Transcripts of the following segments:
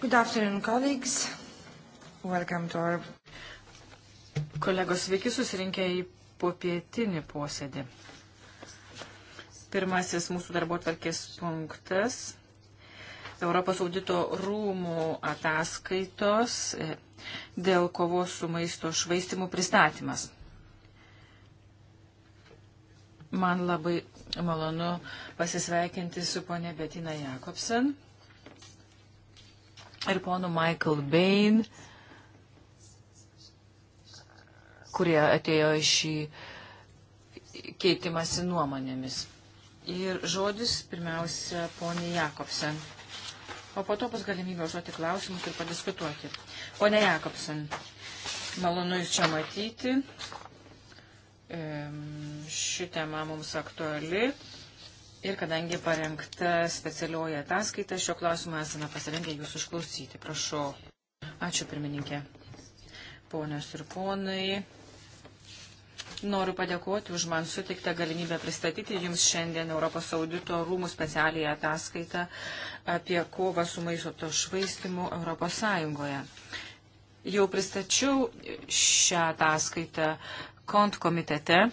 Good afternoon, colleagues. Welcome to our... Kolegos, sveiki susirinkę į popietinį posėdį. Pirmasis mūsų darbo tvarkės punktas – Europos audito rūmų ataskaitos dėl kovos su maisto švaistimų pristatymas. Man labai malonu pasisveikinti su ponė Betina Jakobsen – ir ponu Michael Bain, kurie atėjo iš šį keitimąsi nuomonėmis. Ir žodis pirmiausia poniai Jakobsen. O po to bus galimybė užduoti klausimus ir padiskutuoti. Pone Jakobsen, malonu Jūs čia matyti. Ši tema mums aktuali. Ir kadangi parengta specialioji ataskaita, šio klausimo esame pasirengę jūsų išklausyti. Prašau. Ačiū, pirmininkė. Ponios ir ponai, noriu padėkoti už man sutiktą galimybę pristatyti Jums šiandien Europos audito rūmų specialiai ataskaitą apie kovą su maisto to švaistimu Europos Sąjungoje. Jau pristačiau šią ataskaitą kont komitete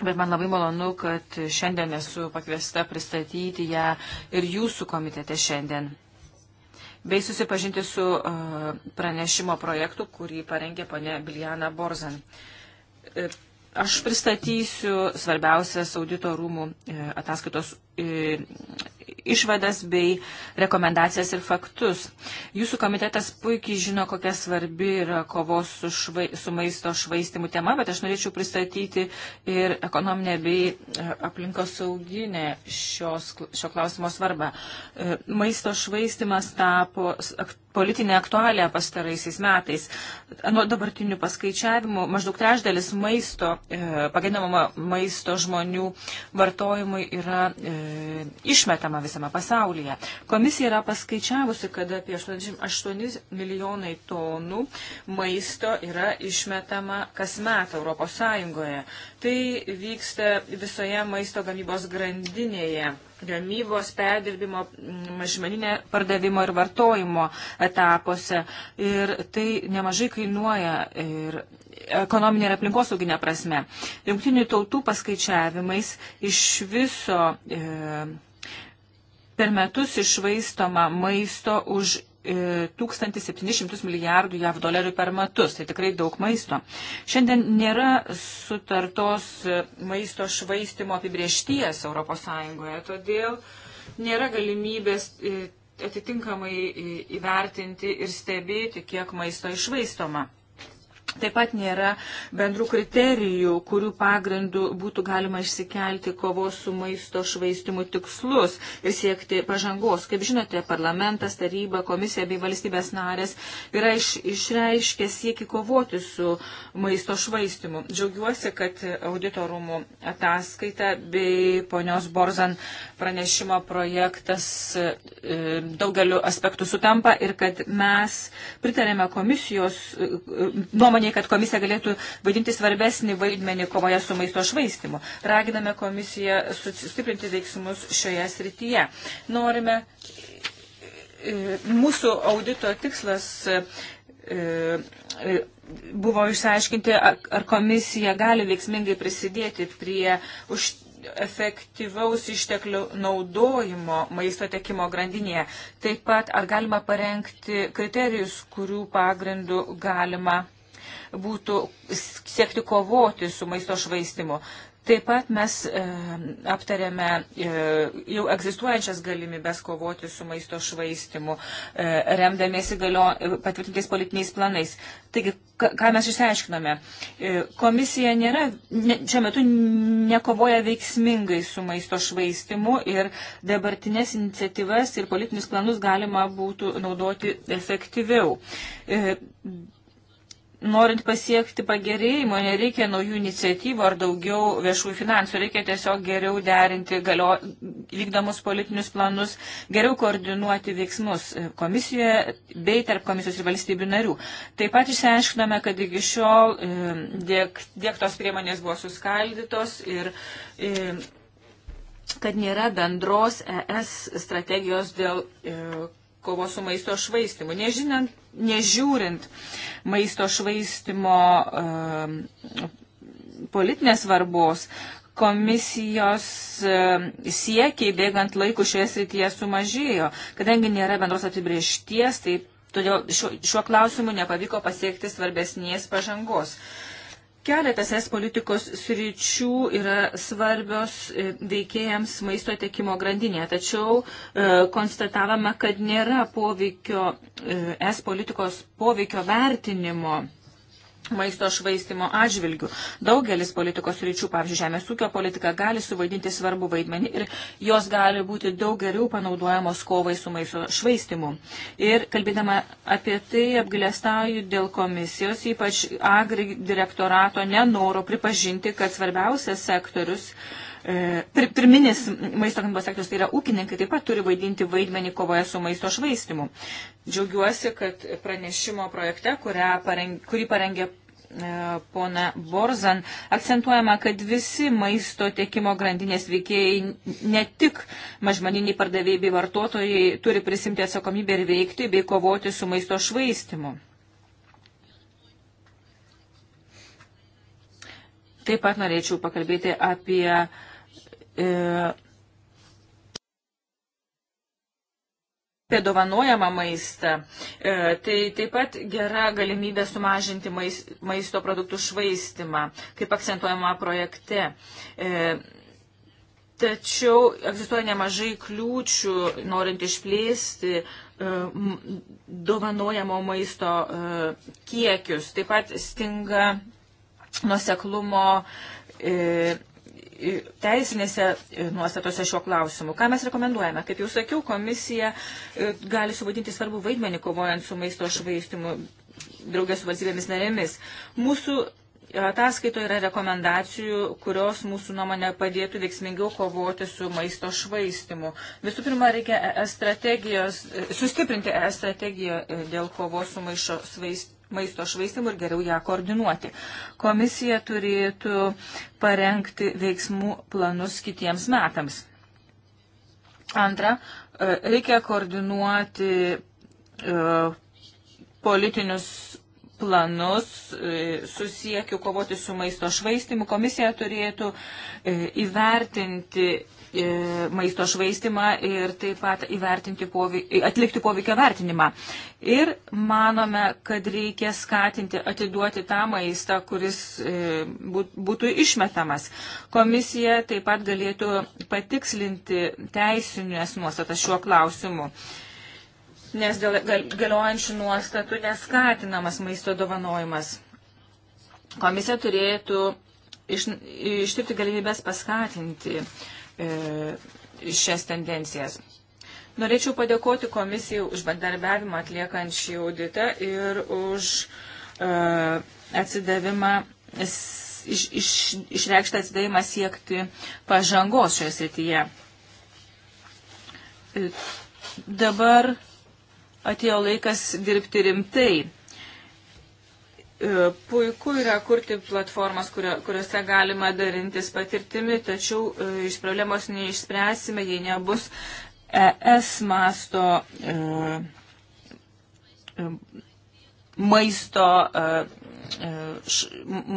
Bet man labai malonu, kad šiandien esu pakviesta pristatyti ją ir jūsų komitete šiandien. Bei susipažinti su uh, pranešimo projektu, kurį parengė ponė Biljana Borzan. E, aš pristatysiu svarbiausias audito rūmų e, ataskaitos išvadas bei rekomendacijas ir faktus. Jūsų komitetas puikiai žino, kokia svarbi yra kovos su, švai, su maisto švaistimu tema, bet aš norėčiau pristatyti ir ekonominę bei e, aplinkos sauginę šios, šio klausimo svarbą. E, maisto švaistimas tapo politinė aktualija pastaraisiais metais. Nuo dabartinių paskaičiavimų maždaug trešdalis maisto, e, pagainamama maisto žmonių vartojimui yra e, išmetama visą visame pasaulyje. Komisija yra paskaičiavusi, kad apie 88 milijonai tonų maisto yra išmetama kasmet Europos Sąjungoje. Tai vyksta visoje maisto gamybos grandinėje gamybos, perdirbimo, mm, mažmeninė pardavimo ir vartojimo etapuose. Ir tai nemažai kainuoja ir ekonominė ir aplinkosauginė prasme. Junktinių tautų paskaičiavimais iš viso. E, per metus išvaistoma maisto už 1700 e, milijardų JAV dolerių per metus. Tai tikrai daug maisto. Šiandien nėra sutartos e, maisto švaistimo apibriešties ES, todėl nėra galimybės e, atitinkamai įvertinti ir stebėti, kiek maisto išvaistoma. Taip pat nėra bendrų kriterijų, kurių pagrindų būtų galima išsikelti kovos su maisto švaistimu tikslus ir siekti pažangos. Kaip žinote, parlamentas, taryba, komisija bei valstybės narės yra iš, išreiškę sieki kovoti su maisto švaistimu. Džiaugiuosi, kad auditorumų ataskaita bei ponios Borzan pranešimo projektas e, daugeliu aspektų sutampa ir kad mes pritarėme komisijos e, nuomonės nuomonėje, kad komisija galėtų vaidinti svarbesnį vaidmenį kovoje su maisto švaistimu. Raginame komisiją sustiprinti veiksmus šioje srityje. Norime, e, mūsų audito tikslas e, e, buvo išsiaiškinti, ar komisija gali veiksmingai prisidėti prie už efektyvaus išteklių naudojimo maisto tekimo grandinėje. Taip pat, ar galima parengti kriterijus, kurių pagrindų galima būtų siekti kovoti su maisto švaistimu. Taip pat mes e, aptarėme e, jau egzistuojančias galimybės kovoti su maisto švaistimu, e, remdamiesi galio, e, patvirtintais politiniais planais. Taigi, ką mes išsiaiškiname? E, komisija nėra, ne, šiuo metu nekovoja veiksmingai su maisto švaistimu ir dabartinės iniciatyvas ir politinius planus galima būtų naudoti efektyviau. E, norint pasiekti pagerėjimo, nereikia naujų iniciatyvų ar daugiau viešųjų finansų, reikia tiesiog geriau derinti galio, vykdomus politinius planus, geriau koordinuoti veiksmus komisijoje bei tarp komisijos ir valstybių narių. Taip pat išsiaiškiname, kad iki šiol dėk, dėktos priemonės buvo suskaldytos ir. ir kad nėra bendros ES strategijos dėl e, kovos su maisto švaistimu. Nežinant, nežiūrint maisto švaistimo e, politinės svarbos, komisijos siekiai bėgant laikų šioje srityje sumažėjo. Kadangi nėra bendros apibriešties, tai todėl šiuo, šiuo klausimu nepavyko pasiekti svarbesnės pažangos. E, Keletas es politikos sričių yra svarbios e, veikėjams maisto tiekimo grandinėje, tačiau e, konstatavome, kad nėra poveikio, e, es politikos poveikio vertinimo maisto švaistimo atžvilgių. Daugelis politikos ryčių, pavyzdžiui, žemės ūkio politika, gali suvaidinti svarbų vaidmenį ir jos gali būti daug geriau panaudojamos kovai su maisto švaistimu. Ir kalbėdama apie tai, apgilėstauju dėl komisijos, ypač agri direktorato nenoro pripažinti, kad svarbiausias sektorius E, pir, pirminis maisto gamybos sektorius, tai yra ūkininkai, taip pat turi vaidinti vaidmenį kovoje su maisto švaistimu. Džiaugiuosi, kad pranešimo projekte, pareng, kurį parengė e, pona Borzan, akcentuojama, kad visi maisto tiekimo grandinės veikėjai, ne tik mažmaniniai pardavėjai bei vartotojai, turi prisimti atsakomybę ir veikti bei kovoti su maisto švaistimu. Taip pat norėčiau pakalbėti apie uh, E, apie dovanojamą maistą. E, tai taip pat gera galimybė sumažinti mais, maisto produktų švaistimą, kaip akcentuojama projekte. E, tačiau egzistuoja nemažai kliūčių, norint išplėsti e, dovanojamo maisto e, kiekius. Taip pat stinga nuseklumo e, teisinėse e, nuostatose šiuo klausimu. Ką mes rekomenduojame? Kaip jau sakiau, komisija e, gali suvadinti svarbu vaidmenį kovojant su maisto švaistimu draugės su valstybėmis narėmis. Mūsų ataskaitoje yra rekomendacijų, kurios mūsų nuomonė padėtų veiksmingiau kovoti su maisto švaistimu. Visų pirma, reikia e strategijos, sustiprinti strategiją dėl kovos su maisto švaistimu maisto švaistimu ir geriau ją koordinuoti. Komisija turėtų parengti veiksmų planus kitiems metams. Antra, e, reikia koordinuoti e, politinius planus e, su siekiu kovoti su maisto švaistimu. Komisija turėtų įvertinti E, maisto švaistimą ir taip pat povei, atlikti poveikio vertinimą. Ir manome, kad reikia skatinti atiduoti tą maistą, kuris e, būtų išmetamas. Komisija taip pat galėtų patikslinti teisinės nuostatas šiuo klausimu nes dėl galiojančių nuostatų neskatinamas maisto dovanojimas. Komisija turėtų iš, ištirti galimybės paskatinti E, šias tendencijas. Norėčiau padėkoti komisijai už bendarbiavimą atliekant šį auditą ir už uh, atsidavimą, iš, iš, išreikštą atsidavimą siekti pažangos šioje srityje. E, dabar atėjo laikas dirbti rimtai E, puiku yra kurti platformas, kuriuose galima darintis patirtimi, tačiau e, iš problemos neišspręsime, jei nebus ES masto e, maisto,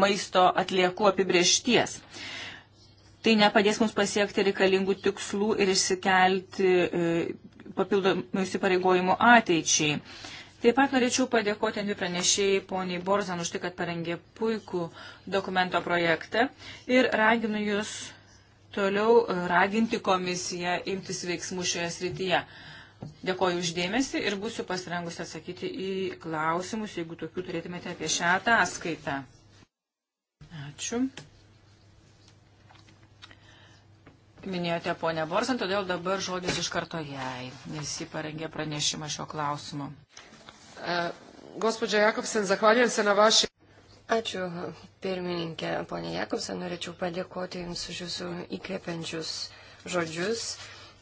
maisto atliekų apibriešties. Tai nepadės mums pasiekti reikalingų tikslų ir išsikelti papildomų įsipareigojimų ateičiai. Taip pat norėčiau padėkoti Andriu pranešėjai poniai Borzan už tai, kad parengė puikų dokumento projektą ir raginu jūs toliau e, raginti komisiją imtis veiksmų šioje srityje. Dėkoju uždėmesi ir būsiu pasirengusi atsakyti į klausimus, jeigu tokių turėtumėte apie šią ataskaitą. Ačiū. Minėjote ponę Borzan, todėl dabar žodis iš karto jai, nes jį parengė pranešimą šio klausimo. E, Gospodžia Jakobsen, zahvaljujem se na vašį. Ačiū, pirmininkė, ponė Jakobsen, norėčiau padėkoti Jums už Jūsų įkvepiančius žodžius.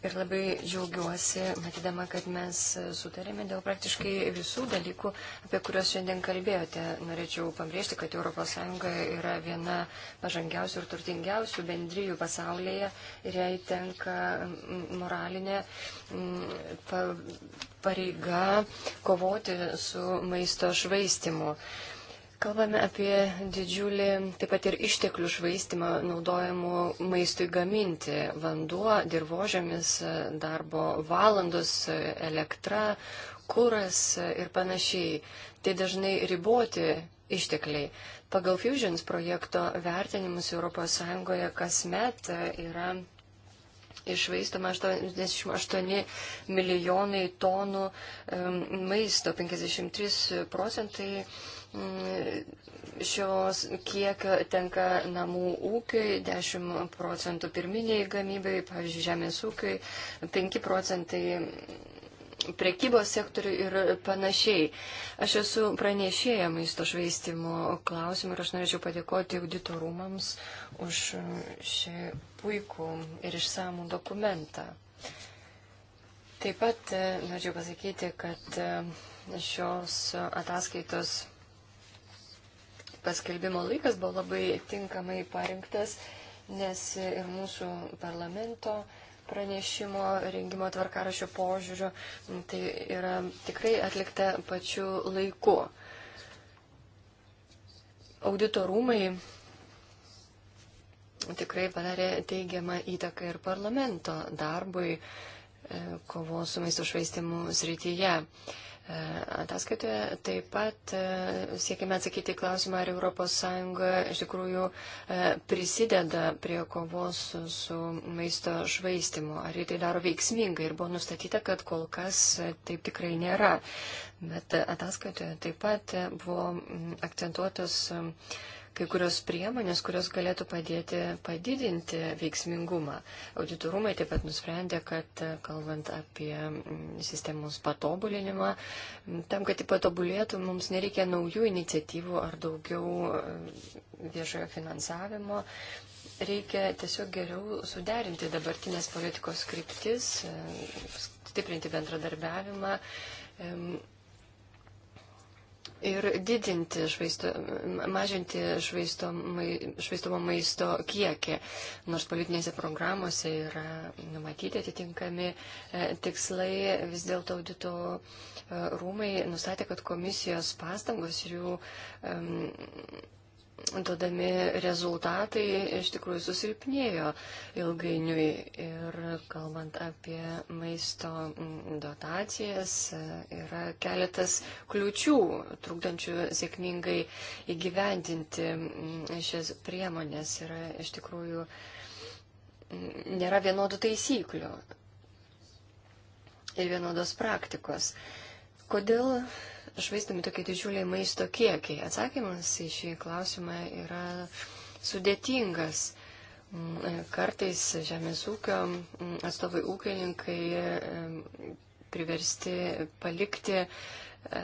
Ir labai džiaugiuosi, matydama, kad mes sutarėme dėl praktiškai visų dalykų, apie kuriuos šiandien kalbėjote. Norėčiau pabrėžti, kad ES yra viena pažangiausių ir turtingiausių bendryjų pasaulyje ir jai tenka moralinė pareiga kovoti su maisto švaistimu. Kalbame apie didžiulį taip pat ir išteklių švaistimą naudojimų maistui gaminti. Vanduo, dirbožėmis, darbo valandos, elektra, kuras ir panašiai. Tai dažnai riboti ištekliai. Pagal Fusions projekto vertinimus ES kasmet yra Išvaistoma 88 milijonai tonų maisto, 53 procentai mm, šios kiek tenka namų ūkiai, 10 procentų pirminiai gamybai, pavyzdžiui, žemės ūkiai, 5 procentai prekybos sektorių ir panašiai. Aš esu pranešėja maisto švaistimo klausimų ir aš norėčiau padėkoti auditorumams už šį puikų ir išsamų dokumentą. Taip pat e, norėčiau pasakyti, kad e, šios ataskaitos paskelbimo laikas buvo labai tinkamai parinktas, nes ir mūsų parlamento pranešimo rengimo tvarkarašio požiūriu, tai yra tikrai atlikta pačiu laiku. Auditorumai tikrai padarė teigiamą įtaką ir parlamento darbui e, kovos su maisto švaistimu srityje. E, ataskaitoje taip pat e, siekime atsakyti klausimą, ar ES iš tikrųjų e, prisideda prie kovos su maisto švaistimu, ar jį tai daro veiksmingai ir buvo nustatyta, kad kol kas taip tikrai nėra. Bet ataskaitoje taip pat buvo akcentuotos kai kurios priemonės, kurios galėtų padėti padidinti veiksmingumą. Auditorumai taip pat nusprendė, kad e, kalbant apie mm, sistemos patobulinimą, tam, kad jį patobulėtų, mums nereikia naujų iniciatyvų ar daugiau e, viešojo finansavimo. Reikia tiesiog geriau suderinti dabartinės politikos kryptis, e, stiprinti bendradarbiavimą ir didinti švaisto, mažinti švaistomo maisto kiekį, nors politinėse programuose yra numatyti atitinkami e, tikslai, vis dėlto audito e, rūmai nustatė, kad komisijos pastangos ir jų um, duodami rezultatai iš tikrųjų susilpnėjo ilgainiui. Ir kalbant apie maisto dotacijas, yra keletas kliučių, trukdančių sėkmingai įgyvendinti šias priemonės. Yra iš tikrųjų nėra vienodų taisyklių ir vienodos praktikos. Kodėl švaistomi tokie didžiuliai maisto kiekiai? Atsakymas į šį klausimą yra sudėtingas. Mm, e, kartais žemės ūkio mm, atstovai ūkininkai e, priversti palikti e,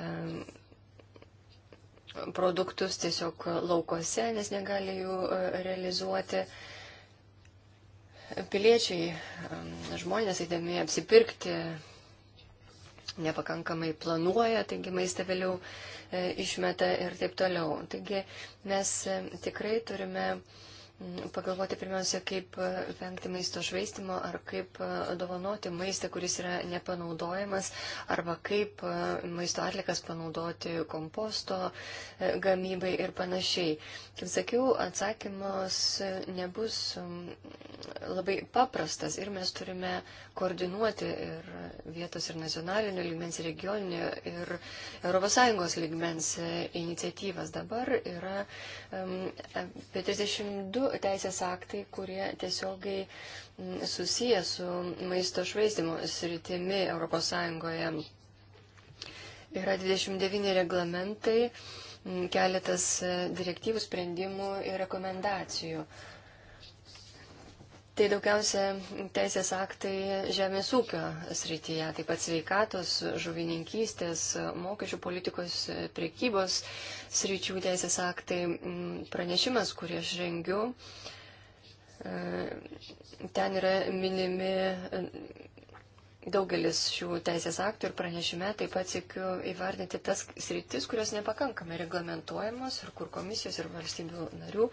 produktus tiesiog laukose, nes negali jų realizuoti. Piliečiai, žmonės eidami apsipirkti nepakankamai planuoja, taigi maistą vėliau e, išmeta ir taip toliau. Taigi mes e, tikrai turime pagalvoti pirmiausia, kaip e, vengti maisto švaistimo ar kaip e, dovanoti maistą, kuris yra nepanaudojamas, arba kaip e, maisto atlikas panaudoti komposto gamybai ir panašiai. Kaip sakiau, atsakymas nebus labai paprastas ir mes turime koordinuoti ir vietos ir nacionalinio lygmens, ir regioninio, ir ES lygmens iniciatyvas. Dabar yra apie 32 teisės aktai, kurie tiesiogiai mm, susiję su maisto švaistimo sritimi ES. Yra 29 reglamentai, mm, keletas e, direktyvų sprendimų ir rekomendacijų. Tai daugiausia teisės aktai žemės ūkio srityje, taip pat sveikatos, žuvininkystės, mokesčių politikos, priekybos sričių teisės aktai. Mm, pranešimas, kurį aš rengiu, e, ten yra minimi daugelis šių teisės aktų ir pranešime taip pat sėkiu įvardinti tas sritis, kurios nepakankamai reglamentuojamos ir kur komisijos ir valstybių narių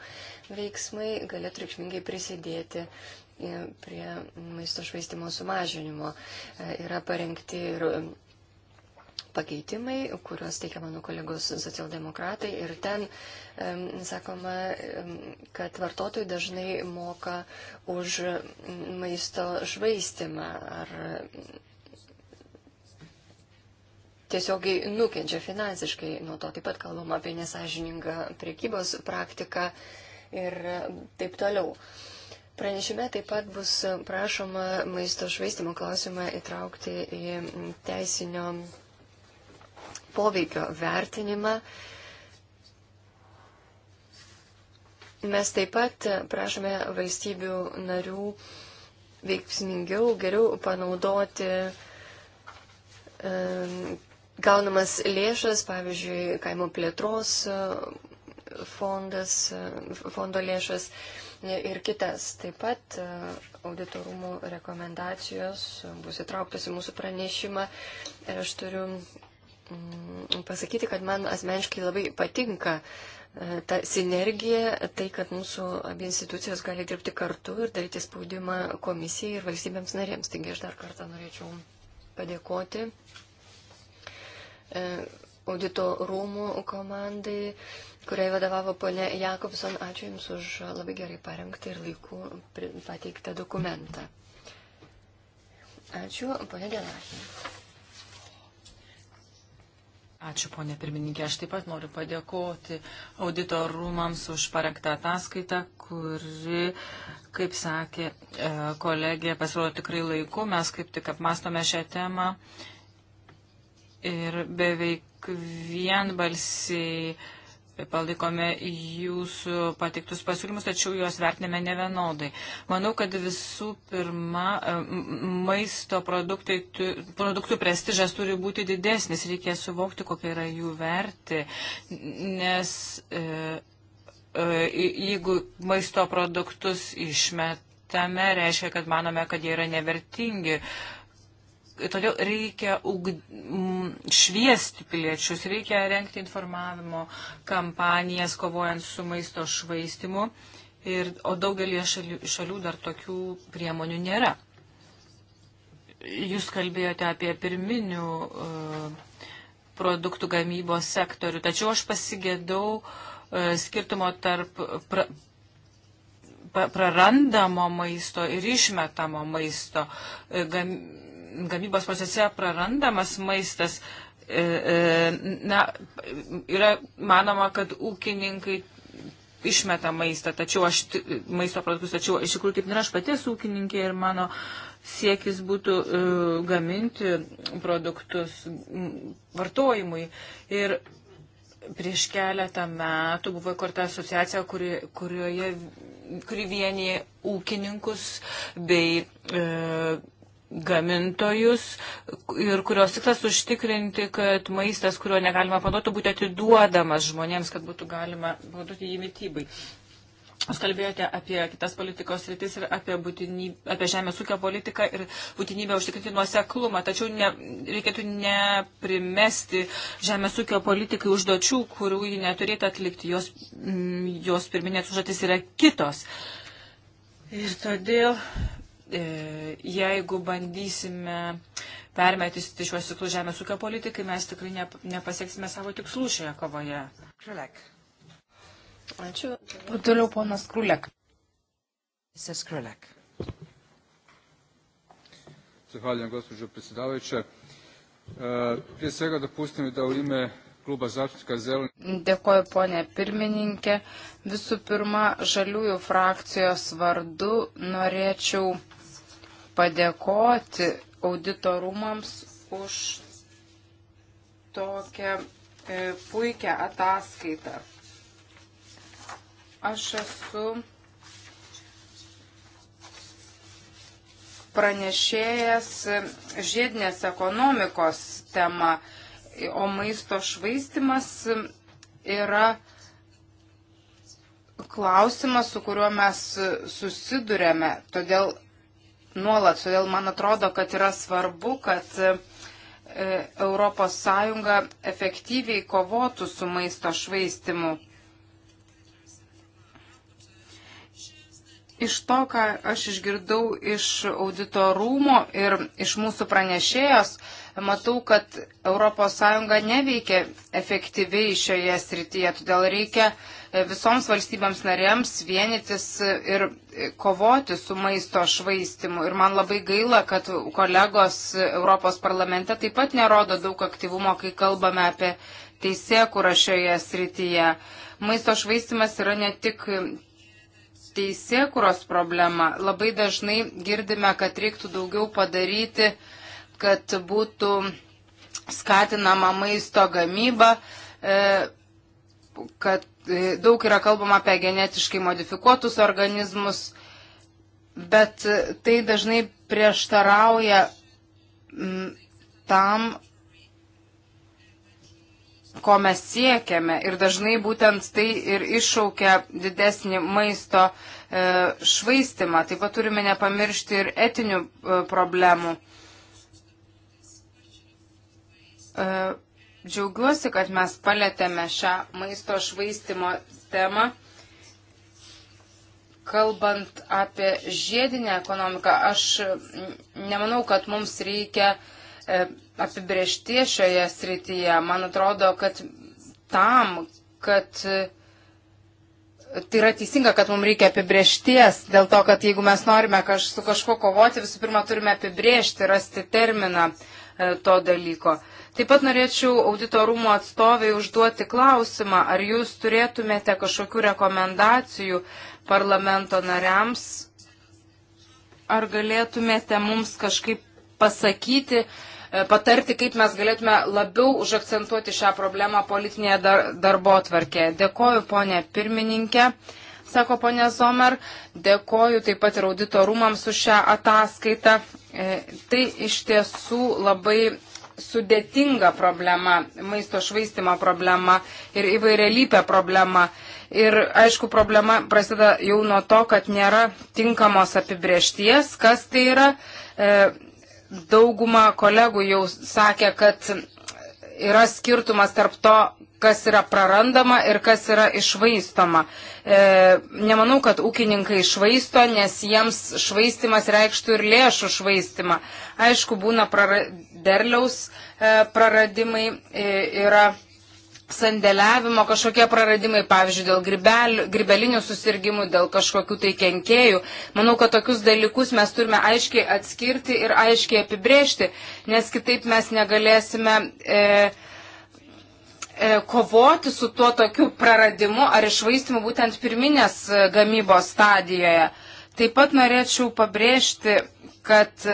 veiksmai galėtų reikšmingai prisidėti e, prie maisto švaistimo sumažinimo. E, yra parengti ir pakeitimai, kuriuos teikia mano kolegos socialdemokratai. Ir ten um, sakoma, kad vartotojai dažnai moka už maisto švaistimą ar tiesiogiai nukenčia finansiškai nuo to. Taip pat kalbam apie nesažiningą priekybos praktiką ir taip toliau. Pranešime taip pat bus prašoma maisto švaistimo klausimą įtraukti į teisinio poveikio vertinimą. Mes taip pat prašome valstybių narių veiksmingiau, geriau panaudoti gaunamas lėšas, pavyzdžiui, kaimo plėtros e, fondas, e, fondo lėšas ir kitas. Taip pat e, auditorumų rekomendacijos bus įtrauktos į mūsų pranešimą ir aš turiu Mm, pasakyti, kad man asmeniškai labai patinka e, ta sinergija, tai, kad mūsų abi institucijos gali dirbti kartu ir daryti spaudimą komisijai ir valstybėms narėms. Taigi aš dar kartą norėčiau padėkoti e, audito rūmų komandai, kuriai vadovavo ponė Jakobson. Ačiū Jums už labai gerai parengtą ir laiku pateiktą dokumentą. Ačiū, ponė Delakė. Ačiū, ponė pirmininkė. Aš taip pat noriu padėkoti auditorumams už parengtą ataskaitą, kuri, kaip sakė e, kolegė, pasirodo tikrai laiku. Mes kaip tik apmastome šią temą ir beveik vienbalsiai palaikome jūsų patiktus pasiūlymus, tačiau juos vertiname nevienodai. Manau, kad visų pirma, e, maisto produktų prestižas turi būti didesnis, reikia suvokti, kokia yra jų verti, nes e, e, jeigu maisto produktus išmetame, reiškia, kad manome, kad jie yra nevertingi. E, Todėl reikia ug, m, šviesti piliečius, reikia renkti informavimo kampanijas, kovojant su maisto švaistimu, ir, o daugelie šalių, šalių dar tokių priemonių nėra. Jūs kalbėjote apie pirminių uh, produktų gamybos sektorių, tačiau aš pasigėdau uh, skirtumo tarp pra, prarandamo maisto ir išmetamo maisto. E, gam, gamybos procese prarandamas maistas, e, e, na, yra manoma, kad ūkininkai išmeta maistą, tačiau aš, maisto produktus, tačiau iš tikrųjų taip nėra, aš pati esu ūkininkė ir mano siekis būtų e, gaminti produktus vartojimui. Ir prieš keletą metų buvo įkurta asociacija, kuri, kurioje, kuri vienyje ūkininkus bei e, gamintojus ir kurios tikslas užtikrinti, kad maistas, kurio negalima panaudoti, būtų atiduodamas žmonėms, kad būtų galima panaudoti jį mytybai. Jūs kalbėjote apie kitas politikos rytis ir apie, būtinybę, apie žemės ūkio politiką ir būtinybę užtikrinti nuoseklumą, tačiau ne, reikėtų neprimesti žemės ūkio politikai užduočių, kurių ji neturėtų atlikti, jos, mm, jos pirminės užduotis yra kitos. Ir todėl E, jeigu bandysime permetyti šiuos ciklus žemės ūkio politikai, mes tikrai nepasieksime savo tikslų šioje kovoje. Krulek. Ačiū. O toliau ponas Krulek. Mrs. Krulek. Zahvaljujem, gospođo predsjedavajuća. E, prije svega dopustite mi da u ime kluba zastupnika Zeleni. Dėkoju, ponė pirmininkė. Visų pirma, žaliųjų frakcijos vardu norėčiau padėkoti auditorumams už tokią e, puikią ataskaitą. Aš esu pranešėjas žiedinės ekonomikos tema, o maisto švaistimas yra klausimas, su kuriuo mes susidurėme. Todėl nuolat. Todėl man atrodo, kad yra svarbu, kad ES efektyviai kovotų su maisto švaistimu. Iš to, ką aš išgirdau iš auditorumo ir iš mūsų pranešėjos, matau, kad ES neveikia efektyviai šioje srityje, todėl reikia uh, visoms valstybėms narėms vienytis ir kovoti su maisto švaistimu. Ir man labai gaila, kad kolegos Europos parlamente taip pat nerodo daug aktyvumo, kai kalbame apie teisėkurą šioje srityje. Maisto švaistimas yra ne tik teisėkuros problema. Labai dažnai girdime, kad reiktų daugiau padaryti, kad būtų skatinama maisto gamyba, e, kad E, daug yra kalbama apie genetiškai modifikuotus organizmus, bet e, tai dažnai prieštarauja tam, ko mes siekiame. Ir dažnai būtent tai ir iššaukia didesnį maisto e, švaistimą. Taip pat turime nepamiršti ir etinių problemų Džiaugiuosi, kad mes palėtėme šią maisto švaistimo temą. Kalbant apie žiedinę ekonomiką, aš nemanau, kad mums reikia e, apibriežti šioje srityje. Man atrodo, kad tam, kad e, tai yra teisinga, kad mums reikia apibriešties, dėl to, kad jeigu mes norime kaž, su kažkuo kovoti, visų pirma turime apibriežti, rasti terminą e, to dalyko. E, Taip pat norėčiau auditorumo atstoviai užduoti klausimą, ar jūs turėtumėte kažkokių rekomendacijų parlamento nariams, ar galėtumėte mums kažkaip pasakyti, e, patarti, kaip mes galėtume labiau užakcentuoti šią problemą politinėje dar, darbo atvarkėje. Dėkoju, ponė pirmininkė sako ponė Zomer. Dėkoju taip pat ir auditorumams už šią ataskaitą. E, tai iš tiesų labai sudėtinga problema, maisto švaistimo problema ir įvairialypė problema. Ir aišku, problema prasideda jau nuo to, kad nėra tinkamos apibriešties, kas tai yra. E, dauguma kolegų jau sakė, kad yra skirtumas tarp to, kas yra prarandama ir kas yra išvaistoma. E, nemanau, kad ūkininkai išvaisto, nes jiems švaistimas reikštų ir lėšų švaistimą. Aišku, būna prara, derliaus e, praradimai, e, yra sandėliavimo kažkokie praradimai, pavyzdžiui, dėl gribel, gribelinių susirgymų, dėl kažkokių tai kenkėjų. Manau, kad tokius dalykus mes turime aiškiai atskirti ir aiškiai apibrėžti, nes kitaip mes negalėsime. E, e kovoti su tuo tokiu praradimu ar išvaistimu būtent pirminės gamybos stadijoje. Taip pat norėčiau pabrėžti, kad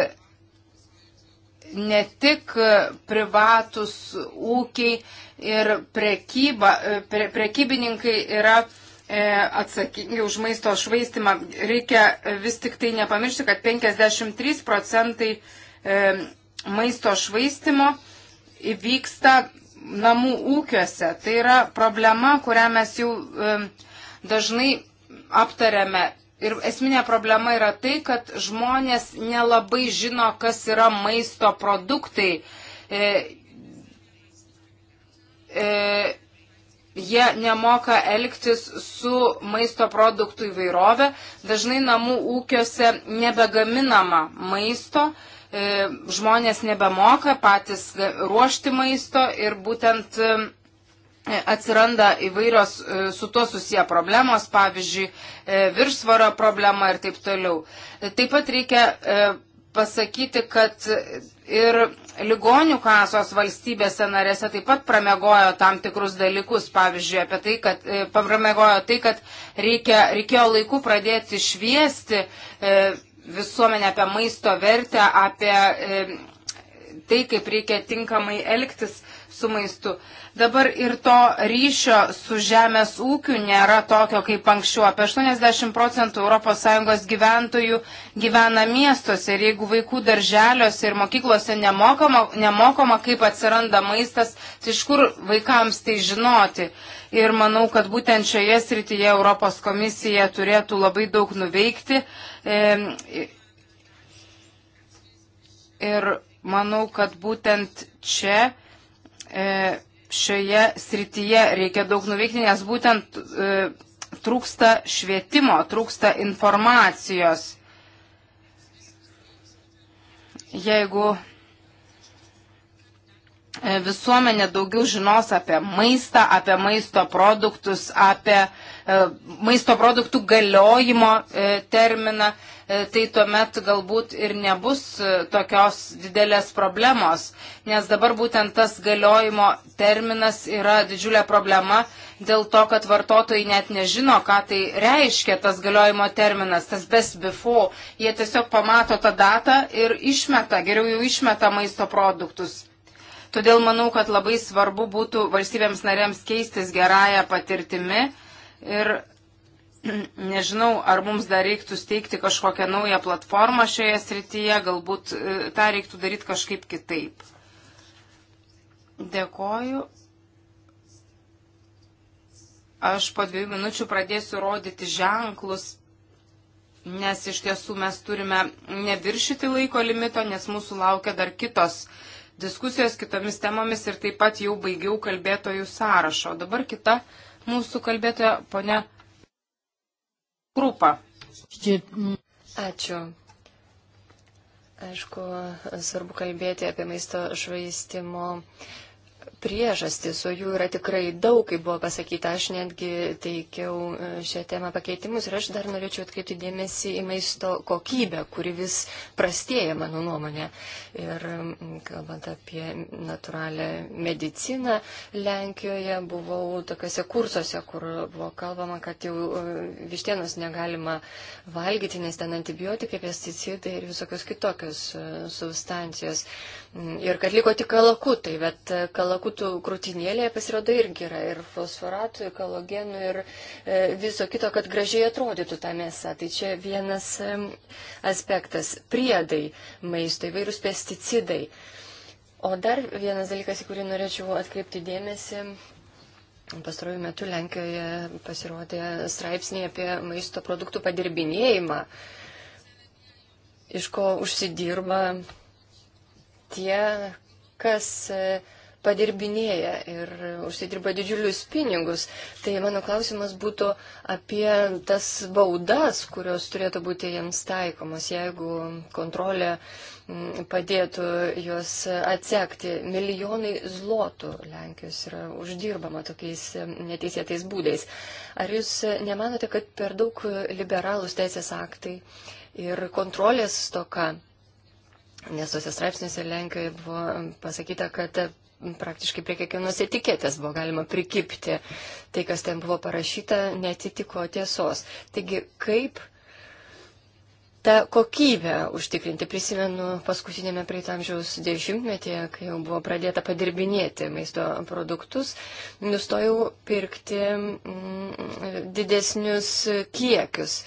ne tik e, privatus ūkiai ir prekyba, e, pre, prekybininkai yra e, atsakingi už maisto švaistimą. Reikia vis tik tai nepamiršti, kad 53 procentai maisto švaistimo įvyksta namų ūkiuose. Tai yra problema, kurią mes jau dažnai aptariame Ir esminė problema yra tai, kad žmonės nelabai žino, kas yra maisto produktai. E, e, jie nemoka elgtis su maisto produktų įvairove. Dažnai namų ūkiuose nebegaminama maisto, e, žmonės nebemoka patys ruošti maisto ir būtent. E, E, atsiranda įvairios e, su tuo susiję problemos, pavyzdžiui, e, viršsvaro problema ir taip toliau. Taip pat reikia pasakyti, kad ir ligonių kasos valstybėse narėse taip pat pramegojo tam tikrus dalykus, pavyzdžiui, apie tai, kad pramegojo tai, kad reikia, reikėjo laiku pradėti šviesti visuomenę apie maisto vertę, apie tai, kaip reikia tinkamai elgtis su maistu. Dabar ir to ryšio su žemės ūkiu nėra tokio kaip anksčiau. Apie 80 procentų ES gyventojų gyvena miestuose ir jeigu vaikų darželiuose ir mokyklose nemokama, nemokama kaip atsiranda maistas, tai iš kur vaikams tai žinoti. Ir manau, kad būtent šioje srityje Europos komisija turėtų labai daug nuveikti. E, ir manau, kad būtent čia E, šioje srityje reikia daug nuveikti, nes būtent e, trūksta švietimo, trūksta informacijos. Jeigu e, visuomenė daugiau žinos apie maistą, apie maisto produktus, apie maisto produktų galiojimo terminą, E, tai tuomet galbūt ir nebus e, tokios didelės problemos, nes dabar būtent tas galiojimo terminas yra didžiulė problema dėl to, kad vartotojai net nežino, ką tai reiškia tas galiojimo terminas, tas best before. Jie tiesiog pamato tą datą ir išmeta, geriau jau išmeta maisto produktus. Todėl manau, kad labai svarbu būtų valstybėms narėms keistis gerąją patirtimi ir Nežinau, ar mums dar reiktų steigti kažkokią naują platformą šioje srityje, galbūt e, tą reiktų daryti kažkaip kitaip. Dėkoju. Aš po dviejų minučių pradėsiu rodyti ženklus, nes iš tiesų mes turime neviršyti laiko limito, nes mūsų laukia dar kitos diskusijos kitomis temomis ir taip pat jau baigiau kalbėtojų sąrašo. Dabar kita mūsų kalbėtoja, ponia Krūpa. Ačiū. Aišku, svarbu kalbėti apie maisto švaistimo priežastis, o jų yra tikrai daug, kaip buvo pasakyta. Aš netgi teikiau e, šią temą pakeitimus ir aš dar norėčiau atkreipti dėmesį į maisto kokybę, kuri vis prastėja, mano nuomonė. Ir kalbant apie natūralią mediciną, Lenkijoje buvau tokiuose kursuose, kur buvo kalbama, kad jau e, vištienos negalima valgyti, nes ten antibiotikai, pesticidai ir visokios kitokios e, substancijos. Ir kad liko tik kalakutai, bet kalakutai būtų krūtinėlėje, pasirodo irgi yra ir fosforatų, ir kalogenų, ir e, viso kito, kad gražiai atrodytų ta mėsa. Tai čia vienas e, aspektas - priedai maisto, įvairūs pesticidai. O dar vienas dalykas, į kurį norėčiau atkreipti dėmesį, Pastarojų metų Lenkijoje pasirodė straipsniai apie maisto produktų padirbinėjimą, iš ko užsidirba tie, kas e, padirbinėja ir užsidirba didžiulius pinigus. Tai mano klausimas būtų apie tas baudas, kurios turėtų būti jiems taikomos, jeigu kontrolė mm, padėtų juos atsekti. Milijonai zlotų Lenkijos yra uždirbama tokiais mm, neteisėtais būdais. Ar jūs nemanote, kad per daug liberalūs teisės aktai ir kontrolės stoka Nes tose straipsniuose Lenkijoje buvo pasakyta, kad praktiškai prie kiekvienos etiketės buvo galima prikipti. Tai, kas ten buvo parašyta, netitiko tiesos. Taigi, kaip tą kokybę užtikrinti? Prisimenu paskutinėme praeitamžiaus dešimtmetyje, kai jau buvo pradėta padirbinėti maisto produktus, nustojau pirkti mm, didesnius kiekius,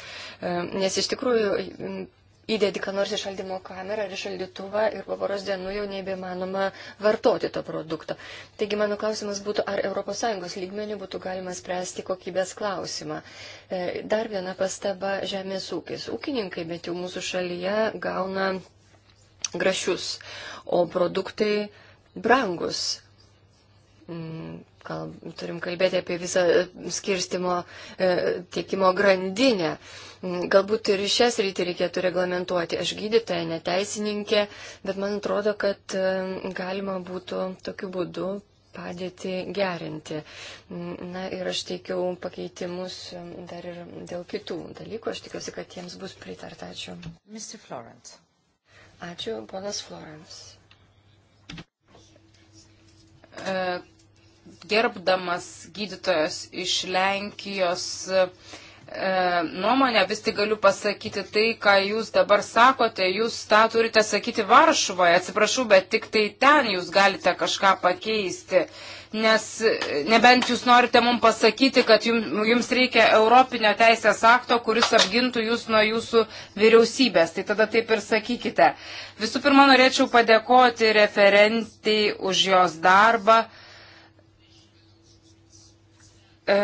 nes iš tikrųjų įdedi ką nors į šaldymo kamerą ar į šaldytuvą ir po poros dienų jau nebemanoma vartoti to produkto. Taigi mano klausimas būtų, ar ES lygmenių būtų galima spręsti kokybės klausimą. E, dar viena pastaba - žemės ūkis. Ūkininkai, bet jau mūsų šalyje, gauna grašius, o produktai brangus mm, kalb, turim kalbėti apie visą e, skirstimo e, tiekimo grandinę. Mm, galbūt ir šias rytį reikėtų reglamentuoti. Aš gydytoja, neteisininkė, bet man atrodo, kad e, galima būtų tokiu būdu padėti gerinti. Mm, na ir aš teikiau pakeitimus dar ir dėl kitų dalykų. Aš tikiuosi, kad jiems bus pritarta. Ačiū. Mr. Florence. Ačiū, ponas Florence gerbdamas gydytojos iš Lenkijos e, nuomonę, vis tik galiu pasakyti tai, ką jūs dabar sakote, jūs tą turite sakyti Varšuvoje, atsiprašau, bet tik tai ten jūs galite kažką pakeisti. Nes e, nebent jūs norite mums pasakyti, kad jums, jums reikia Europinio teisės akto, kuris apgintų jūs nuo jūsų vyriausybės. Tai tada taip ir sakykite. Visų pirma, norėčiau padėkoti referentiai už jos darbą e,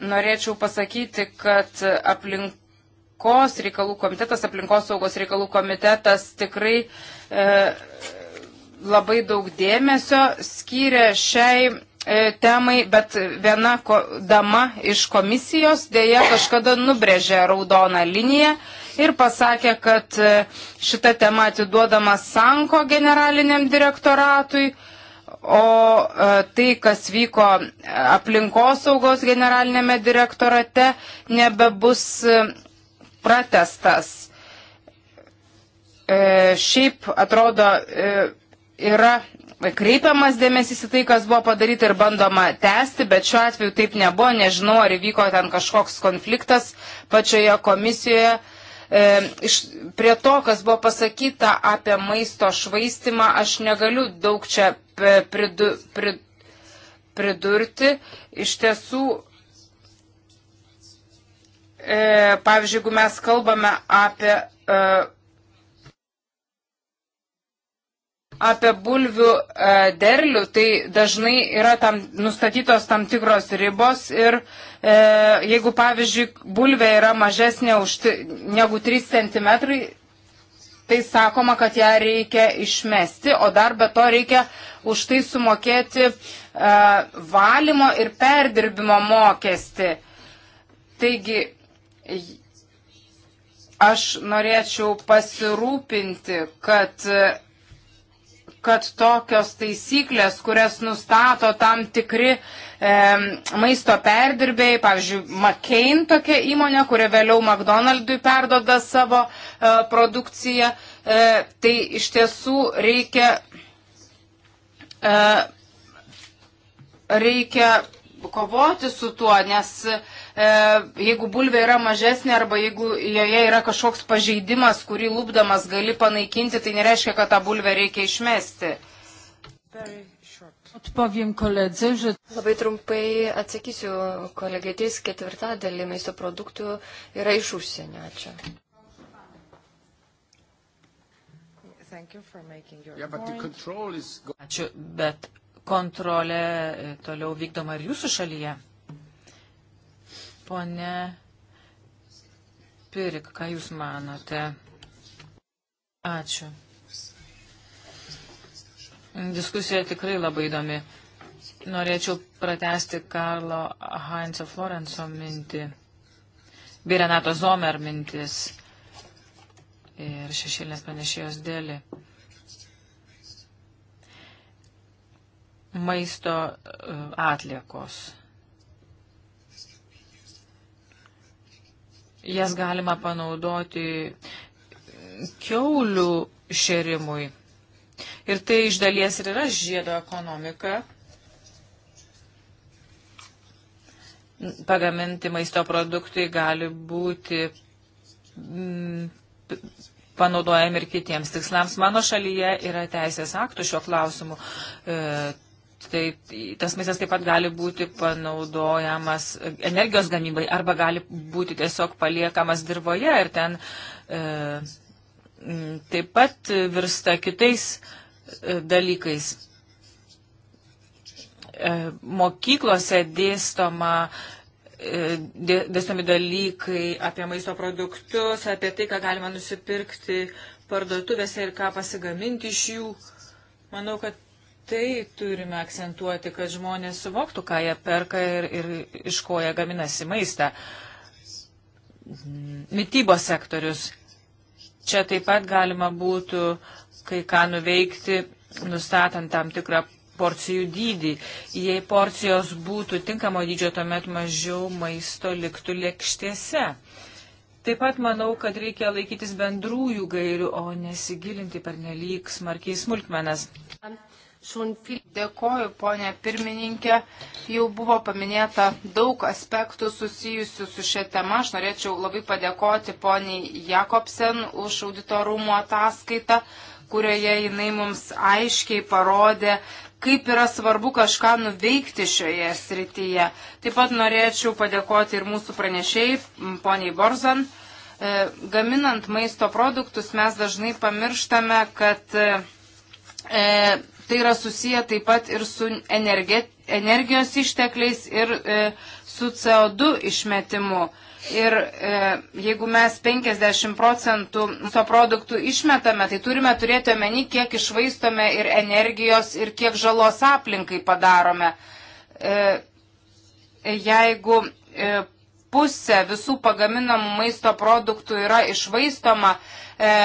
norėčiau pasakyti, kad aplinkos reikalų komitetas, aplinkos saugos reikalų komitetas tikrai e, labai daug dėmesio skyrė šiai e, temai, bet viena dama iš komisijos dėja kažkada nubrėžė raudoną liniją ir pasakė, kad e, šita tema atiduodama Sanko generaliniam direktoratui. O e, tai, kas vyko aplinkosaugos generalinėme direktorate, nebebus e, pratestas. E, šiaip atrodo yra kreipiamas dėmesys į tai, kas buvo padaryta ir bandoma tęsti, bet šiuo atveju taip nebuvo, nežinau, ar įvyko ten kažkoks konfliktas pačioje komisijoje. E, iš, prie to, kas buvo pasakyta apie maisto švaistimą, aš negaliu daug čia pridu, prid, pridurti. Iš tiesų, e, pavyzdžiui, jeigu mes kalbame apie e, apie bulvių e, derlių, tai dažnai yra tam, nustatytos tam tikros ribos ir e, jeigu, pavyzdžiui, bulvė yra mažesnė už, negu 3 cm, tai sakoma, kad ją reikia išmesti, o dar be to reikia už tai sumokėti e, valymo ir perdirbimo mokestį. Taigi, aš norėčiau pasirūpinti, kad e, kad tokios taisyklės, kurias nustato tam tikri e, maisto perdirbėjai, pavyzdžiui, McCain tokia įmonė, kuri vėliau McDonald'ui perdoda savo e, produkciją, e, tai iš tiesų reikia, e, reikia kovoti su tuo, nes e, E, jeigu bulvė yra mažesnė arba jeigu joje yra kažkoks pažeidimas, kurį lūpdamas gali panaikinti, tai nereiškia, kad tą bulvę reikia išmesti. Atpavim koledze, že... Labai trumpai atsakysiu, kolegai, trys ketvirtadalį maisto produktų yra iš užsienio. Ačiū. Ačiū, bet kontrolė e, toliau vykdoma ir jūsų šalyje. Pone Pirik, ką Jūs manote? Ačiū. Diskusija tikrai labai įdomi. Norėčiau pratesti Karlo Heinzo Florenco mintį, bei Renato Zomer mintis ir šešėlės pranešėjos dėlį. Maisto e, atliekos. jas galima panaudoti keulių šerimui. Ir tai iš dalies ir yra žiedo ekonomika. Pagaminti maisto produktai gali būti mm, panaudojami ir kitiems tikslams. Mano šalyje yra teisės aktų šiuo klausimu. E, taip, tas maistas taip pat gali būti panaudojamas energijos gamybai arba gali būti tiesiog paliekamas dirboje ir ten e, taip pat virsta kitais e, dalykais. E, mokyklose dėstoma e, dė, dėstomi dalykai apie maisto produktus, apie tai, ką galima nusipirkti parduotuvėse ir ką pasigaminti iš jų. Manau, kad tai turime akcentuoti, kad žmonės suvoktų, ką jie perka ir, ir iš ko jie gaminasi maistą. Mytybos sektorius. Čia taip pat galima būtų kai ką nuveikti, nustatant tam tikrą porcijų dydį. Jei porcijos būtų tinkamo dydžio, tuomet mažiau maisto liktų lėkštėse. Taip pat manau, kad reikia laikytis bendrųjų gairių, o nesigilinti per nelyg smarkiai smulkmenas. Ant Dėkoju, ponė pirmininkė. Jau buvo paminėta daug aspektų susijusių su šia tema. Aš norėčiau labai padėkoti poniai Jakobsen už auditorumo ataskaitą, kurioje jinai mums aiškiai parodė, kaip yra svarbu kažką nuveikti šioje srityje. Taip pat norėčiau padėkoti ir mūsų pranešėjai, poniai Borzan. E, gaminant maisto produktus mes dažnai pamirštame, kad e, Tai yra susiję taip pat ir su energe, energijos ištekliais ir e, su CO2 išmetimu. Ir e, jeigu mes 50 procentų mūsų produktų išmetame, tai turime turėti omeny, kiek išvaistome ir energijos, ir kiek žalos aplinkai padarome. E, jeigu e, pusė visų pagaminamų maisto produktų yra išvaistoma, e,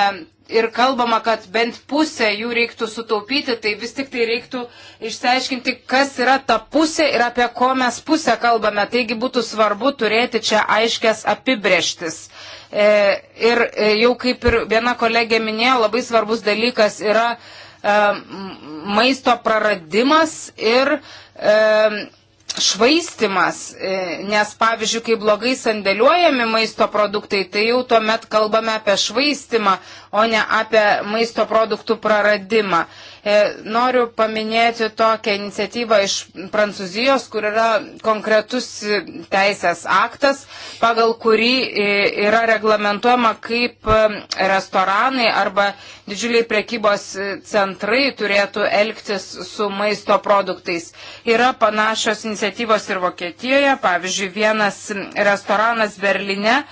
ir kalbama, kad bent pusę jų reiktų sutaupyti, tai vis tik tai reiktų išsiaiškinti, kas yra ta pusė ir apie ko mes pusę kalbame. Taigi būtų svarbu turėti čia aiškias apibrieštis. E, ir e, jau kaip ir viena kolegė minėjo, labai svarbus dalykas yra e, maisto praradimas ir e, švaistimas, e, nes pavyzdžiui, kai blogai sandėliuojami maisto produktai, tai jau tuomet kalbame apie švaistimą, o ne apie maisto produktų praradimą. E, noriu paminėti tokią iniciatyvą iš Prancūzijos, kur yra konkretus teisės aktas, pagal kurį e, yra reglamentuojama, kaip e, restoranai arba didžiuliai prekybos centrai turėtų elgtis su maisto produktais. Yra panašios iniciatyvos ir Vokietijoje, pavyzdžiui, vienas restoranas Berlyne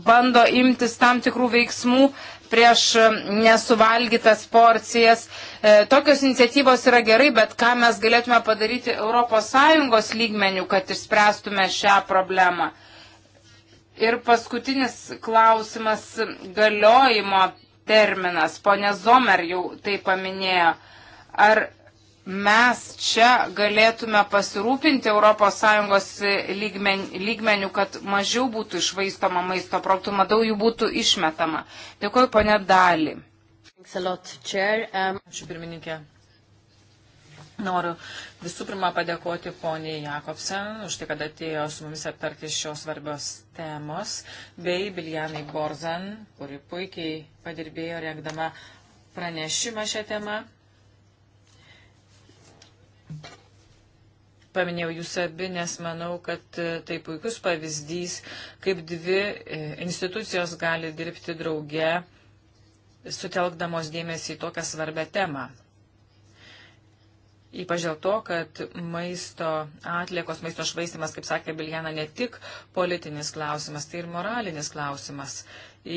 bando imtis tam tikrų veiksmų, prieš nesuvalgytas porcijas. E, tokios iniciatyvos yra gerai, bet ką mes galėtume padaryti ES lygmenių, kad išspręstume šią problemą. Ir paskutinis klausimas galiojimo terminas. Pone Zomer jau tai paminėjo. Ar mes čia galėtume pasirūpinti ES lygmen, lygmenių, kad mažiau būtų išvaistoma maisto produktų, matau jų būtų išmetama. Dėkuoju, ponė Dali. Um, Ačiū pirmininkė. Noriu visų pirma padėkoti poniai Jakobsen už tai, kad atėjo su mumis aptarti šios svarbios temos, bei Biljanai Borzan, kuri puikiai padirbėjo rengdama pranešimą šią temą Paminėjau jūs abi, nes manau, kad e, tai puikus pavyzdys, kaip dvi e, institucijos gali dirbti drauge, sutelkdamos dėmesį į tokią svarbę temą. Ypač dėl to, kad maisto atliekos, maisto švaistimas, kaip sakė Biljana, ne tik politinis klausimas, tai ir moralinis klausimas.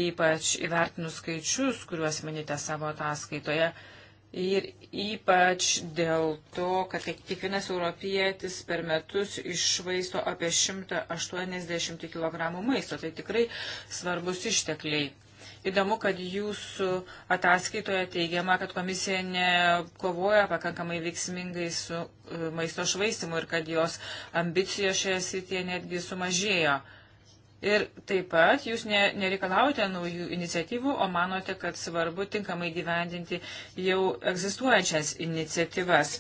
Ypač įvertinus skaičius, kuriuos minite savo ataskaitoje, Ir ypač dėl to, kad kiekvienas europietis per metus išvaisto apie 180 kg maisto. Tai tikrai svarbus ištekliai. Įdomu, kad jūsų ataskaitoje teigiama, kad komisija nekovoja pakankamai veiksmingai su e, maisto švaistimu ir kad jos ambicijos šioje srityje netgi sumažėjo. Uh, Ir taip pat jūs ne, nereikalaujate naujų iniciatyvų, o manote, kad svarbu tinkamai gyvendinti jau egzistuojančias iniciatyvas.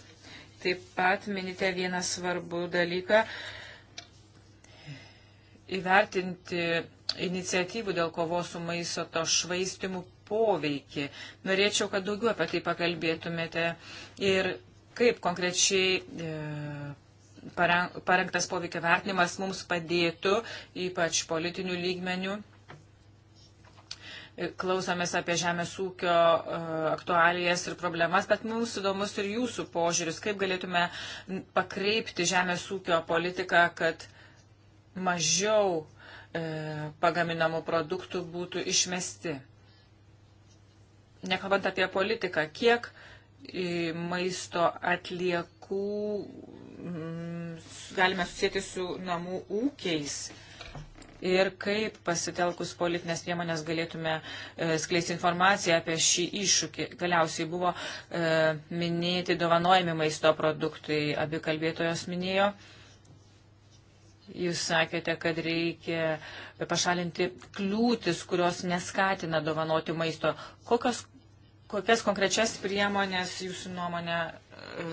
Taip pat minite vieną svarbų dalyką įvertinti iniciatyvų dėl kovos su maisto to švaistimu poveikį. Norėčiau, kad daugiau apie tai pakalbėtumėte ir kaip konkrečiai e, parengtas poveikio vertinimas mums padėtų, ypač politinių lygmenių. Klausomės apie žemės ūkio e, aktualijas ir problemas, bet mums įdomus ir jūsų požiūris, kaip galėtume pakreipti žemės ūkio politiką, kad mažiau e, pagaminamų produktų būtų išmesti. Nekalbant apie politiką, kiek maisto atliekų galime susijęti su namų ūkiais ir kaip pasitelkus politinės priemonės galėtume e, skleisti informaciją apie šį iššūkį. Galiausiai buvo e, minėti dovanojami maisto produktai, abi kalbėtojos minėjo. Jūs sakėte, kad reikia pašalinti kliūtis, kurios neskatina dovanoti maisto. Kokios, kokias konkrečias priemonės jūsų nuomonė E,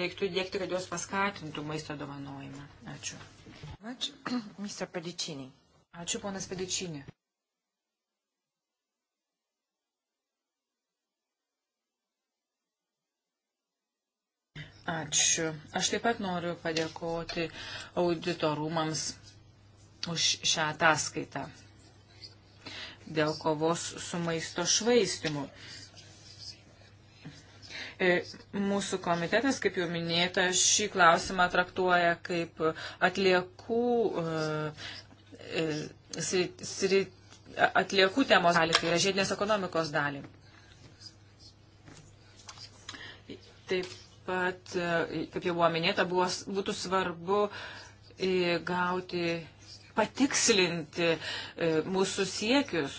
reiktų įdėkti, kad jos paskatintų maisto dovanojimą. Ačiū. Ačiū, Mr. Pedičinį. Ačiū, ponas Pedičinį. Ačiū. Aš taip pat noriu padėkoti auditorumams už šią ataskaitą dėl kovos su maisto švaistimu. E, mūsų komitetas, kaip jau minėta, šį klausimą traktuoja kaip atliekų, e, e, atliekų temos dalį, tai yra žiedinės ekonomikos dalį. Taip pat, kaip jau buvo minėta, buvo, būtų svarbu gauti patikslinti mūsų siekius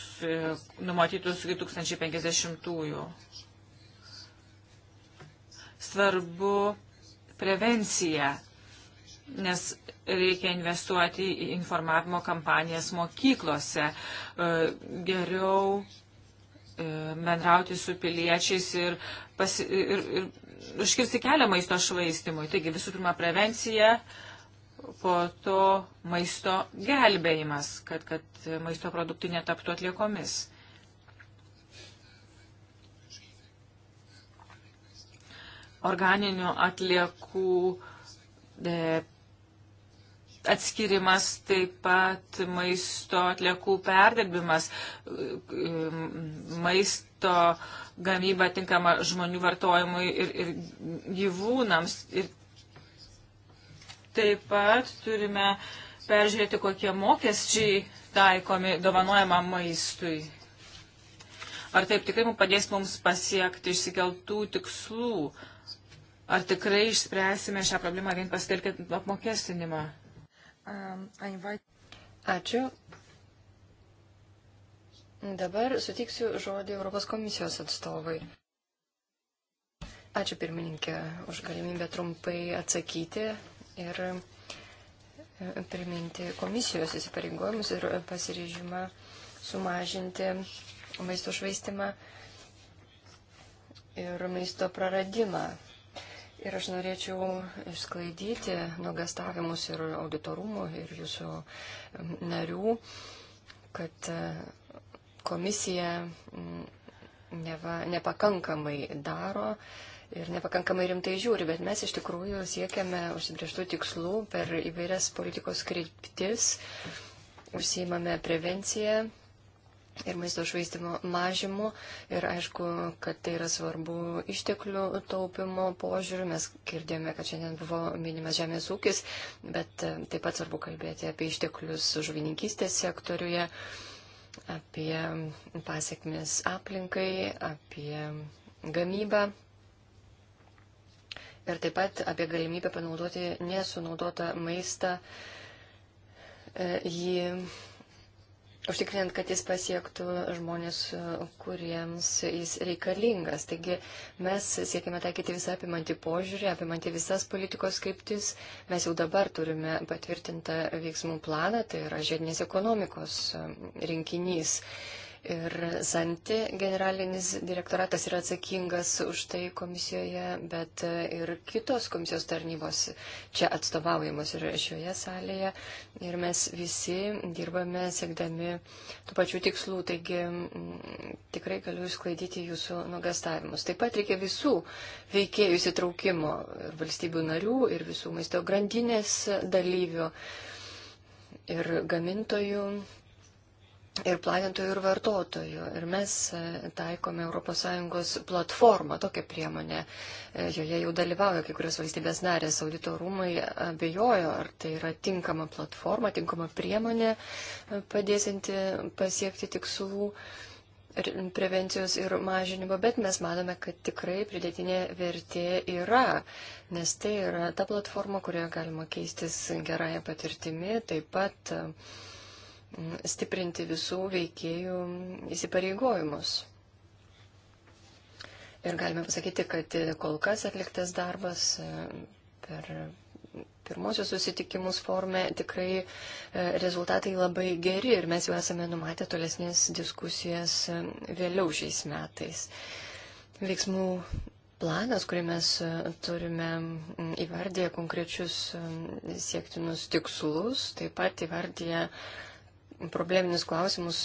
numatytus 2050-ųjų svarbu prevencija, nes reikia investuoti į informavimo kampanijas mokyklose, e, geriau e, bendrauti su piliečiais ir, pasi, ir, ir užkirsti kelią maisto švaistimui. Taigi visų pirma prevencija, po to maisto gelbėjimas, kad, kad maisto produktai netaptų atliekomis. organinių atliekų e, atskirimas, taip pat maisto atliekų perdirbimas, e, maisto gamyba tinkama žmonių vartojimui ir, ir gyvūnams. Ir taip pat turime peržiūrėti, kokie mokesčiai taikomi dovanojama maistui. Ar taip tikrai mums padės mums pasiekti išsikeltų tikslų? Ar tikrai išspręsime šią problemą vien pasitelkiant apmokestinimą? Um, Ačiū. Dabar sutiksiu žodį Europos komisijos atstovai. Ačiū pirmininkė už galimybę trumpai atsakyti ir e, priminti komisijos įsipareigojimus ir pasiryžimą sumažinti maisto švaistimą ir maisto praradimą Ir aš norėčiau išsklaidyti nuogastavimus ir auditorumų ir jūsų narių, kad e, komisija neva, nepakankamai daro ir nepakankamai rimtai žiūri, bet mes iš tikrųjų siekiame užsibrieštų tikslų per įvairias politikos kryptis, užsiimame prevenciją, ir maisto švaistimo mažimu. Ir aišku, kad tai yra svarbu išteklių taupimo požiūriu. Mes girdėjome, kad šiandien buvo minimas žemės ūkis, bet e, taip pat svarbu kalbėti apie išteklius žuvininkystės sektoriuje, apie pasiekmes aplinkai, apie gamybą. Ir taip pat apie galimybę panaudoti nesunaudotą maistą, e, jį užtikrinant, kad jis pasiektų žmonės, e, kuriems jis reikalingas. Taigi mes siekime taikyti visą apimantį požiūrį, apimantį visas politikos kryptis. Mes jau dabar turime patvirtintą veiksmų planą, tai yra žiedinės ekonomikos e, rinkinys ir Santi generalinis direktoratas yra atsakingas už tai komisijoje, bet ir kitos komisijos tarnybos čia atstovaujamos ir šioje salėje. Ir mes visi dirbame siekdami tų pačių tikslų, taigi m, mm, tikrai galiu išsklaidyti jūsų nugastavimus. Taip pat reikia visų veikėjų įsitraukimo ir valstybių narių, ir visų maisto grandinės dalyvių ir gamintojų, ir platintojų, ir vartotojų. Ir mes e, taikome ES platformą, tokią priemonę. E, joje jau dalyvauja kai kurios valstybės narės. Audito rūmai abejojo, ar tai yra tinkama platforma, tinkama priemonė e, padėsinti pasiekti tikslų prevencijos ir mažinimo, bet mes manome, kad tikrai pridėtinė vertė yra, nes tai yra ta platforma, kurioje galima keistis gerąją patirtimį, taip pat uh, stiprinti visų veikėjų įsipareigojimus. Ir galime pasakyti, kad kol kas atliktas darbas e, per pirmosius susitikimus forme tikrai e, rezultatai labai geri ir mes jau esame numatę tolesnės diskusijas e, vėliau šiais metais. Veiksmų planas, kurį mes turime įvardyje konkrečius siektinus tikslus, taip pat įvardyje probleminius klausimus,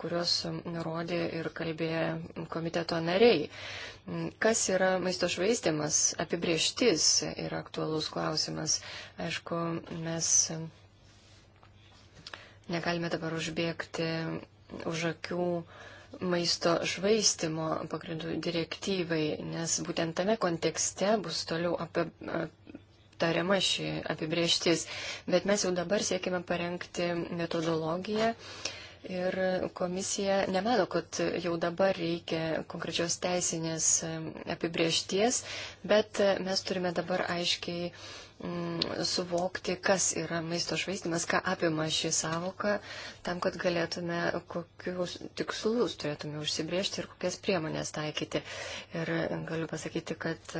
kuriuos nurodė ir kalbėjo komiteto nariai. Kas yra maisto švaistimas? Apibrieštis yra aktualus klausimas. Aišku, mes negalime dabar užbėgti už akių maisto švaistimo pagrindų direktyvai, nes būtent tame kontekste bus toliau apie, aptariama ši apibrieštis, bet mes jau dabar siekime parengti metodologiją. Ir komisija nemano, kad jau dabar reikia konkrečios teisinės apibriešties, bet e, mes turime dabar aiškiai mm, suvokti, kas yra maisto švaistimas, ką apima šį savoką, tam, kad galėtume, kokius tikslus turėtume užsibriežti ir kokias priemonės taikyti. Ir galiu pasakyti, kad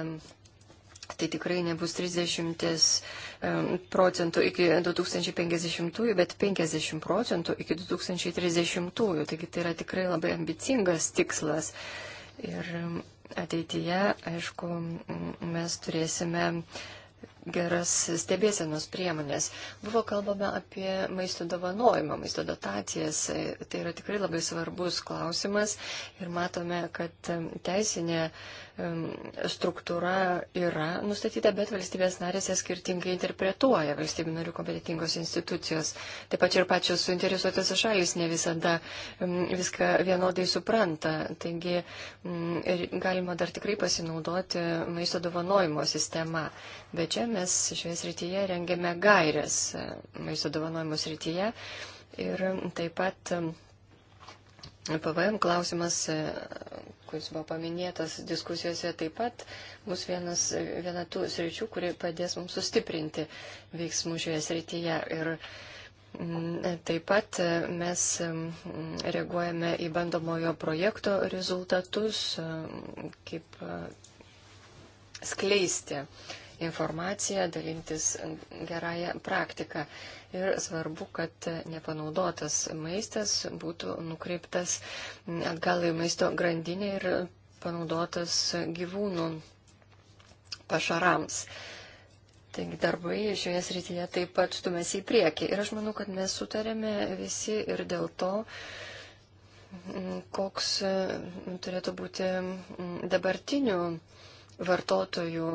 tai tikrai nebus 30 procentų iki 2050, bet 50 procentų iki 2030. Taigi tai yra tikrai labai ambicingas tikslas. Ir ateityje, aišku, mes turėsime geras stebėsenos priemonės. Buvo kalbama apie maisto dovanojimą, maisto dotacijas. E, tai yra tikrai labai svarbus klausimas ir matome, kad teisinė struktūra yra nustatyta, bet valstybės narės ją skirtingai interpretuoja valstybių narių kompetitingos institucijos. Taip pat ir pačios suinteresuotas šalis ne visada viską vienodai supranta. Taigi mm, galima dar tikrai pasinaudoti maisto dovanojimo sistema. Bet čia mes šioje srityje rengiame gairias e, maisto dovanojimo srityje ir taip pat PVM klausimas, e, kuris buvo paminėtas diskusijose, taip pat bus vienas, viena tų sričių, kuri padės mums sustiprinti veiksmų šioje srityje. Ir m, mm, taip pat e, mes mm, reaguojame į bandomojo projekto rezultatus, e, kaip skleisti informaciją, dalintis gerąją praktiką ir svarbu, kad nepanaudotas maistas būtų nukreiptas atgal į maisto grandinę ir panaudotas gyvūnų pašarams. Taigi darbai šioje srityje taip pat stumėsi į priekį. Ir aš manau, kad mes sutarėme visi ir dėl to, koks turėtų būti dabartinių vartotojų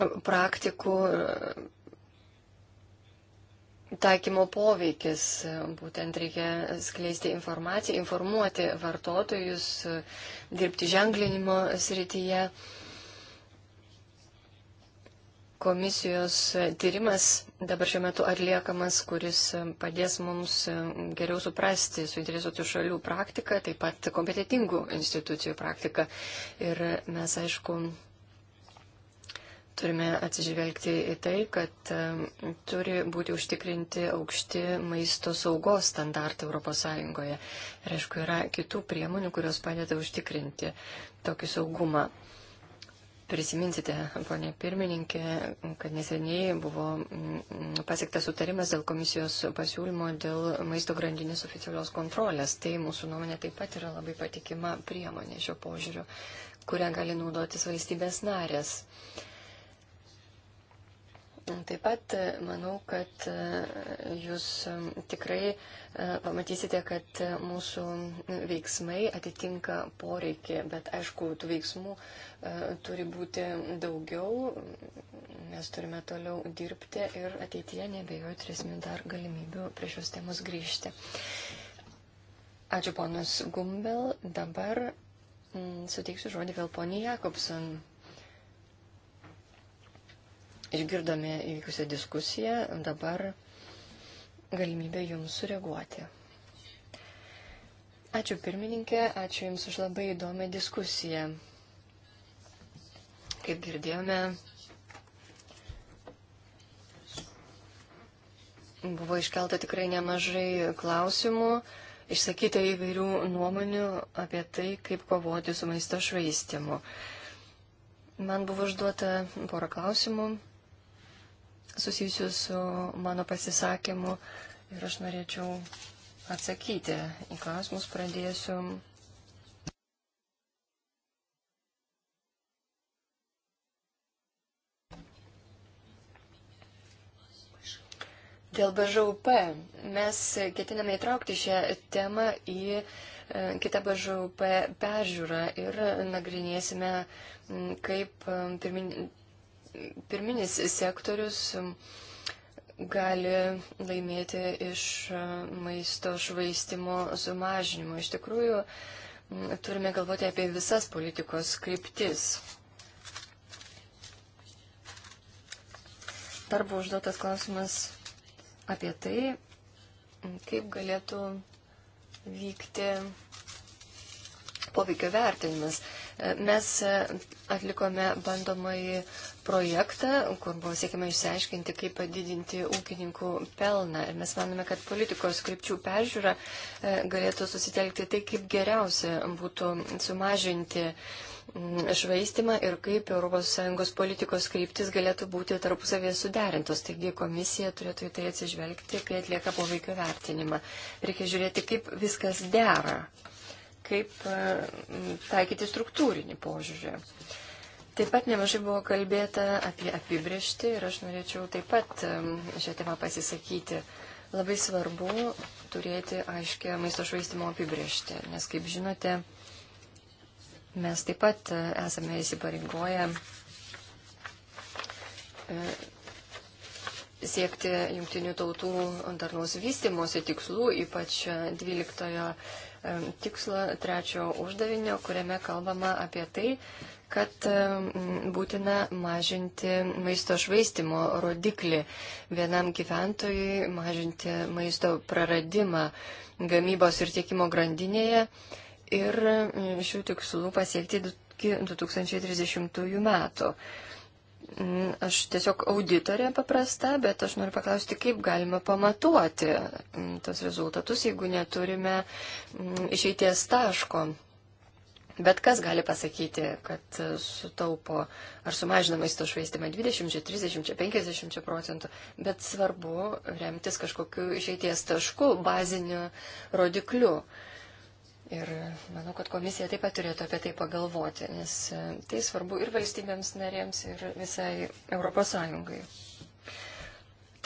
praktikų e, taikymo poveikis. Būtent reikia skleisti informaciją, informuoti vartotojus, e, dirbti ženklinimo srityje. Komisijos tyrimas dabar šiuo metu atliekamas, kuris padės mums e, geriau suprasti suinteresuotų šalių praktiką, taip pat kompetitingų institucijų praktiką. Ir mes, aišku, Turime atsižvelgti į tai, kad turi būti užtikrinti aukšti maisto saugos standartai ES. Ir aišku, yra kitų priemonių, kurios padeda užtikrinti tokį saugumą. Prisiminsite, ponė pirmininkė, kad neseniai buvo pasiektas sutarimas dėl komisijos pasiūlymo dėl maisto grandinės oficialios kontrolės. Tai mūsų nuomonė taip pat yra labai patikima priemonė šio požiūriu, kurią gali naudotis valstybės narės. Uh, Mm, taip pat e, manau, kad e, jūs tikrai e, pamatysite, kad mūsų veiksmai atitinka poreikį, bet aišku, tų veiksmų turi būti daugiau, mes turime toliau dirbti ir ateityje nebejoju turėsime dar galimybių prie šios temos grįžti. Ačiū ponus Gumbel, dabar suteiksiu žodį vėl poniai Jakobson išgirdome įvykusią diskusiją, dabar galimybė jums sureaguoti. Ačiū pirmininkė, ačiū Jums už labai įdomią diskusiją. Kaip girdėjome, buvo iškelta tikrai nemažai klausimų, išsakyta įvairių nuomonių apie tai, kaip kovoti su maisto švaistimu. Man buvo užduota pora klausimų susijusių su mano pasisakymu ir aš norėčiau atsakyti į klausimus. Pradėsiu. Dėl BŽUP mes ketiname įtraukti šią temą į e, kitą BŽUP peržiūrą ir nagrinėsime, kaip pirmin, pirminis sektorius gali laimėti iš e, maisto švaistimo sumažinimo. Iš tikrųjų, turime galvoti apie visas politikos kryptis. Dar buvo užduotas klausimas apie tai, kaip galėtų vykti poveikio vertinimas. Mes e, atlikome bandomąjį projektą, kur buvo siekima išsiaiškinti, kaip padidinti ūkininkų pelną. Ir mes manome, kad politikos krypčių peržiūra e, galėtų susitelkti tai, kaip geriausia būtų sumažinti švaistimą ir kaip ES politikos kryptis galėtų būti tarpusavėje suderintos. Taigi komisija turėtų į tai atsižvelgti, kai atlieka poveikio vertinimą. Reikia žiūrėti, kaip viskas dera kaip e, taikyti struktūrinį požiūrį. Taip pat nemažai buvo kalbėta apie apibriešti ir aš norėčiau taip pat e, šią temą pasisakyti. Labai svarbu turėti aiškę maisto švaistimo apibriešti, nes, kaip žinote, mes taip pat e, esame įsipareigoję siekti jungtinių tautų darnaus vystimosi tikslų, ypač 12 E, tikslo, trečio uždavinio, kuriame kalbama apie tai, kad e, būtina mažinti maisto švaistimo rodiklį vienam gyventojui, mažinti maisto praradimą gamybos ir tiekimo grandinėje ir šių tikslų pasiekti iki 2030 metų. Mm, aš tiesiog auditorė paprasta, bet aš noriu paklausti, kaip galima pamatuoti mm, tos rezultatus, jeigu neturime mm, išeities taško. Bet kas gali pasakyti, kad e, sutaupo ar sumažina maisto švaistimą 20, 30, 50 procentų, bet svarbu remtis kažkokiu išeities tašku, baziniu rodikliu. Uh, Ir manau, kad komisija taip pat turėtų apie tai pagalvoti, nes e, tai svarbu ir valstybėms narėms, ir visai Europos Sąjungai.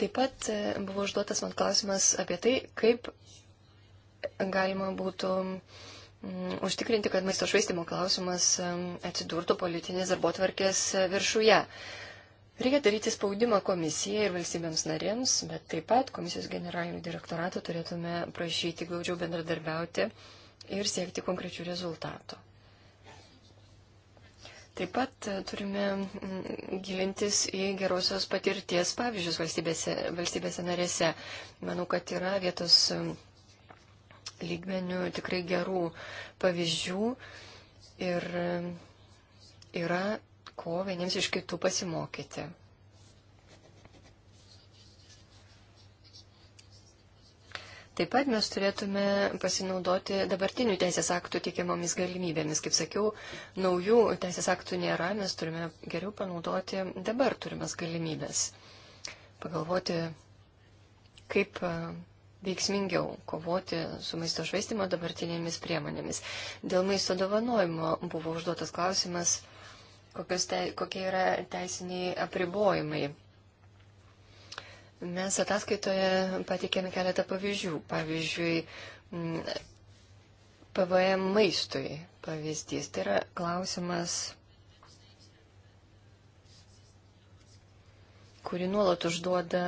Taip pat e, buvo užduotas man klausimas apie tai, kaip galima būtų mm, užtikrinti, kad maisto švaistimo klausimas e, atsidurtų politinės darbo tvarkės viršuje. Reikia daryti spaudimą komisijai ir valstybėms narėms, bet taip pat komisijos generalinių direktoratų turėtume prašyti glaudžiau bendradarbiauti ir siekti konkrečių rezultatų. Taip pat e, turime mm, gilintis į gerosios patirties pavyzdžius valstybėse, valstybėse narėse. Manau, kad yra vietos mm, lygmenių tikrai gerų pavyzdžių ir mm, yra ko vieniems iš kitų pasimokyti. Taip pat mes turėtume pasinaudoti dabartinių teisės aktų teikiamomis galimybėmis. Kaip sakiau, naujų teisės aktų nėra, mes turime geriau panaudoti dabar turimas galimybės. Pagalvoti, kaip e, veiksmingiau kovoti su maisto švaistimo dabartinėmis priemonėmis. Dėl maisto dovanojimo buvo užduotas klausimas, te, kokie yra teisiniai apribojimai. Mes ataskaitoje patikėme keletą pavyzdžių. Pavyzdžiui, PVM maistui pavyzdys. Tai yra klausimas, kurį nuolat užduoda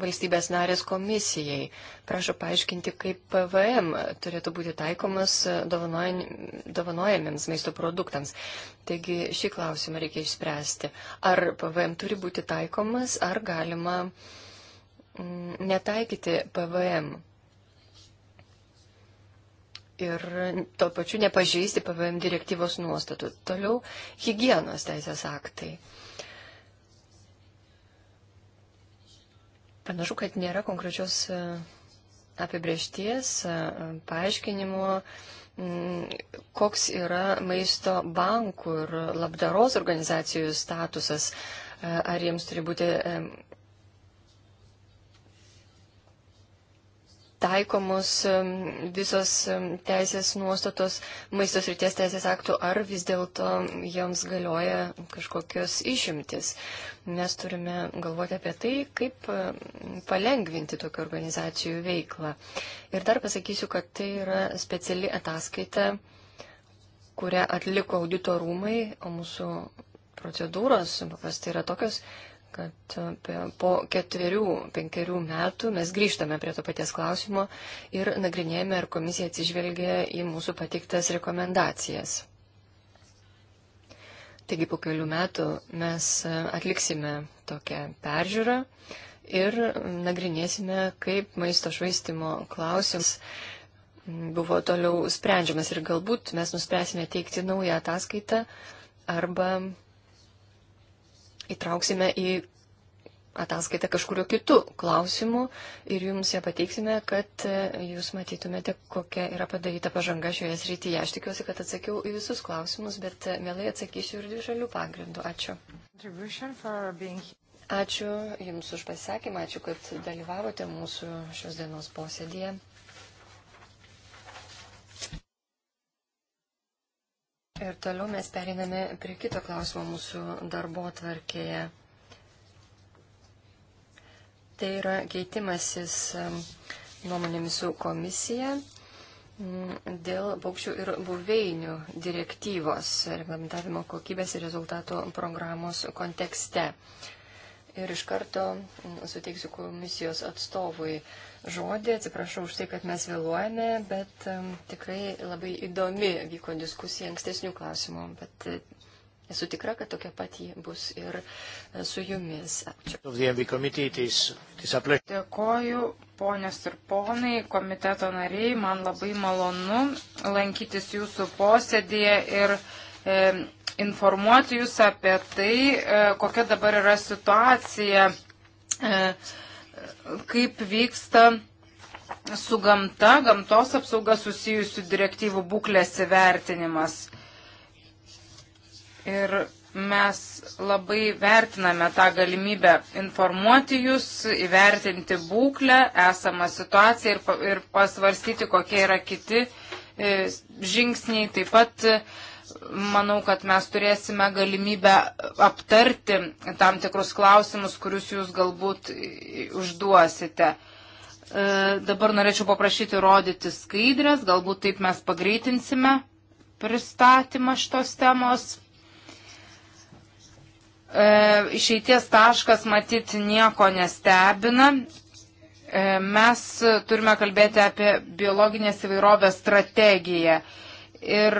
valstybės narės komisijai. Prašo paaiškinti, kaip PVM turėtų būti taikomas dovanojamiems maisto produktams. Taigi šį klausimą reikia išspręsti. Ar PVM turi būti taikomas, ar galima mm, netaikyti PVM. Ir tuo pačiu nepažeisti PVM direktyvos nuostatų. Toliau hygienos teisės aktai. Uh, Panašu, kad nėra konkrečios e, apibriešties, e, paaiškinimo, mm, koks yra maisto bankų ir labdaros organizacijų statusas, e, ar jiems turi būti taikomus visos teisės nuostatos maistos ryties teisės aktų, ar vis dėlto joms galioja kažkokios išimtis. Mes turime galvoti apie tai, kaip palengvinti tokių organizacijų veiklą. Ir dar pasakysiu, kad tai yra speciali ataskaita, kurią atliko audito rūmai, o mūsų procedūros paprastai yra tokios, kad e, po ketverių, penkerių metų mes grįžtame prie to paties klausimo ir nagrinėjame, ar komisija atsižvelgia į mūsų patiktas rekomendacijas. Taigi po kelių metų mes e, atliksime tokią peržiūrą ir nagrinėsime, kaip maisto švaistimo klausimas buvo toliau sprendžiamas ir galbūt mes nuspręsime teikti naują ataskaitą arba įtrauksime į ataskaitą kažkurio kitų klausimų ir jums ją pateiksime, kad e, jūs matytumėte, kokia yra padaryta pažanga šioje srityje. Aš tikiuosi, kad atsakiau į visus klausimus, bet e, mielai atsakysiu ir dvišalių pagrindų. Ačiū. Ačiū Jums už pasisakymą, ačiū, kad dalyvavote mūsų šios dienos posėdėje. Ir toliau mes periname prie kito klausimo mūsų darbo tvarkėje. Tai yra keitimasis nuomonėmis su komisija dėl paukščių ir buveinių direktyvos reglamentavimo kokybės ir rezultatų programos kontekste. Ir iš karto suteiksiu komisijos atstovui žodį. Atsiprašau už tai, kad mes vėluojame, bet tikrai labai įdomi vyko diskusija ankstesnių klausimų. Bet e, esu tikra, kad tokia pati bus ir e, su jumis. Ačiū. Dėkoju, ponės ir ponai, komiteto nariai. Man labai malonu lankytis jūsų posėdėje ir e, informuoti jūs apie tai, e, kokia dabar yra situacija. E, kaip vyksta su gamta, gamtos apsauga susijusių direktyvų būklės įvertinimas. Ir mes labai vertiname tą galimybę informuoti jūs, įvertinti būklę, esamą situaciją ir, ir pasvarstyti, kokie yra kiti e, žingsniai. Taip pat manau, kad mes turėsime galimybę aptarti tam tikrus klausimus, kurius jūs galbūt užduosite. E, dabar norėčiau paprašyti rodyti skaidrės, galbūt taip mes pagreitinsime pristatymą šitos temos. E, išeities taškas matyti nieko nestebina. E, mes turime kalbėti apie biologinės įvairovės strategiją. Ir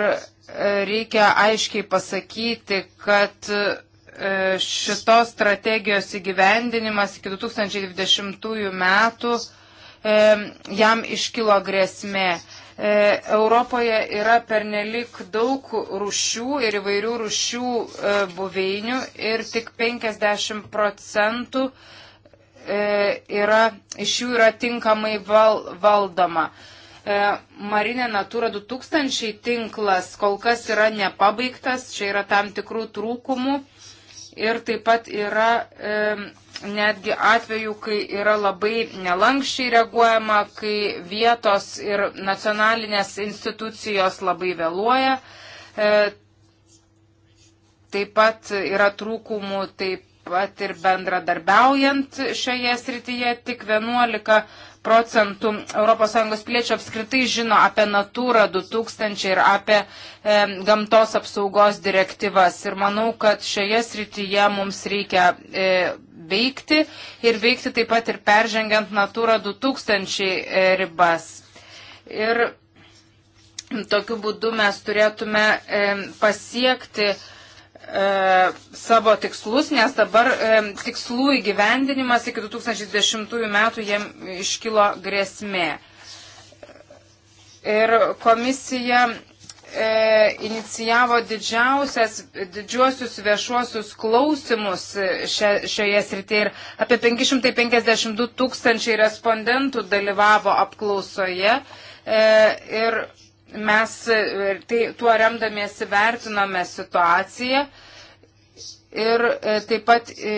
reikia aiškiai pasakyti, kad e, šitos strategijos įgyvendinimas iki 2020 metų e, jam iškilo grėsmė. E, Europoje yra pernelik daug rušių ir įvairių rušių buveinių ir tik 50 procentų yra, iš jų yra tinkamai val, valdoma. E, Marinė Natura 2000 tinklas kol kas yra nepabaigtas, čia yra tam tikrų trūkumų ir taip pat yra e, netgi atveju, kai yra labai nelankščiai reaguojama, kai vietos ir nacionalinės institucijos labai vėluoja. E, taip pat yra trūkumų taip pat ir bendradarbiaujant šioje srityje tik 11 procentų ES piliečių apskritai žino apie Natūrą 2000 ir apie e, gamtos apsaugos direktyvas. Ir manau, kad šioje srityje mums reikia e, veikti ir veikti taip pat ir peržengiant Natūrą 2000 e, ribas. Ir tokiu būdu mes turėtume e, pasiekti e, E, savo tikslus, nes dabar e, tikslų įgyvendinimas iki 2010 metų jiem iškilo grėsmė. Ir komisija e, inicijavo didžiausias, didžiuosius viešuosius klausimus šia, šioje srityje ir apie 552 tūkstančiai respondentų dalyvavo apklausoje. E, ir Mes e, tai, tuo remdamiesi vertiname situaciją ir e, taip pat e,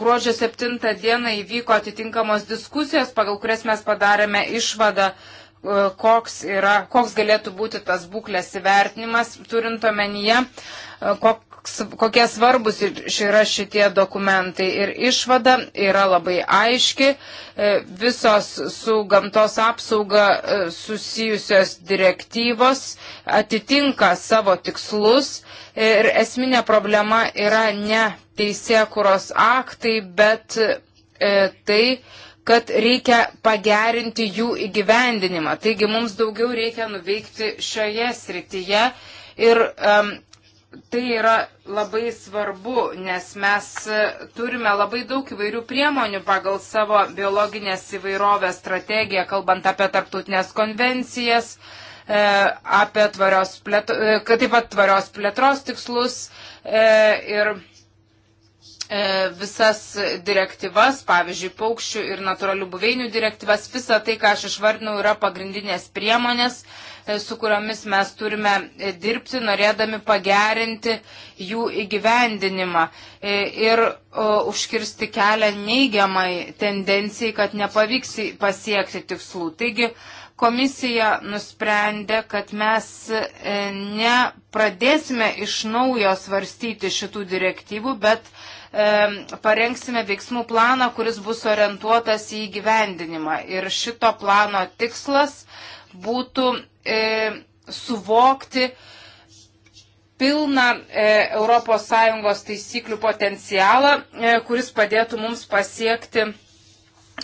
gruodžio 7 dieną įvyko atitinkamos diskusijos, pagal kurias mes padarėme išvadą, koks, yra, koks galėtų būti tas būklės įvertinimas, turint omenyje, kok, kokie svarbus yra šitie dokumentai. Ir išvada yra labai aiški. E, visos su gamtos apsauga e, susijusios direktyvos atitinka savo tikslus. E, ir esminė problema yra ne teisėkuros aktai, bet tai, kad reikia pagerinti jų įgyvendinimą. Taigi mums daugiau reikia nuveikti šioje srityje. Ir um, tai yra labai svarbu, nes mes e, turime labai daug įvairių priemonių pagal savo biologinės įvairovės strategiją, kalbant apie tarptautinės konvencijas, e, apie tvarios plėtros, e, taip pat tvarios plėtros tikslus ir E, visas direktyvas, pavyzdžiui, paukščių ir natūralių buveinių direktyvas, visa tai, ką aš išvardinau, yra pagrindinės priemonės, e, su kuriomis mes turime e, dirbti, norėdami pagerinti jų įgyvendinimą ir užkirsti kelią neigiamai tendencijai, kad nepavyks pasiekti tikslų. Taigi, komisija nusprendė, kad mes nepradėsime iš naujo svarstyti šitų direktyvų, bet parengsime veiksmų planą, kuris bus orientuotas į gyvendinimą. Ir šito plano tikslas būtų e, suvokti pilną e, ES taisyklių potencialą, e, kuris padėtų mums pasiekti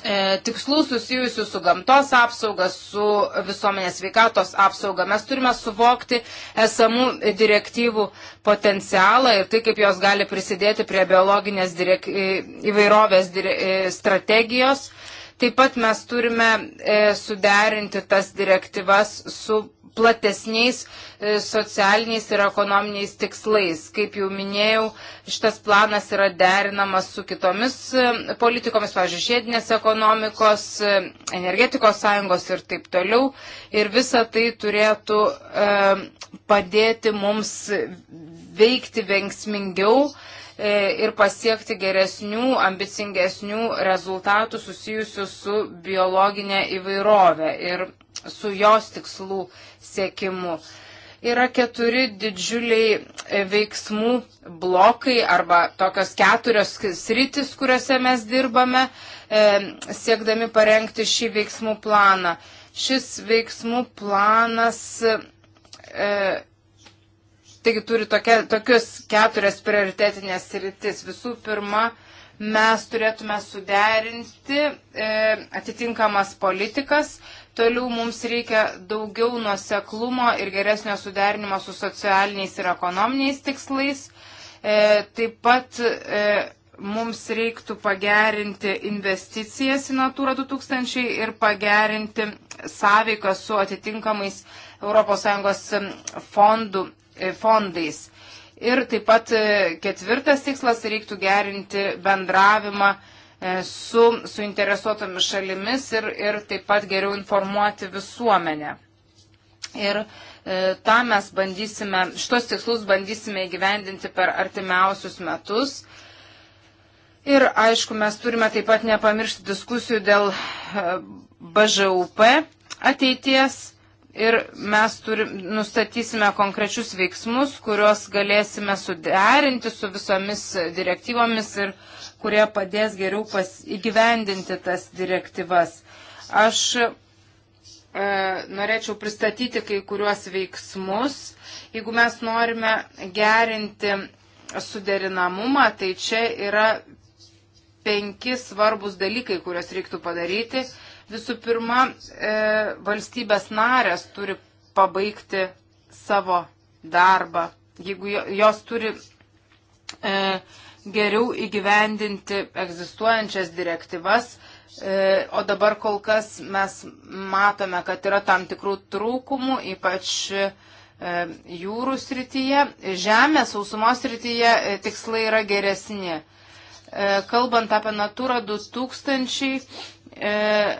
E, tikslų susijusių su gamtos apsauga, su visuomenės veikatos apsauga. Mes turime suvokti esamų direktyvų potencialą ir tai, kaip jos gali prisidėti prie biologinės direk... įvairovės dire... strategijos. Taip pat mes turime e, suderinti tas direktyvas su platesniais e, socialiniais ir ekonominiais tikslais. Kaip jau minėjau, šitas planas yra derinamas su kitomis e, politikomis, pavyzdžiui, žiedinės ekonomikos, e, energetikos sąjungos ir taip toliau. Ir visa tai turėtų padėti mums veikti vengsmingiau E, ir pasiekti geresnių, ambicingesnių rezultatų susijusių su biologinė įvairovė ir su jos tikslų siekimu. Yra keturi didžiuliai e, veiksmų blokai arba tokios keturios sritis, kuriuose mes dirbame, e, siekdami parengti šį veiksmų planą. Šis veiksmų planas Taigi turi tokia, tokius keturias prioritetinės rytis. Visų pirma, mes turėtume suderinti e, atitinkamas politikas, toliau mums reikia daugiau nuoseklumo ir geresnio suderinimo su socialiniais ir ekonominiais tikslais. E, taip pat e, mums reiktų pagerinti investicijas į Natūrą 2000 ir pagerinti sąveiką su atitinkamais ES fondų E, fondais. Ir taip pat e, ketvirtas tikslas reiktų gerinti bendravimą e, su suinteresuotomis šalimis ir, ir taip pat geriau informuoti visuomenę. Ir tą mes bandysime, šitos tikslus bandysime įgyvendinti per artimiausius metus. Ir aišku, mes turime taip pat nepamiršti diskusijų dėl BŽUP ateities ir mes turim, nustatysime konkrečius veiksmus, kuriuos galėsime suderinti su visomis direktyvomis ir kurie padės geriau pas, įgyvendinti tas direktyvas. Aš e, norėčiau pristatyti kai kuriuos veiksmus. Jeigu mes norime gerinti suderinamumą, tai čia yra penki svarbus dalykai, kuriuos reiktų padaryti. E, Visų pirma, e, valstybės narės turi pabaigti savo darbą, jeigu jos turi e, geriau įgyvendinti egzistuojančias direktyvas. E, o dabar kol kas mes matome, kad yra tam tikrų trūkumų, ypač e, jūrų srityje. Žemės sausumos srityje e, tikslai yra geresni. E, kalbant apie Natūrą 2000, E,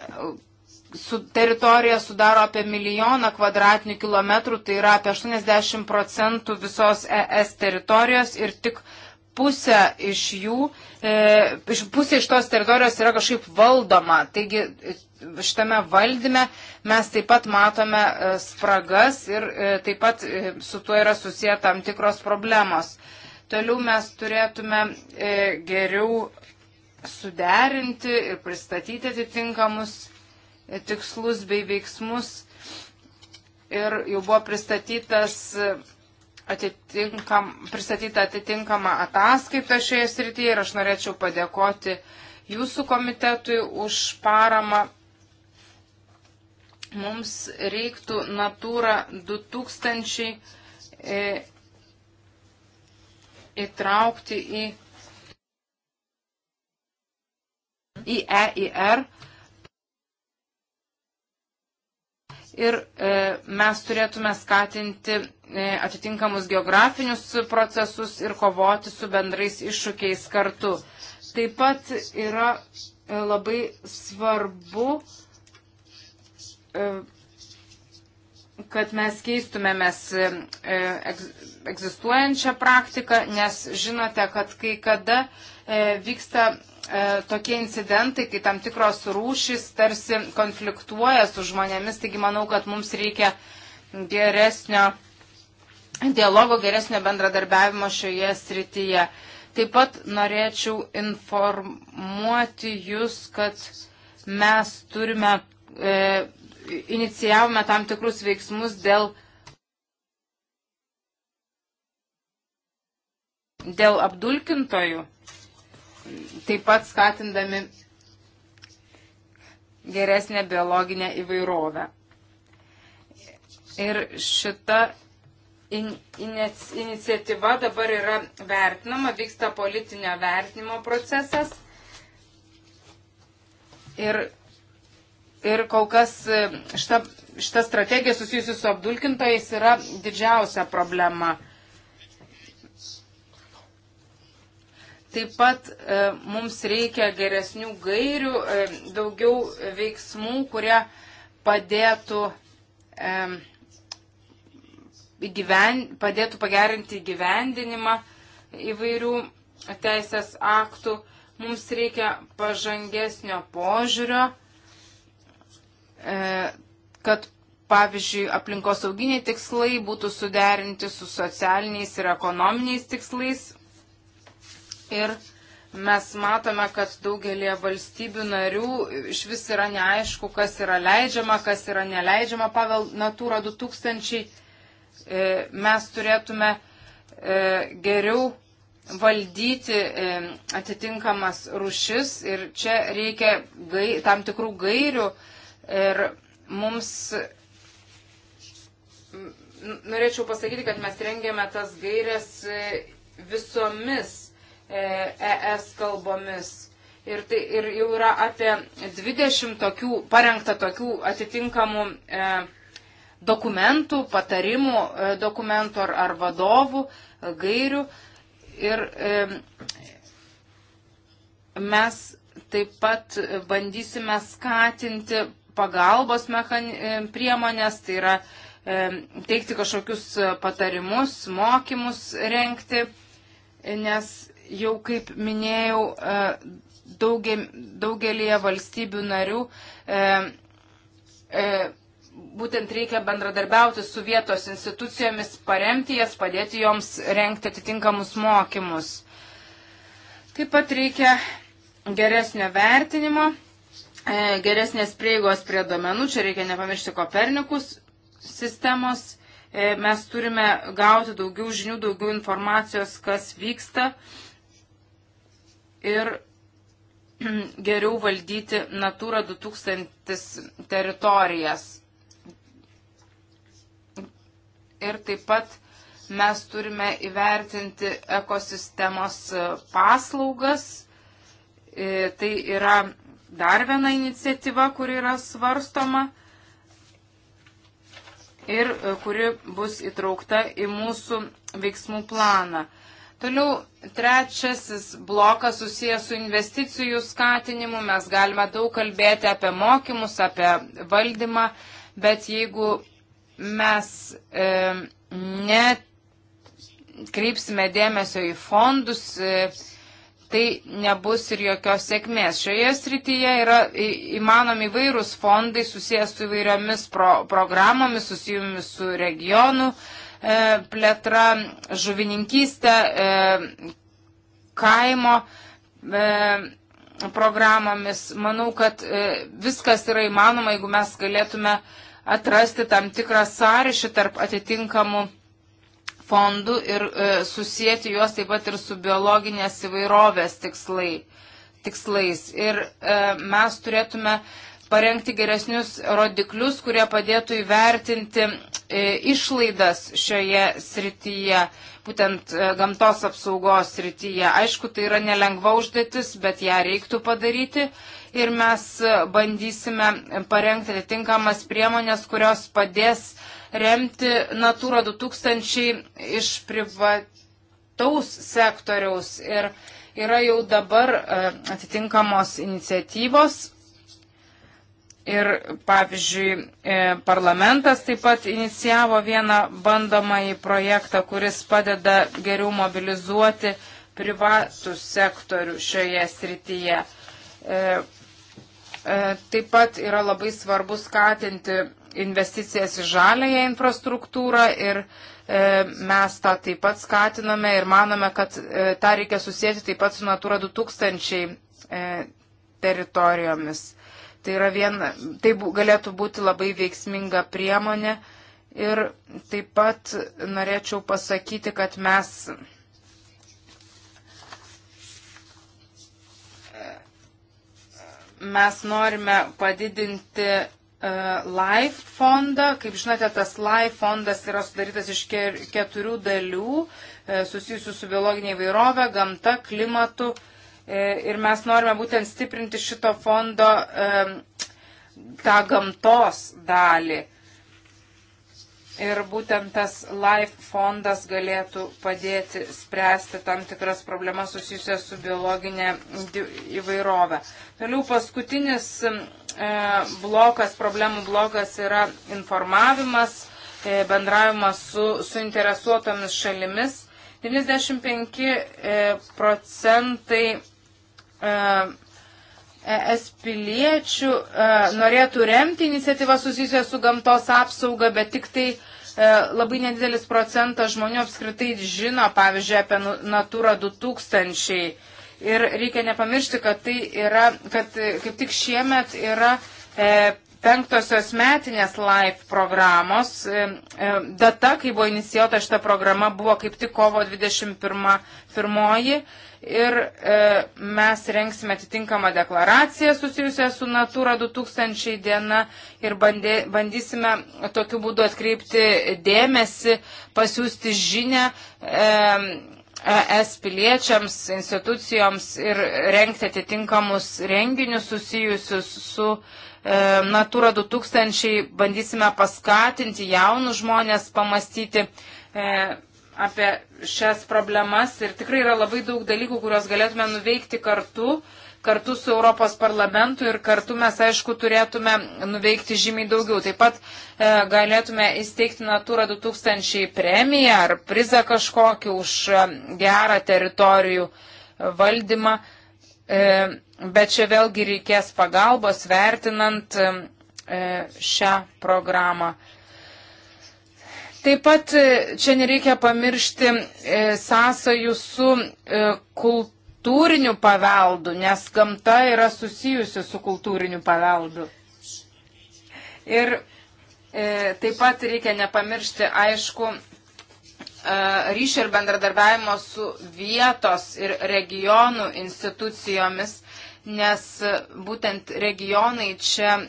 su teritorija sudaro apie milijoną kvadratinių kilometrų, tai yra apie 80 procentų visos ES teritorijos ir tik pusė iš jų, e, pusė iš tos teritorijos yra kažkaip valdoma. Taigi šitame valdyme mes taip pat matome e, spragas ir e, taip pat e, su tuo yra susiję tam tikros problemos. Toliau mes turėtume e, geriau suderinti ir pristatyti atitinkamus tikslus bei veiksmus. Ir jau buvo pristatytas atitinkam, pristatyta atitinkama ataskaita šioje srityje ir aš norėčiau padėkoti jūsų komitetui už paramą. Mums reiktų Natūra 2000 e, įtraukti į į E, į R. Ir e, mes turėtume skatinti e, atitinkamus geografinius procesus ir kovoti su bendrais iššūkiais kartu. Taip pat yra e, labai svarbu, e, kad mes keistumėmės e, e egzistuojančią praktiką, nes žinote, kad kai kada e, vyksta E, tokie incidentai, kai tam tikros rūšys tarsi konfliktuoja su žmonėmis, taigi manau, kad mums reikia geresnio dialogo, geresnio bendradarbiavimo šioje srityje. Taip pat norėčiau informuoti Jūs, kad mes turime, e, inicijavome tam tikrus veiksmus dėl, dėl apdulkintojų taip pat skatindami geresnę biologinę įvairovę. Ir šita in, in, iniciatyva dabar yra vertinama, vyksta politinio vertinimo procesas. Ir, ir kol kas e, šita, šita strategija susijusi su apdulkintojais yra didžiausia problema. Taip pat e, mums reikia geresnių gairių, e, daugiau veiksmų, kurie padėtų, e, gyven, padėtų pagerinti gyvendinimą įvairių teisės aktų. Mums reikia pažangesnio požiūrio, kad pavyzdžiui, aplinkosauginiai tikslai būtų suderinti su socialiniais ir ekonominiais tikslais. Ir mes matome, kad daugelie valstybių narių iš vis yra neaišku, kas yra leidžiama, kas yra neleidžiama pagal Natūra 2000. E, mes turėtume e, geriau valdyti e, atitinkamas rušis ir čia reikia gai, tam tikrų gairių ir mums norėčiau pasakyti, kad mes rengėme tas gairias visomis ES e kalbomis. Ir, tai, ir jau yra apie 20 tokių, parengta tokių atitinkamų e, dokumentų, patarimų e, dokumentų ar, ar vadovų, e, gairių. Ir e, mes taip pat bandysime skatinti pagalbos mechan, e, priemonės, tai yra e, teikti kažkokius patarimus, mokymus renkti, nes jau kaip minėjau, e, daugelie valstybių narių e, e, būtent reikia bendradarbiauti su vietos institucijomis, paremti jas, padėti joms renkti atitinkamus mokymus. Taip pat reikia geresnio vertinimo, geresnės prieigos prie domenų, čia reikia nepamiršti Kopernikus sistemos mes turime gauti daugiau žinių, daugiau informacijos, kas vyksta ir geriau valdyti Natūra 2000 teritorijas. Ir taip pat mes turime įvertinti ekosistemos paslaugas. E, tai yra dar viena iniciatyva, kuri yra svarstoma ir e, kuri bus įtraukta į mūsų veiksmų planą. Toliau trečiasis blokas susijęs su investicijų skatinimu. Mes galime daug kalbėti apie mokymus, apie valdymą, bet jeigu mes e, nekreipsime dėmesio į fondus, e, tai nebus ir jokios sėkmės. Šioje srityje yra įmanomi vairūs fondai susijęs su įvairiomis pro, programomis, susijomis su regionu. E, E, plėtra, žuvininkystė, e, kaimo e, programomis. Manau, kad viskas yra įmanoma, jeigu mes galėtume atrasti tam tikrą sąryšį tarp atitinkamų fondų ir e, susijęti juos taip pat ir su biologinės įvairovės tikslai, tikslais. Ir e, mes turėtume e, parengti geresnius rodiklius, kurie padėtų įvertinti e, išlaidas šioje srityje, būtent e, gamtos apsaugos srityje. Aišku, tai yra nelengva užduotis, bet ją reiktų padaryti ir mes e, bandysime parengti atitinkamas priemonės, kurios padės remti Natūra 2000 iš privataus sektoriaus. Ir yra jau dabar atitinkamos iniciatyvos Ir, pavyzdžiui, e, parlamentas taip pat inicijavo vieną bandomąjį projektą, kuris padeda geriau mobilizuoti privatų sektorių šioje srityje. E, e, taip pat yra labai svarbu skatinti investicijas į žalėją infrastruktūrą ir mes tą taip pat skatiname ir manome, kad tą reikia susijęti taip pat su Natura 2000 teritorijomis. Tai, viena, tai galėtų būti labai veiksminga priemonė. Ir taip pat norėčiau pasakyti, kad mes mes norime padidinti e, LIFE fondą. Kaip žinote, tas LIFE fondas yra sudarytas iš keturių dalių e, susijusių su biologinė įvairovė, gamta, klimatu E, ir mes norime būtent stiprinti šito fondo e, tą gamtos dalį. Ir būtent tas LIFE fondas galėtų padėti spręsti tam tikras problemas susijusias su biologinė įvairovė. Toliau paskutinis e, blokas, problemų blokas yra informavimas, e, bendravimas su suinteresuotomis šalimis. 95 e, procentai ES e piliečių e, norėtų remti iniciatyvą susijusią su gamtos apsauga, bet tik tai e, labai nedidelis procentas žmonių apskritai žino, pavyzdžiui, apie nu, Natūra 2000. Ir reikia nepamiršti, kad tai yra, kad kaip tik šiemet yra e, penktosios metinės LIFE programos. E, e, data, kai buvo inicijuota šita programa, buvo kaip tik kovo 21 ir e, mes renksime atitinkamą deklaraciją susijusią su Natūra 2000 diena ir bandė, bandysime tokiu būdu atkreipti dėmesį, pasiūsti žinę. E, ES piliečiams, institucijoms ir renkti atitinkamus renginius susijusius su e, Natūra 2000, bandysime paskatinti jaunus žmonės pamastyti e, apie šias problemas ir tikrai yra labai daug dalykų, kuriuos galėtume nuveikti kartu, kartu su Europos parlamentu ir kartu mes, aišku, turėtume nuveikti žymiai daugiau. Taip pat e, galėtume įsteigti Natūra 2000 premiją ar prizą kažkokį už e, gerą teritorijų e, valdymą, e, bet čia vėlgi reikės pagalbos vertinant e, e šią programą. Taip pat e, čia nereikia pamiršti e, sąsajų su e, kultūriniu paveldu, nes gamta yra susijusi su kultūriniu paveldu. Ir taip pat reikia nepamiršti, aišku, ryšio ir bendradarbiavimo su vietos ir regionų institucijomis nes būtent regionai čia e,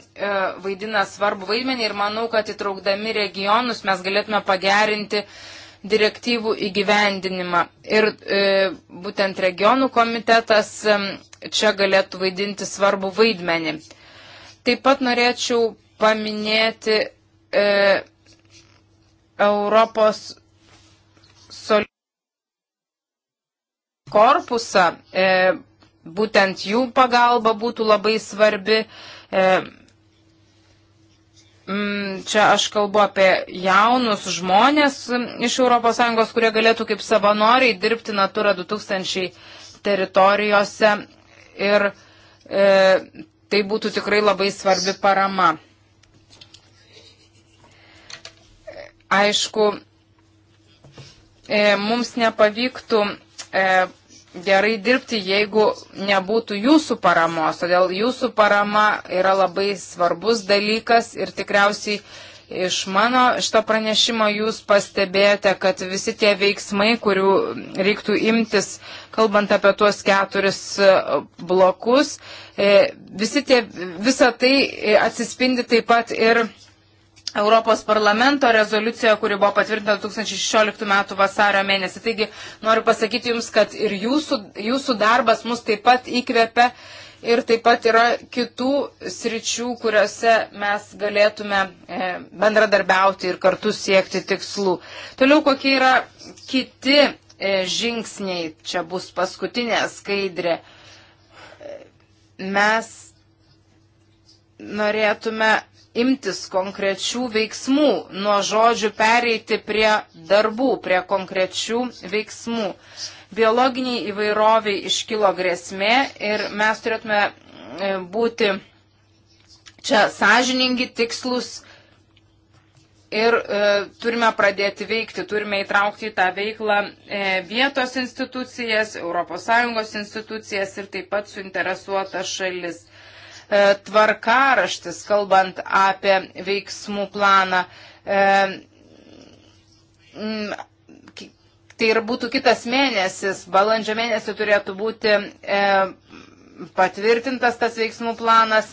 vaidina svarbu vaidmenį ir manau, kad įtraukdami regionus mes galėtume pagerinti direktyvų įgyvendinimą. Ir e, būtent regionų komitetas e, čia galėtų vaidinti svarbu vaidmenį. Taip pat norėčiau paminėti e, Europos korpusą. E, būtent jų pagalba būtų labai svarbi. E, mm, čia aš kalbu apie jaunus žmonės iš ES, kurie galėtų kaip savanoriai dirbti Natura 2000 teritorijose ir e, tai būtų tikrai labai svarbi parama. Aišku, e, mums nepavyktų e, gerai dirbti, jeigu nebūtų jūsų paramos. Todėl jūsų parama yra labai svarbus dalykas ir tikriausiai iš mano šito pranešimo jūs pastebėjote, kad visi tie veiksmai, kurių reiktų imtis, kalbant apie tuos keturis e, blokus, e, visi tie, visa tai e, atsispindi taip pat ir Europos parlamento rezoliucija, kuri buvo patvirtinta 2016 m. vasario mėnesį. Taigi noriu pasakyti Jums, kad ir Jūsų, jūsų darbas mus taip pat įkvepia ir taip pat yra kitų sričių, kuriuose mes galėtume e, bendradarbiauti ir kartu siekti tikslų. Toliau kokie yra kiti e, žingsniai, čia bus paskutinė skaidrė. E, mes norėtume imtis konkrečių veiksmų, nuo žodžių pereiti prie darbų, prie konkrečių veiksmų. Biologiniai įvairoviai iškilo grėsmė ir mes turėtume e, būti čia sąžiningi, tikslus ir e, turime pradėti veikti, turime įtraukti į tą veiklą e, vietos institucijas, ES institucijas ir taip pat suinteresuotas šalis. E, tvarkaraštis, kalbant apie veiksmų planą. E, tai ir būtų kitas mėnesis, balandžio mėnesį turėtų būti e, patvirtintas tas veiksmų planas,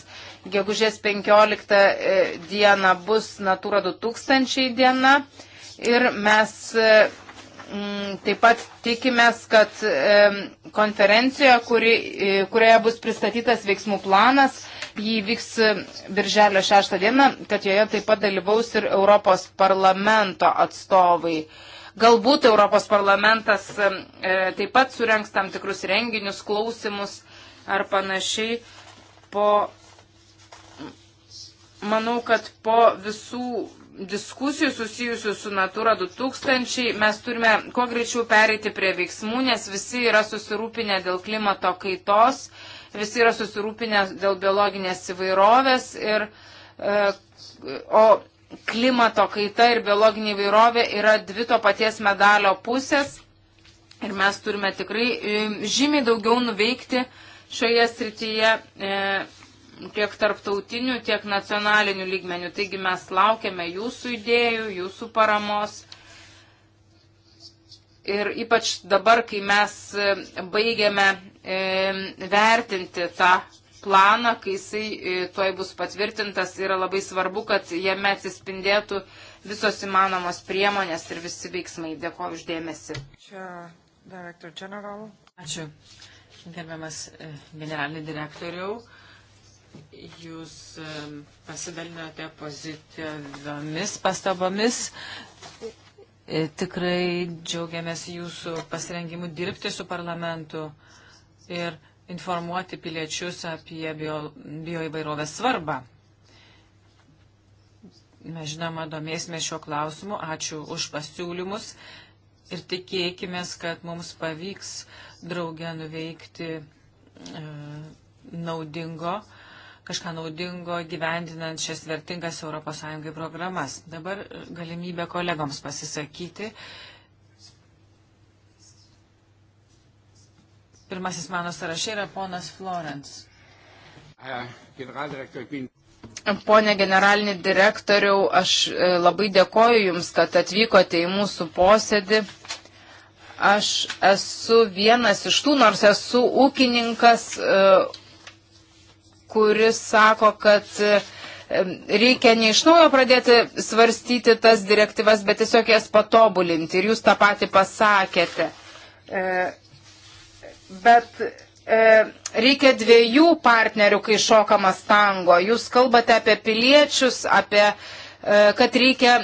gegužės 15 diena bus Natura 2000 diena ir mes Mm, taip pat tikimės, kad konferencijoje, kuri, e, kurioje bus pristatytas veiksmų planas, jį vyks e, birželio 6 dieną, kad joje taip pat dalyvaus ir Europos parlamento atstovai. Galbūt Europos parlamentas e, taip pat surenks tam tikrus renginius, klausimus ar panašiai. Po, manau, kad po visų diskusijų susijusių su Natura 2000 mes turime kuo greičiau pereiti prie veiksmų, nes visi yra susirūpinę dėl klimato kaitos, visi yra susirūpinę dėl biologinės įvairovės ir e, o klimato kaita ir biologinė įvairovė yra dvi to paties medalio pusės ir mes turime tikrai e, žymiai daugiau nuveikti šioje srityje. E, tiek tarptautinių, tiek nacionalinių lygmenių. Taigi mes laukiame jūsų idėjų, jūsų paramos. Ir ypač dabar, kai mes e, baigiame e, vertinti tą planą, kai jisai e, tuoj bus patvirtintas, yra labai svarbu, kad jame atsispindėtų visos įmanomos priemonės ir visi veiksmai. Dėkuoju uždėmesi. Ačiū. Gerbiamas e, generalinį direktoriau. Jūs pasidalinote pozityviomis pastabomis. E, tikrai džiaugiamės jūsų pasirengimu dirbti su parlamentu ir informuoti piliečius apie bio, bioįvairovės svarbą. Mes žinoma domėsime šiuo klausimu. Ačiū už pasiūlymus ir tikėkime, kad mums pavyks draugę nuveikti e, naudingo. E, kažką naudingo gyvendinant šias vertingas ES programas. Dabar galimybė kolegoms pasisakyti. Pirmasis mano sąrašė yra ponas Florence. Pone generalinį direktoriau, aš e, labai dėkoju Jums, kad atvykote į mūsų posėdį. Aš esu vienas iš tų, nors esu ūkininkas, e, kuris sako, kad reikia ne iš naujo pradėti svarstyti tas direktyvas, bet tiesiog jas patobulinti. Ir jūs tą patį pasakėte. E, bet e, reikia dviejų partnerių, kai šokamas tango. Jūs kalbate apie piliečius, apie e, kad reikia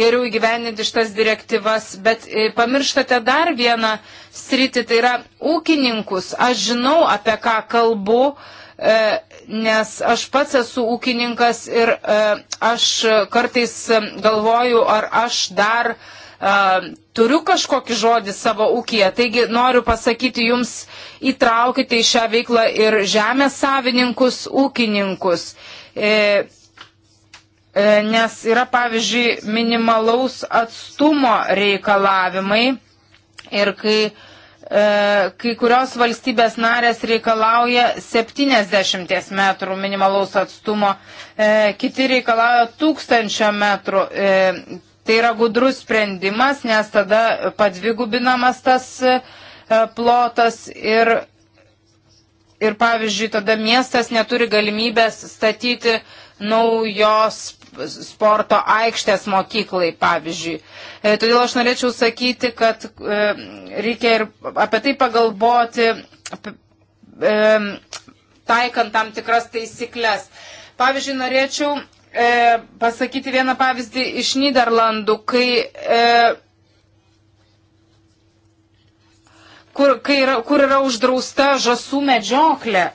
geriau įgyveninti šitas direktyvas, bet pamirštate dar vieną sritį, tai yra ūkininkus. Aš žinau, apie ką kalbu, E, nes aš pats esu ūkininkas ir e, aš kartais galvoju, ar aš dar e, turiu kažkokį žodį savo ūkiją. Taigi noriu pasakyti jums, įtraukite į šią veiklą ir žemės savininkus, ūkininkus. Nes yra, pavyzdžiui, minimalaus atstumo reikalavimai ir kai uh, E, kai kurios valstybės narės reikalauja 70 metrų minimalaus atstumo, e, kiti reikalauja 1000 metrų. E, tai yra gudrus sprendimas, nes tada padvigubinamas tas plotas ir, ir pavyzdžiui, tada miestas neturi galimybės statyti naujos sporto aikštės mokyklai, pavyzdžiui. E, todėl aš norėčiau sakyti, kad e, reikia ir apie tai pagalvoti, e, taikant tam tikras taisyklės. Pavyzdžiui, norėčiau pasakyti vieną pavyzdį iš Niderlandų, kai kur, kai yra, kur yra uždrausta žasų medžioklė.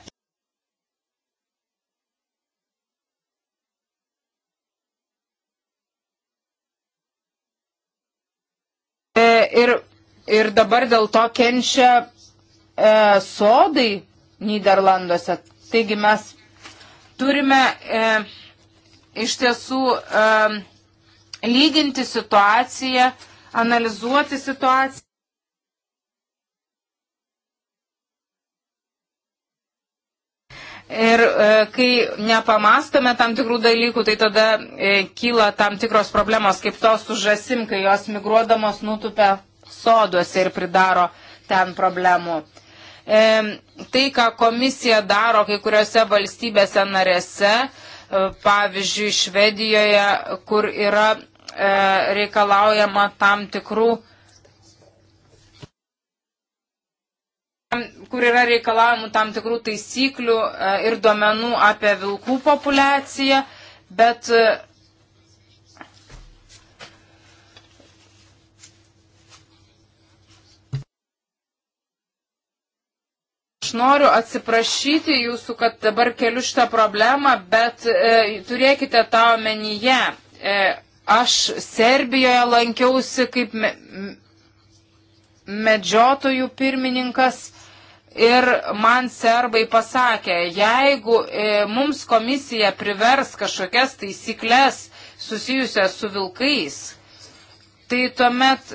ir, ir dabar dėl to kenčia e, sodai Niderlanduose. Taigi mes turime e, iš tiesų e, lyginti situaciją, analizuoti situaciją. Ir e, kai nepamastome tam tikrų dalykų, tai tada e, kyla tam tikros problemos, kaip tos su žasim, kai jos migruodamos nutupia soduose ir pridaro ten problemų. E, tai, ką komisija daro kai kuriuose valstybėse narėse, e, pavyzdžiui, Švedijoje, kur yra e, reikalaujama tam tikrų kur yra reikalavimų tam tikrų taisyklių e, ir duomenų apie vilkų populaciją, bet e, aš noriu atsiprašyti jūsų, kad dabar keliu šitą problemą, bet e, turėkite tą omenyje. E, aš Serbijoje lankiausi kaip me, medžiotojų pirmininkas. Ir man serbai pasakė, jeigu e, mums komisija privers kažkokias taisyklės susijusias su vilkais, tai tuomet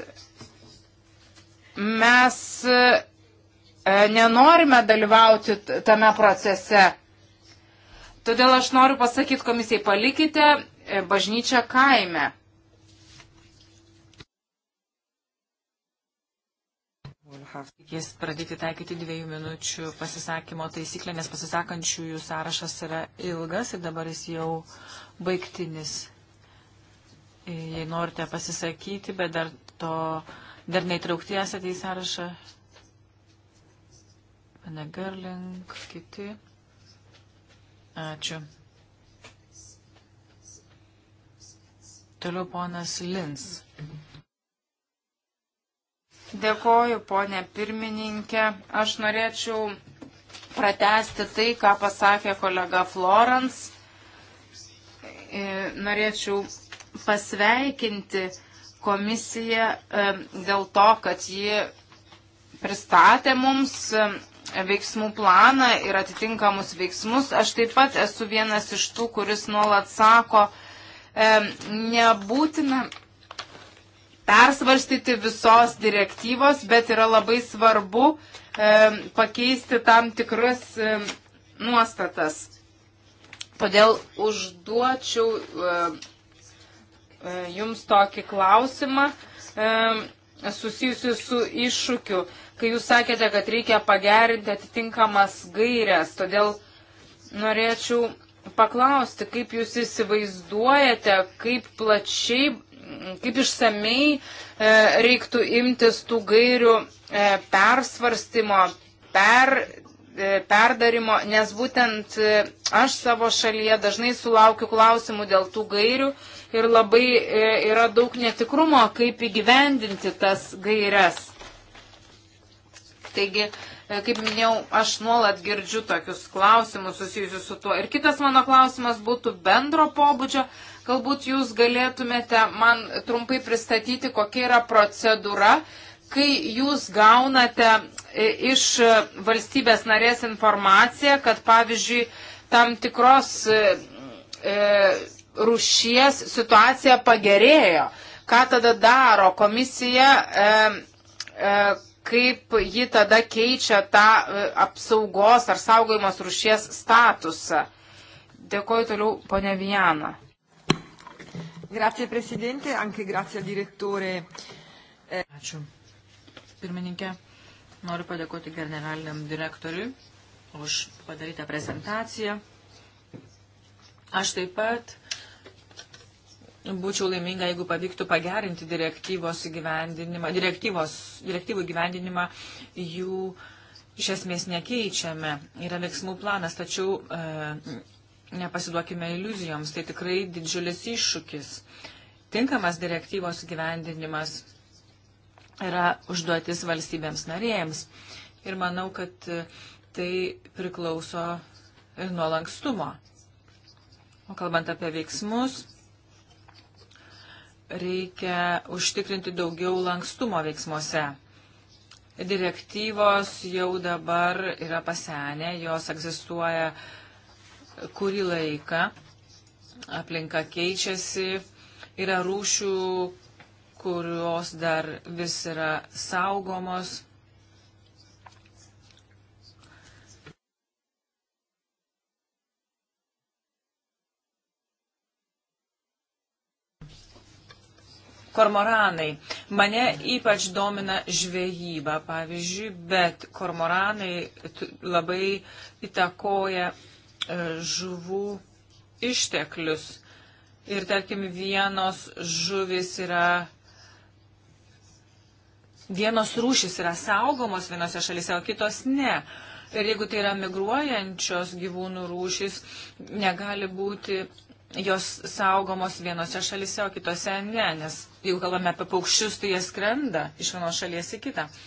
mes e, nenorime dalyvauti tame procese. Todėl aš noriu pasakyti komisijai, palikite e, bažnyčią kaime. Jis pradėti taikyti dviejų minučių pasisakymo taisyklę, nes pasisakančiųjų sąrašas yra ilgas ir dabar jis jau baigtinis. Jei norite pasisakyti, bet dar, to, dar neįtraukti esate į sąrašą. Pane Gerling, kiti. Ačiū. Toliau ponas Lins. Mhm. Dėkoju, ponė pirmininkė. Aš norėčiau pratesti tai, ką pasakė kolega Florence. E, norėčiau pasveikinti komisiją e, dėl to, kad ji pristatė mums e, veiksmų planą ir atitinkamus veiksmus. Aš taip pat esu vienas iš tų, kuris nuolat sako, nebūtina persvarstyti visos direktyvos, bet yra labai svarbu e, pakeisti tam tikras e, nuostatas. Todėl užduočiau e, e, jums tokį klausimą e, susijusiu su iššūkiu, kai jūs sakėte, kad reikia pagerinti atitinkamas gairias. Todėl norėčiau paklausti, kaip jūs įsivaizduojate, kaip plačiai kaip išsamei e, reiktų imtis tų gairių e, persvarstymo, per, e, perdarimo, nes būtent aš savo šalyje dažnai sulaukiu klausimų dėl tų gairių ir labai yra daug netikrumo, kaip įgyvendinti tas gairias. Taigi, kaip minėjau, aš nuolat girdžiu tokius klausimus susijusius su tuo. Ir kitas mano klausimas būtų bendro pobūdžio. Galbūt jūs galėtumėte man trumpai pristatyti, kokia yra procedūra, kai jūs gaunate e, iš valstybės narės informaciją, kad pavyzdžiui tam tikros e, e rušies situacija pagerėjo. Ką tada daro komisija, e, e, kaip ji tada keičia tą e, apsaugos ar saugojimos rušies statusą. Dėkoju toliau, ponia Viana. Grazie Presidente, anche grazie al direttore. Eh. Ačiū. Pirmininkė, noriu padėkoti generaliniam direktoriui už padarytą prezentaciją. Aš taip pat būčiau laiminga, jeigu pavyktų pagerinti direktyvos įgyvendinimą, direktyvos, direktyvų įgyvendinimą, jų iš esmės nekeičiame. Yra veiksmų planas, tačiau e, Nepasiduokime iliuzijoms, tai tikrai didžiulis iššūkis. Tinkamas direktyvos gyvendinimas yra užduotis valstybėms narėjams. Ir manau, kad e, tai priklauso ir nuo lankstumo. O kalbant apie veiksmus, reikia užtikrinti daugiau lankstumo veiksmuose. Direktyvos jau dabar yra pasenę, jos egzistuoja uh, kurį laiką aplinka keičiasi, yra rūšių, kurios dar vis yra saugomos. Kormoranai. Mane ypač domina žvejyba, pavyzdžiui, bet kormoranai labai įtakoja E, žuvų išteklius. Ir tarkim, vienos žuvis yra, vienos rūšis yra saugomos vienose šalise, o kitos ne. Ir jeigu tai yra migruojančios gyvūnų rūšis, negali būti jos saugomos vienose šalise, o kitose ne, nes jeigu kalbame apie paukščius, tai jie skrenda iš vienos šalies į kitą. Uh,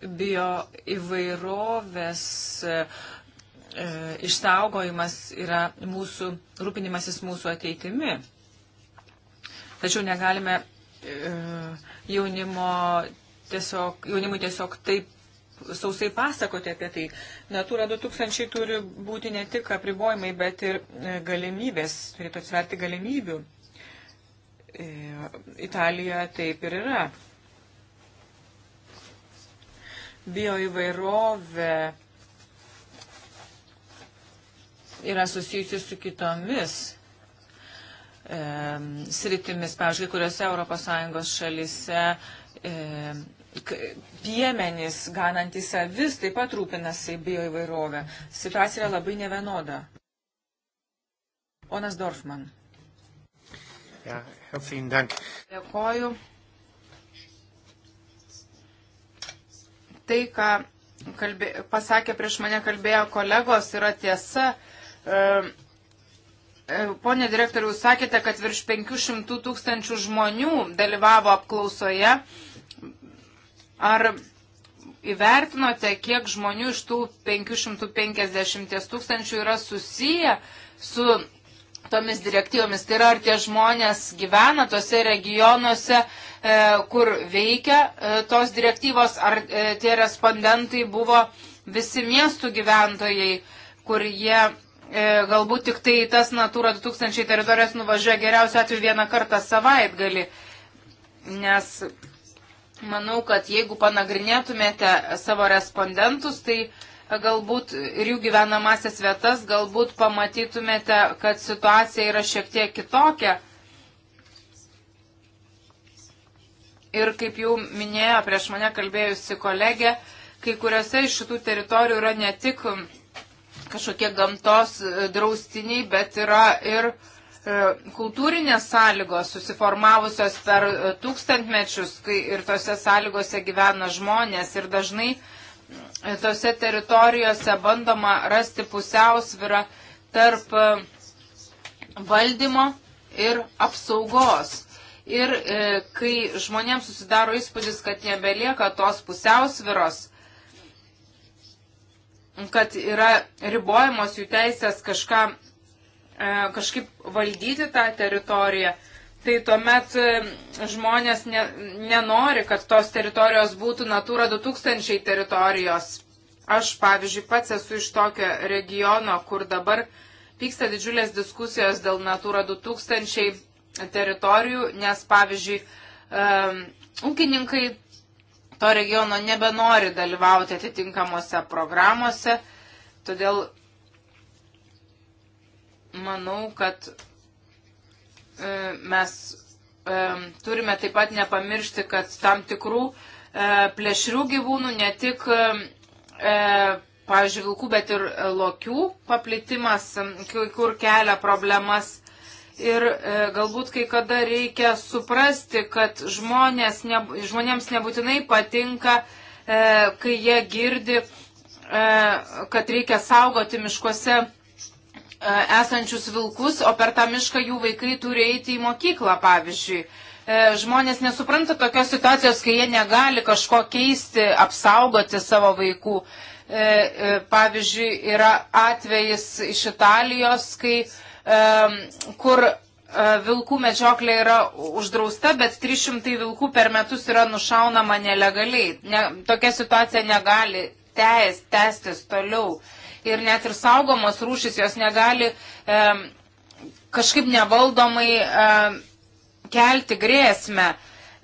bio įvairovės e, e, išsaugojimas yra mūsų, rūpinimasis mūsų ateitimi. Tačiau negalime e, jaunimo tiesiog, jaunimui tiesiog taip sausai pasakoti apie tai. Natūra 2000 turi būti ne tik apribojimai, bet ir galimybės, turėtų atsverti galimybių. Italijoje taip ir yra bioįvairovė yra susijusi su kitomis e, sritimis, pavyzdžiui, kuriuose ES šalise e, piemenys ganantys avis taip pat rūpinasi bioįvairovę. Situacija yra labai nevienoda. Onas Dorfman. Ja, Dėkoju. tai, ką kalbė, pasakė prieš mane kalbėjo kolegos, yra tiesa. E, e Pone direktoriu, jūs sakėte, kad virš 500 tūkstančių žmonių dalyvavo apklausoje. Ar įvertinote, kiek žmonių iš tų 550 tūkstančių yra susiję su tomis direktyvomis. Tai yra, ar tie žmonės gyvena tose regionuose, e, kur veikia e, tos direktyvos, ar e, tie respondentai buvo visi miestų gyventojai, kur jie e, galbūt tik tai tas Natūra 2000 teritorijas nuvažiuoja geriausiu atveju vieną kartą savaitgali. Nes manau, kad jeigu panagrinėtumėte savo respondentus, tai e, galbūt ir jų gyvenamasias vietas, galbūt pamatytumėte, kad situacija yra šiek tiek kitokia. Ir kaip jau minėjo prieš mane kalbėjusi kolegė, kai kuriuose iš šitų teritorijų yra ne tik kažkokie gamtos draustiniai, bet yra ir e, kultūrinės sąlygos susiformavusios per e, tūkstantmečius, kai ir tose sąlygose gyvena žmonės ir dažnai uh, E, tose teritorijose bandoma rasti pusiausvirą tarp e, valdymo ir apsaugos. Ir e, kai žmonėms susidaro įspūdis, kad nebelieka tos pusiausviros, kad yra ribojamos jų teisės kažką, e, kažkaip valdyti tą teritoriją, tai tuomet e, žmonės ne, nenori, kad tos teritorijos būtų Natura 2000 teritorijos. Aš, pavyzdžiui, pats esu iš tokio regiono, kur dabar vyksta didžiulės diskusijos dėl Natura 2000 teritorijų, nes, pavyzdžiui, um, ūkininkai to regiono nebenori dalyvauti atitinkamuose programuose, todėl manau, kad E, mes e, turime taip pat nepamiršti, kad tam tikrų e, plėšrių gyvūnų, ne tik, pavyzdžiui, vilkų, bet ir lokių paplitimas, kur kelia problemas. Ir galbūt kai kada reikia suprasti, kad žmonės, ne, žmonėms nebūtinai patinka, kai jie girdi, kad reikia saugoti miškuose E, esančius vilkus, o per tą mišką jų vaikai turi eiti į mokyklą, pavyzdžiui. E, žmonės nesupranta tokios situacijos, kai jie negali kažko keisti, apsaugoti savo vaikų. E, pavyzdžiui, yra atvejis iš Italijos, kai, kur vilkų medžioklė yra uždrausta, bet 300 vilkų per metus yra nušaunama nelegaliai. Ne, tokia situacija negali tęstis tęs, toliau ir net ir saugomos rūšis jos negali e, kažkaip nevaldomai e, kelti grėsmę.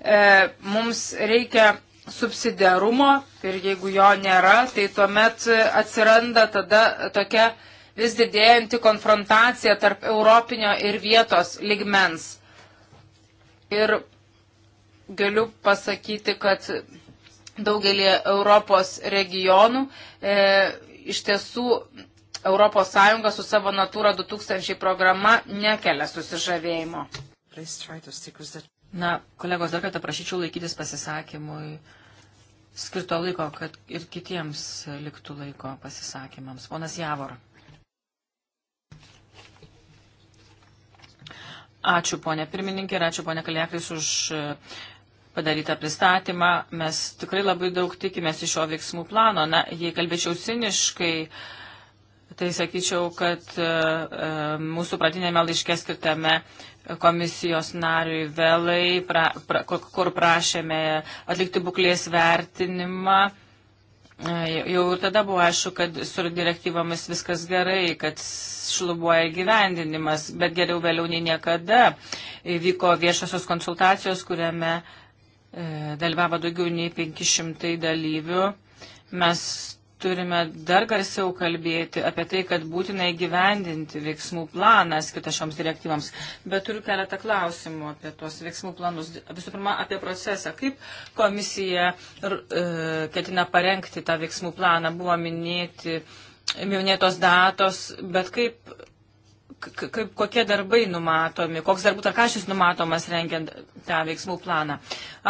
E, mums reikia subsidiarumo ir jeigu jo nėra, tai tuomet atsiranda tada tokia vis didėjanti konfrontacija tarp europinio ir vietos ligmens. Ir galiu pasakyti, kad daugelį Europos regionų e, iš tiesų ES su savo Natūra 2000 programa nekelia susižavėjimo. Na, kolegos, dar kartą prašyčiau laikytis pasisakymui skirto laiko, kad ir kitiems liktų laiko pasisakymams. Ponas Javor. Ačiū, ponė pirmininkė, ir ačiū, ponė Kalėkris, už padarytą pristatymą. Mes tikrai labai daug tikimės iš šio veiksmų plano. Na, jei kalbėčiau siniškai, tai sakyčiau, kad e, e, mūsų pradinėme laiške skirtame komisijos nariui vėlai, pra, pra, kur prašėme atlikti būklės vertinimą. E, jau ir tada buvo aišku, kad su direktyvomis viskas gerai, kad šlubuoja gyvendinimas, bet geriau vėliau nei niekada. Vyko viešosios konsultacijos, kuriame uh, E, dalyvavo daugiau nei 500 dalyvių. Mes turime dar garsiau kalbėti apie tai, kad būtina įgyvendinti veiksmų planą skirtą šioms direktyvams. Bet turiu keletą klausimų apie tuos veiksmų planus. Visų pirma, apie procesą. Kaip komisija e, ketina parengti tą veiksmų planą? Buvo minėti, minėtos datos, bet kaip kaip, kokie darbai numatomi, koks darbų tarkašys numatomas rengiant tą veiksmų planą.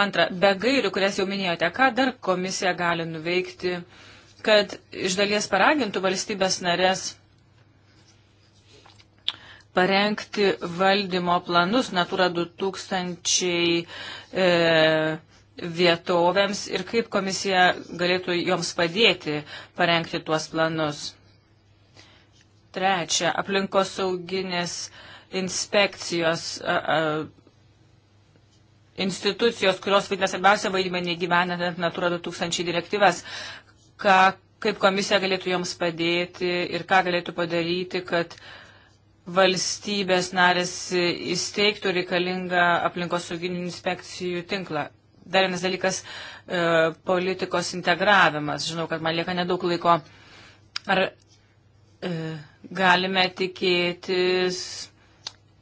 Antra, be gairių, kurias jau minėjote, ką dar komisija gali nuveikti, kad iš dalies paragintų valstybės narės parengti valdymo planus Natura 2000 e, vietovėms ir kaip komisija galėtų joms padėti parengti tuos planus. Trečia, aplinkosauginės inspekcijos a, a, institucijos, kurios vaidina svarbiausią vaidmenį gyvenant Natura 2000 direktyvas. Ką, kaip komisija galėtų joms padėti ir ką galėtų padaryti, kad valstybės narės įsteigtų reikalingą aplinkosauginių inspekcijų tinklą. Dar vienas dalykas e, - politikos integravimas. Žinau, kad man lieka nedaug laiko. Ar e, galime tikėtis,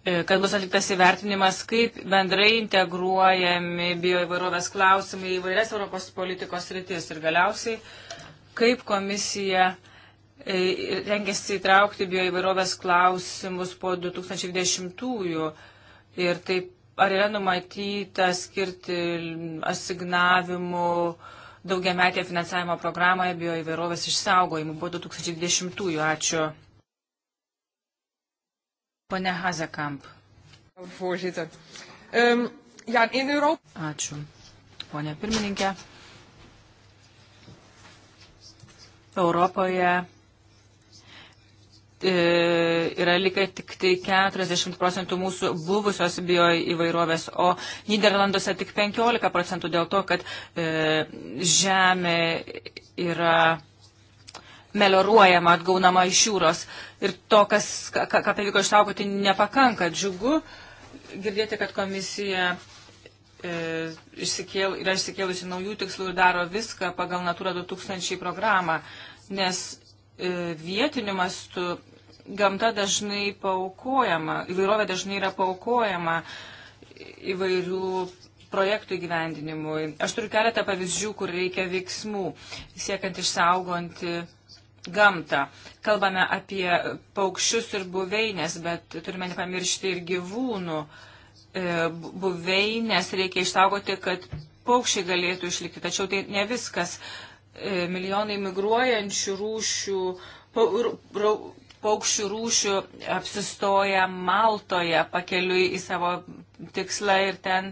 e, kad bus atliktas įvertinimas, kaip bendrai integruojami bioįvairovės klausimai į vairias Europos politikos rytis ir galiausiai, kaip komisija e, rengėsi įtraukti bioįvairovės klausimus po 2020-ųjų ir taip, ar yra numatyta skirti asignavimų daugiametė finansavimo programą bioįvairovės išsaugojimų po 2020-ųjų. Ačiū. Pone Hazekamp. Voorzitter. Um, ja, in Europa. Ačiū. Pone pirmininkė. Europoje e, yra likę tik tai 40 procentų mūsų buvusios bio įvairovės, o Niderlanduose tik 15 procentų dėl to, kad e, žemė yra melioruojama, atgaunama iš jūros. Ir to, kas, ką, ką pavyko išsaugoti, nepakanka. Džiugu girdėti, kad komisija e, išsikėl, yra išsikėlusi naujų tikslų ir daro viską pagal Natura 2000 programą, nes e, vietiniu mastu gamta dažnai paukojama, įvairovė dažnai yra paukojama įvairių projektų įgyvendinimui. Aš turiu keletą pavyzdžių, kur reikia veiksmų, siekiant išsaugoti gamtą. Kalbame apie paukščius ir buveinės, bet turime nepamiršti ir gyvūnų e, buveinės. Reikia išsaugoti, kad paukščiai galėtų išlikti. Tačiau tai ne viskas. E, milijonai migruojančių rūšių, paukščių rūšių apsistoja Maltoje pakeliui į savo tikslą ir ten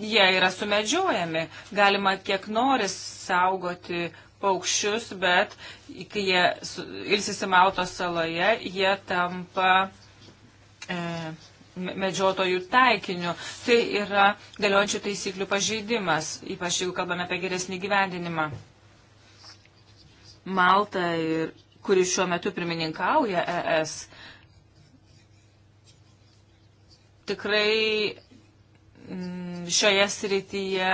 jie yra sumedžiojami. Galima kiek nori saugoti paukščius, bet kai jie ir susimauto saloje, jie tampa e, medžiotojų taikiniu. Tai yra galiojančių taisyklių pažeidimas, ypač jeigu kalbame apie geresnį gyvendinimą. Malta, ir, kuri šiuo metu pirmininkauja ES, tikrai mm, šioje srityje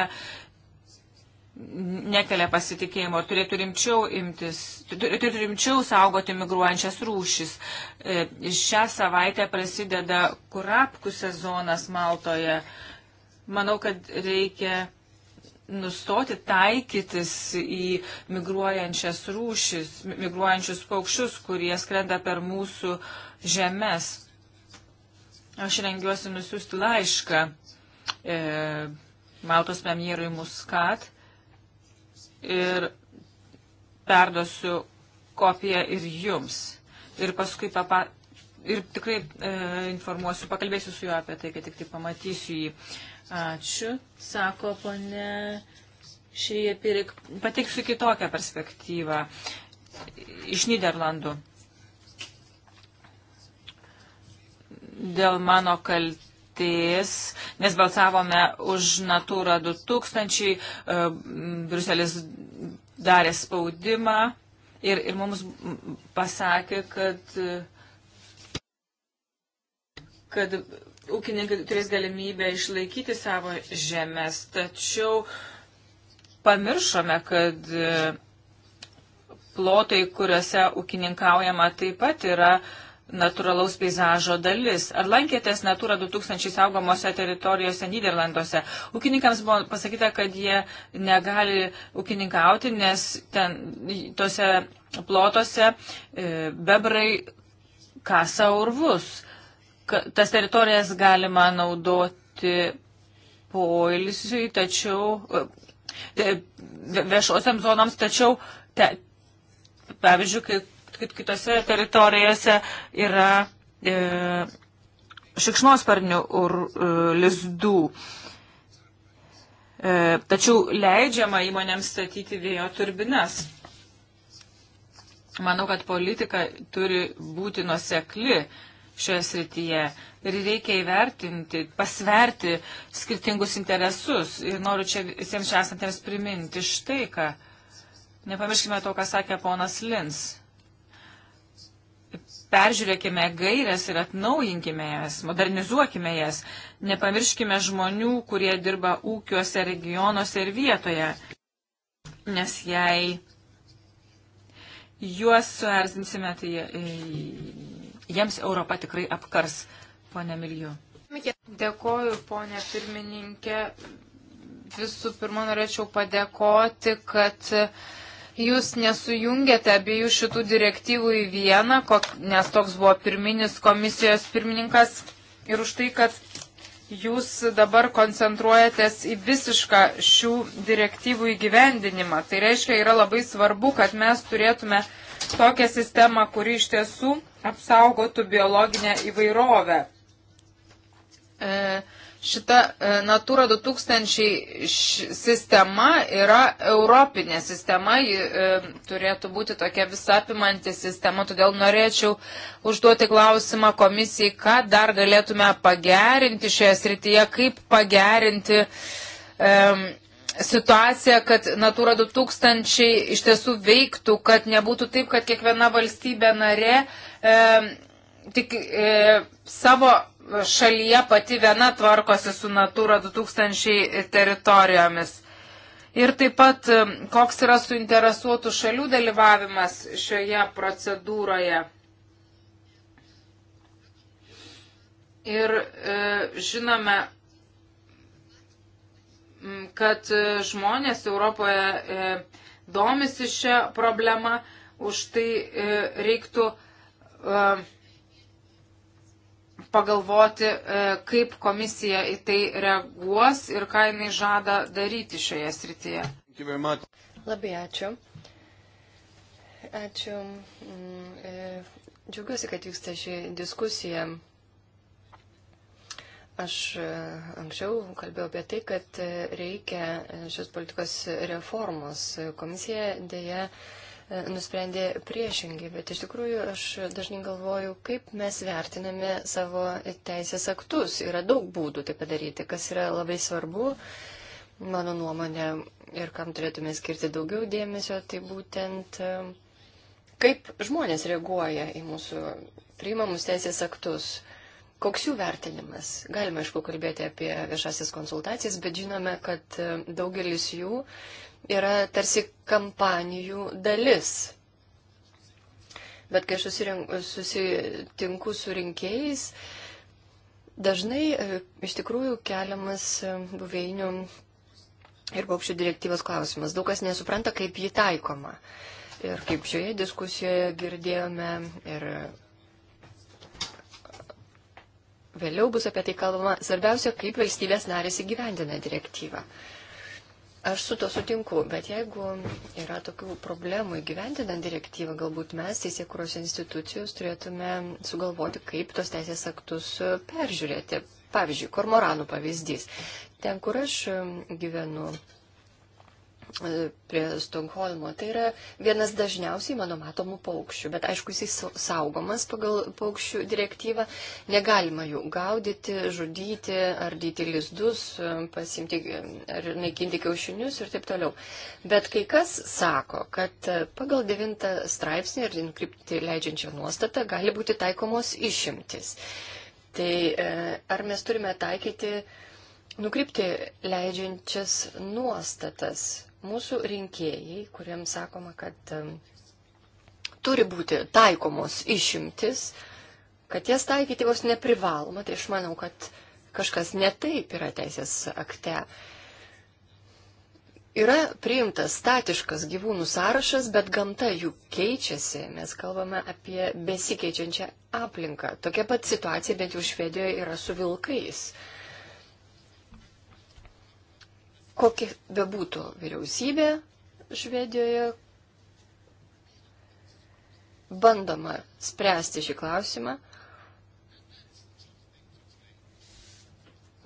nekelia pasitikėjimo ir turėtų rimčiau, imtis, turėtų rimčiau saugoti migruojančias rūšis. E, šią savaitę prasideda kurapkų sezonas Maltoje. Manau, kad reikia nustoti taikytis į migruojančias rūšis, migruojančius paukščius, kurie skrenda per mūsų žemės. Aš rengiuosi nusiųsti laišką e, Maltos premjerui Muskat ir perduosiu kopiją ir jums. Ir paskui papa, ir tikrai e, informuosiu, pakalbėsiu su juo apie tai, kad tik tai pamatysiu jį. Ačiū, sako ponė Šyje Pirik. Pateiksiu kitokią perspektyvą iš Niderlandų. Dėl mano kalt vertės, nes balsavome už Natūrą 2000, e, Bruselis darė spaudimą ir, ir mums pasakė, kad, kad ūkininkai turės galimybę išlaikyti savo žemės, tačiau pamiršome, kad e, plotai, kuriuose ūkininkaujama, taip pat yra uh, natūralaus peizažo dalis. Ar lankėtės Natūra 2000 saugomose teritorijose Niderlanduose? Ūkininkams buvo pasakyta, kad jie negali ūkininkauti, nes ten tose plotose e, bebrai kasa urvus. Ka, tas teritorijas galima naudoti poilsiui, tačiau e, e viešosiams zonams, tačiau, te, pavyzdžiui, kai kaip kitose teritorijose yra e, šikšnosparnių ur, e, lizdų. E, tačiau leidžiama įmonėms statyti vėjo turbinas. Manau, kad politika turi būti nusekli šioje srityje ir reikia įvertinti, pasverti skirtingus interesus. Ir noriu čia visiems čia esantiems priminti štai ką. Nepamirškime to, ką sakė ponas Lins peržiūrėkime gairias ir atnaujinkime jas, modernizuokime jas. Nepamirškime žmonių, kurie dirba ūkiuose, regionuose ir vietoje. Nes jei juos suerzinsime, tai e, jiems Europa tikrai apkars, ponė Miliju. Dėkoju, ponė pirmininkė. Visų pirma, norėčiau padėkoti, kad uh, jūs nesujungėte abiejų šitų direktyvų į vieną, nes toks buvo pirminis komisijos pirmininkas ir už tai, kad jūs dabar koncentruojatės į visišką šių direktyvų įgyvendinimą. Tai reiškia, yra labai svarbu, kad mes turėtume tokią sistemą, kuri iš tiesų apsaugotų biologinę įvairovę. E, šita e, Natura 2000 sistema yra europinė sistema, ji e, turėtų būti tokia visapimanti sistema, todėl norėčiau užduoti klausimą komisijai, ką dar galėtume pagerinti šioje srityje, kaip pagerinti e, situaciją, kad Natura 2000 iš tiesų veiktų, kad nebūtų taip, kad kiekviena valstybė narė e, tik e, savo šalyje pati viena tvarkosi su Natūra 2000 teritorijomis. Ir taip pat, um, koks yra suinteresuotų šalių dalyvavimas šioje procedūroje. Ir e, žinome, kad e, žmonės Europoje e, domisi šią problemą, už tai e, reiktų e, pagalvoti, e, kaip komisija į tai reaguos ir ką jinai žada daryti šioje srityje. Labai ačiū. Ačiū. Mm, e, džiaugiuosi, kad vyksta ši diskusija. Aš e, anksčiau kalbėjau apie tai, kad reikia šios politikos reformos. Komisija dėja. Deja nusprendė priešingai, bet iš tikrųjų aš dažnai galvoju, kaip mes vertiname savo teisės aktus. Yra daug būdų tai padaryti, kas yra labai svarbu, mano nuomonė, ir kam turėtume skirti daugiau dėmesio, tai būtent e, kaip žmonės reaguoja į mūsų priimamus teisės aktus. Koks jų vertinimas? Galima, aišku, kalbėti apie viešasis konsultacijas, bet žinome, kad e, daugelis jų uh, yra tarsi kampanijų dalis. Bet kai susirink, susitinku su rinkėjais, dažnai e, iš tikrųjų keliamas e, buveinių ir paukščių direktyvos klausimas. Daug kas nesupranta, kaip jį taikoma. Ir kaip šioje diskusijoje girdėjome ir vėliau bus apie tai kalbama, svarbiausia, kaip valstybės narės įgyvendina direktyvą. Uh, Aš su to sutinku, bet jeigu yra tokių problemų įgyvendinant direktyvą, galbūt mes, teisėkuros institucijos, turėtume sugalvoti, kaip tos teisės aktus peržiūrėti. Pavyzdžiui, kormoranų pavyzdys. Ten, kur aš gyvenu, E, prie Stokholmo. Tai yra vienas dažniausiai mano matomų paukščių, bet aišku, jis saugomas pagal paukščių direktyvą. Negalima jų gaudyti, žudyti, ardyti lizdus, e, pasimti e, ar naikinti kiaušinius ir taip toliau. Bet kai kas sako, kad pagal devintą straipsnį ir inkripti leidžiančią nuostatą gali būti taikomos išimtis. Tai ar mes turime taikyti nukrypti leidžiančias nuostatas mūsų rinkėjai, kuriems sakoma, kad turi būti taikomos išimtis, kad jas taikyti vos neprivaloma, tai aš manau, kad kažkas netaip yra teisės akte. Yra priimtas statiškas gyvūnų sąrašas, bet gamta jų keičiasi. Mes kalbame apie besikeičiančią aplinką. Tokia pat situacija bent jau Švedijoje yra su vilkais. Uh, kokia bebūtų vyriausybė Švedijoje, bandoma spręsti šį klausimą.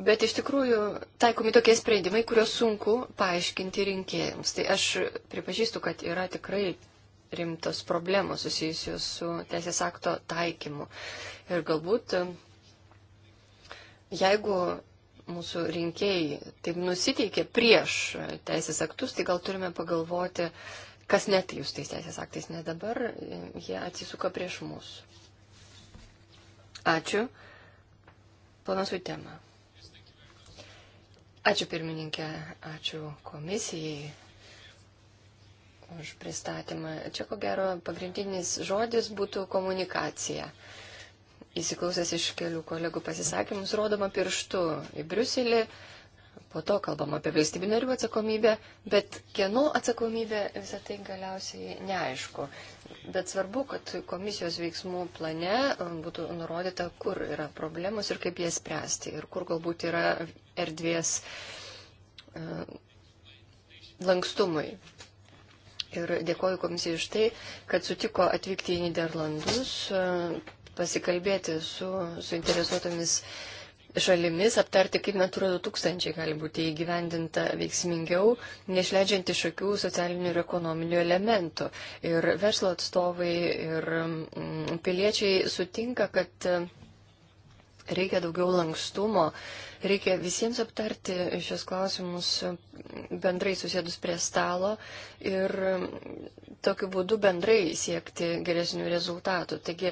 Bet iš tikrųjų taikomi tokie sprendimai, kuriuos sunku paaiškinti rinkėjams. Tai aš pripažįstu, kad yra tikrai rimtos problemos susijusios su teisės akto taikymu. Ir galbūt, jeigu mūsų rinkėjai taip nusiteikė prieš teisės aktus, tai gal turime pagalvoti, kas net tai jūs tais teisės aktais, nes dabar jie atsisuka prieš mus. Ačiū. Planas Vitema. Ačiū pirmininkė, ačiū komisijai už pristatymą. Čia ko gero pagrindinis žodis būtų komunikacija. Uh, įsiklausęs iš kelių kolegų pasisakymus, rodoma pirštu į Briuselį, po to kalbama apie valstybių narių atsakomybę, bet kieno atsakomybė visą tai galiausiai neaišku. Bet svarbu, kad komisijos veiksmų plane e, būtų nurodyta, kur yra problemos ir kaip jas spręsti ir kur galbūt yra erdvės e, lankstumui. Ir dėkoju komisijai už tai, kad sutiko atvykti į Niderlandus e, pasikalbėti su suinteresuotomis šalimis, aptarti, kaip Natura 2000 gali būti įgyvendinta veiksmingiau, neišleidžiant iš akių socialinių ir ekonominių elementų. Ir verslo atstovai ir mm, piliečiai sutinka, kad mm, reikia daugiau lankstumo Reikia visiems aptarti šios klausimus bendrai susėdus prie stalo ir tokiu būdu bendrai siekti geresnių rezultatų. Taigi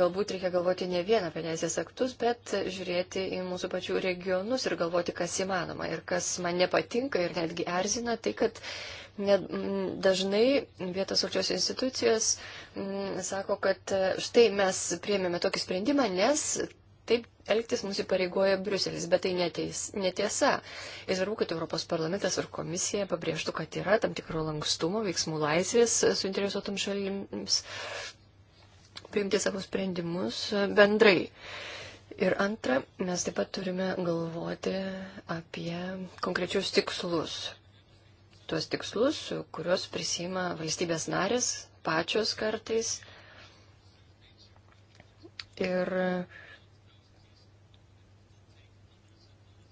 galbūt reikia galvoti ne vien apie teisės aktus, bet žiūrėti į mūsų pačių regionus ir galvoti, kas įmanoma. Ir kas man nepatinka ir netgi erzina, tai kad net dažnai vietos valdžios institucijos m, mm, sako, kad e, štai mes priemėme tokį sprendimą, nes Taip elgtis mūsų pareigoja Bruselis, bet tai neteis, netiesa. Ir svarbu, kad Europos parlamentas ir komisija pabrėžtų, kad yra tam tikro lankstumo, veiksmų laisvės suinteresuotam šalims priimti savo sprendimus bendrai. Ir antra, mes taip pat turime galvoti apie konkrečius tikslus. Tuos tikslus, kuriuos prisima valstybės narės pačios kartais. Ir uh,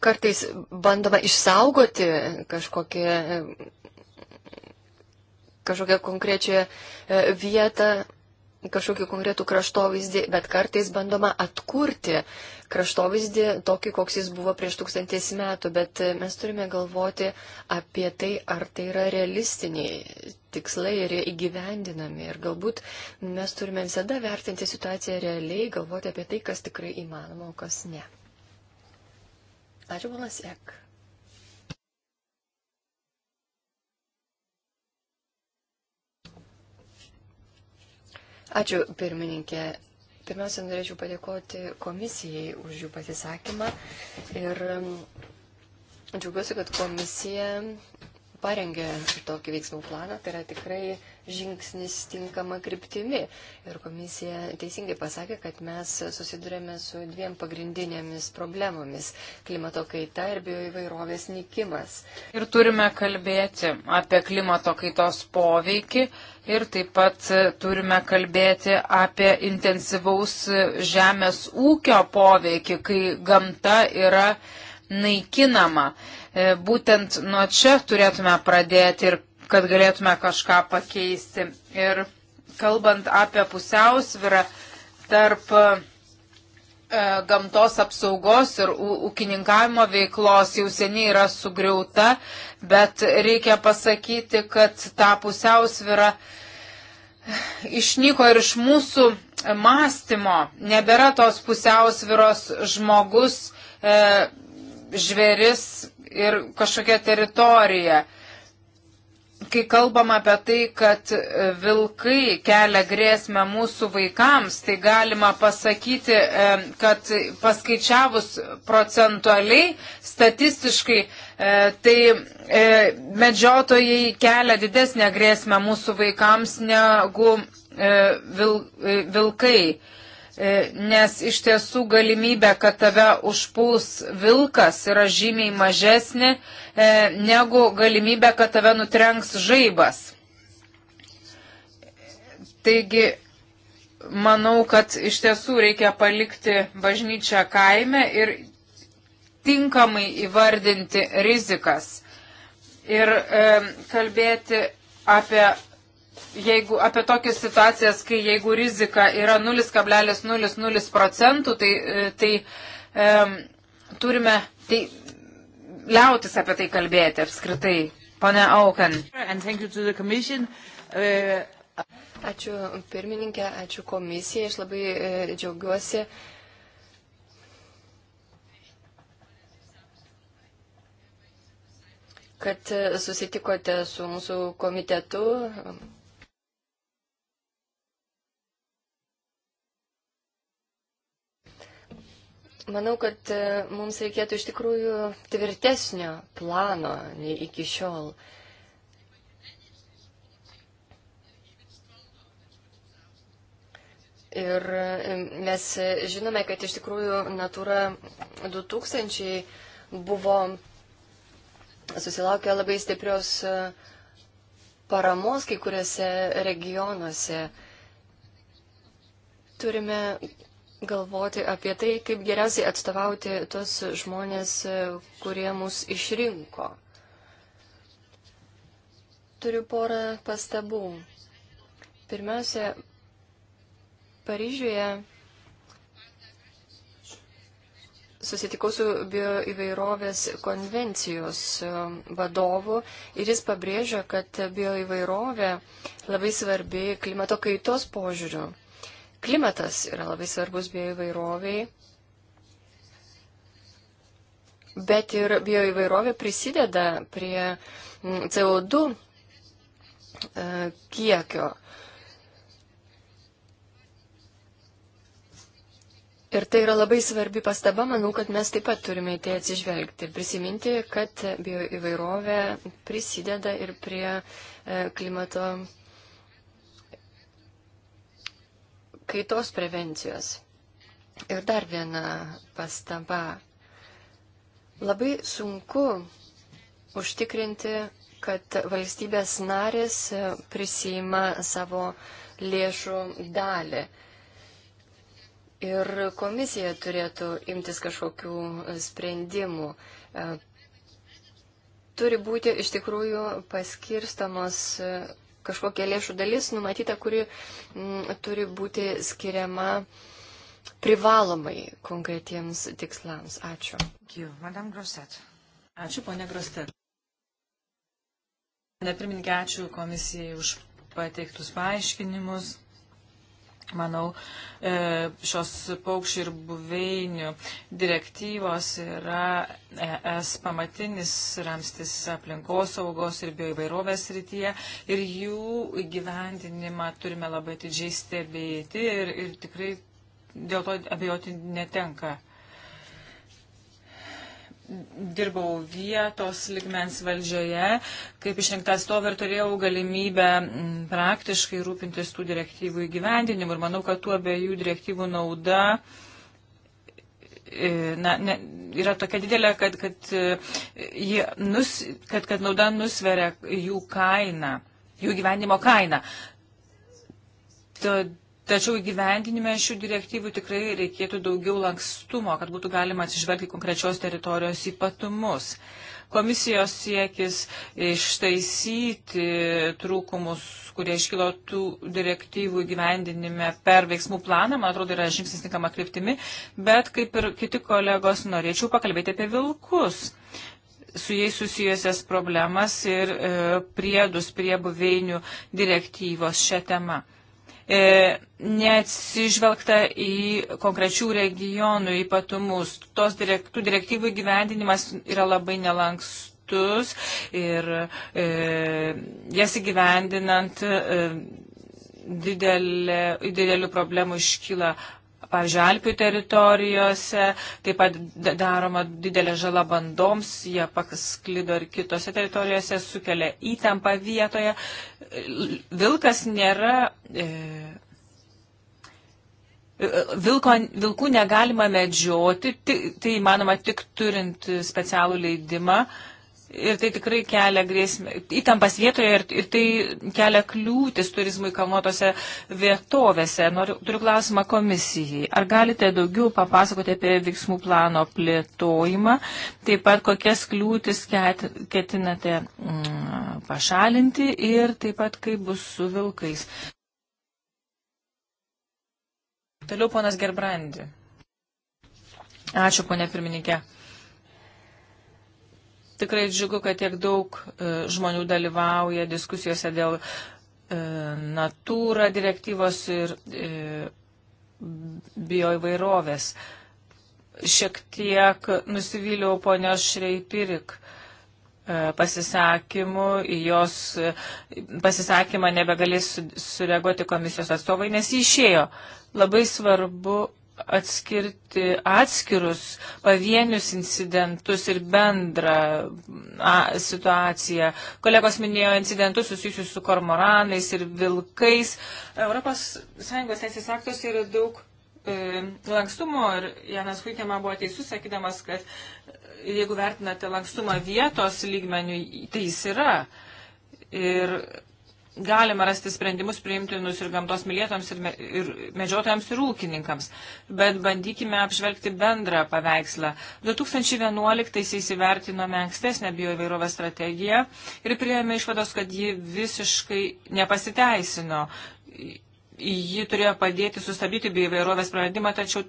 kartais bandoma išsaugoti kažkokį kažkokią konkrečią e, vietą, kažkokį konkretų kraštovaizdį, bet kartais bandoma atkurti kraštovaizdį tokį, koks jis buvo prieš tūkstantis metų, bet e, mes turime galvoti apie tai, ar tai yra realistiniai tikslai ir įgyvendinami. Ir galbūt mes turime visada vertinti situaciją realiai, galvoti apie tai, kas tikrai įmanoma, o kas ne. Ačiū, ponas Ek. Ačiū, pirmininkė. Pirmiausia, norėčiau padėkoti komisijai už jų pasisakymą ir um, džiaugiuosi, kad komisija parengė tokį veiksmų planą. Tai yra tikrai žingsnis tinkama kryptimi. Ir komisija teisingai pasakė, kad mes susidurėme su dviem pagrindinėmis problemomis - klimato kaita ir bioįvairovės nikimas. Ir turime kalbėti apie klimato kaitos poveikį ir taip pat turime kalbėti apie intensyvaus žemės ūkio poveikį, kai gamta yra naikinama. E, būtent nuo čia turėtume pradėti ir kad galėtume kažką pakeisti. Ir kalbant apie pusiausvirą tarp e, gamtos apsaugos ir ūkininkavimo veiklos jau seniai yra sugriauta, bet reikia pasakyti, kad ta pusiausvyrą išnyko ir iš mūsų mąstymo. Nebėra tos pusiausviros žmogus, e, žveris ir kažkokia teritorija kai kalbam apie tai, kad e, vilkai kelia grėsmę mūsų vaikams, tai galima pasakyti, e, kad paskaičiavus procentualiai, statistiškai, e, tai medžiotojai kelia didesnę grėsmę mūsų vaikams negu vilkai. E, nes iš tiesų galimybė, kad tave užpuls vilkas yra žymiai mažesnė e, negu galimybė, kad tave nutrenks žaibas. Taigi, manau, kad iš tiesų reikia palikti bažnyčią kaime ir tinkamai įvardinti rizikas ir e, kalbėti apie jeigu apie tokias situacijas, kai jeigu rizika yra 0,00 procentų, tai, e, tai e, turime tai, liautis apie tai kalbėti apskritai. Pane Aukan. Uh, ačiū pirmininkė, ačiū komisija, aš labai e, džiaugiuosi. kad e, susitikote su mūsų komitetu, Manau, kad e, mums reikėtų iš tikrųjų tvirtesnio plano nei iki šiol. Ir e, mes žinome, kad iš tikrųjų Natura 2000 buvo susilaukę labai stiprios e, paramos kai kuriuose regionuose. Turime galvoti apie tai, kaip geriausiai atstovauti tos žmonės, kurie mus išrinko. Turiu porą pastabų. Pirmiausia, Paryžiuje susitikau su bioįvairovės konvencijos um, vadovu ir jis pabrėžia, kad bioįvairovė labai svarbi klimato kaitos požiūriu. Klimatas yra labai svarbus bioįvairoviai, bet ir bioįvairovė prisideda prie mm, CO2 e, kiekio. Ir tai yra labai svarbi pastaba, manau, kad mes taip pat turime į tai atsižvelgti ir prisiminti, kad bioįvairovė prisideda ir prie e, klimato kaitos prevencijos. Ir dar viena pastaba. Labai sunku užtikrinti, kad valstybės narės prisima savo lėšų dalį. Ir komisija turėtų imtis kažkokių sprendimų. Turi būti iš tikrųjų paskirstamos kažkokia lėšų dalis numatyta, kuri m, mm, turi būti skiriama privalomai konkretiems tikslams. Ačiū. Ačiū, Madame Grosset. Ačiū, ponė Grosset. Nepirmininkė, ačiū komisijai už pateiktus paaiškinimus. Manau, e, šios paukščių ir buveinių direktyvos yra ES pamatinis ramstis aplinkos saugos ir bioįvairovės rytyje ir jų gyvendinimą turime labai didžiai stebėti ir, ir tikrai dėl to abejoti netenka dirbau vietos ligmens valdžioje, kaip išrinktas to ir turėjau galimybę mm, praktiškai rūpintis tų direktyvų įgyvendinimu. Ir manau, kad tų abiejų direktyvų nauda e, na, ne, yra tokia didelė, kad, kad, e, nus, kad, kad nauda nusveria jų kainą, jų gyvenimo kainą. Todėl Tačiau įgyvendinime šių direktyvų tikrai reikėtų daugiau lankstumo, kad būtų galima atsižvelgti konkrečios teritorijos ypatumus. Komisijos siekis ištaisyti trūkumus, kurie iškilo tų direktyvų įgyvendinime per veiksmų planą, man atrodo, yra žingsnis tinkama kryptimi, bet kaip ir kiti kolegos, norėčiau pakalbėti apie vilkus su jais susijusias problemas ir e, priedus prie buveinių direktyvos šią temą. E, neatsižvelgta į konkrečių regionų ypatumus. Tos direkt, tų direktyvų gyvendinimas yra labai nelankstus metus ir e, jas įgyvendinant e, didelė, didelių problemų iškyla pavyzdžiui, Alpių teritorijose, taip pat daroma didelė žala bandoms, jie pasklido ir kitose teritorijose, sukelia įtampą vietoje. Vilkas nėra. E, Vilko, vilkų negalima medžioti, tai įmanoma tik turint specialų leidimą. E, Ir tai tikrai kelia grėsmę, įtampas vietoje ir, ir tai kelia kliūtis turizmui kalnuotose vietovėse. Noriu, turiu klausimą komisijai. Ar galite daugiau papasakoti apie veiksmų plano plėtojimą? Taip pat kokias kliūtis ket, ketinate mm, pašalinti ir taip pat kaip bus su vilkais? Toliau ponas Gerbrandi. Ačiū, ponė pirmininkė. Tikrai džiugu, kad tiek daug e, žmonių dalyvauja diskusijose dėl e, natūra direktyvos ir e, bioįvairovės. Šiek tiek nusivyliau ponia Šreipirik pasisakymu, į jos pasisakymą nebegalės sureaguoti komisijos atstovai, nes jį išėjo. Labai svarbu atskirti atskirus pavienius incidentus ir bendrą a, situaciją. Kolegos minėjo incidentus susijusius su kormoranais ir vilkais. ES teisės aktos yra daug e, lankstumo ir Janas Huitema buvo teisus, sakydamas, kad jeigu vertinate lankstumą vietos lygmenių, tai jis yra. Ir galima rasti sprendimus priimtinus ir gamtos mylėtams, ir, me, ir medžiotojams, ir ūkininkams. Bet bandykime apžvelgti bendrą paveikslą. 2011-aisiais įsivertinome ankstesnę bioįvairovės strategiją ir prieėmė išvados, kad ji visiškai nepasiteisino. Ji turėjo padėti sustabdyti bioįvairovės praradimą, tačiau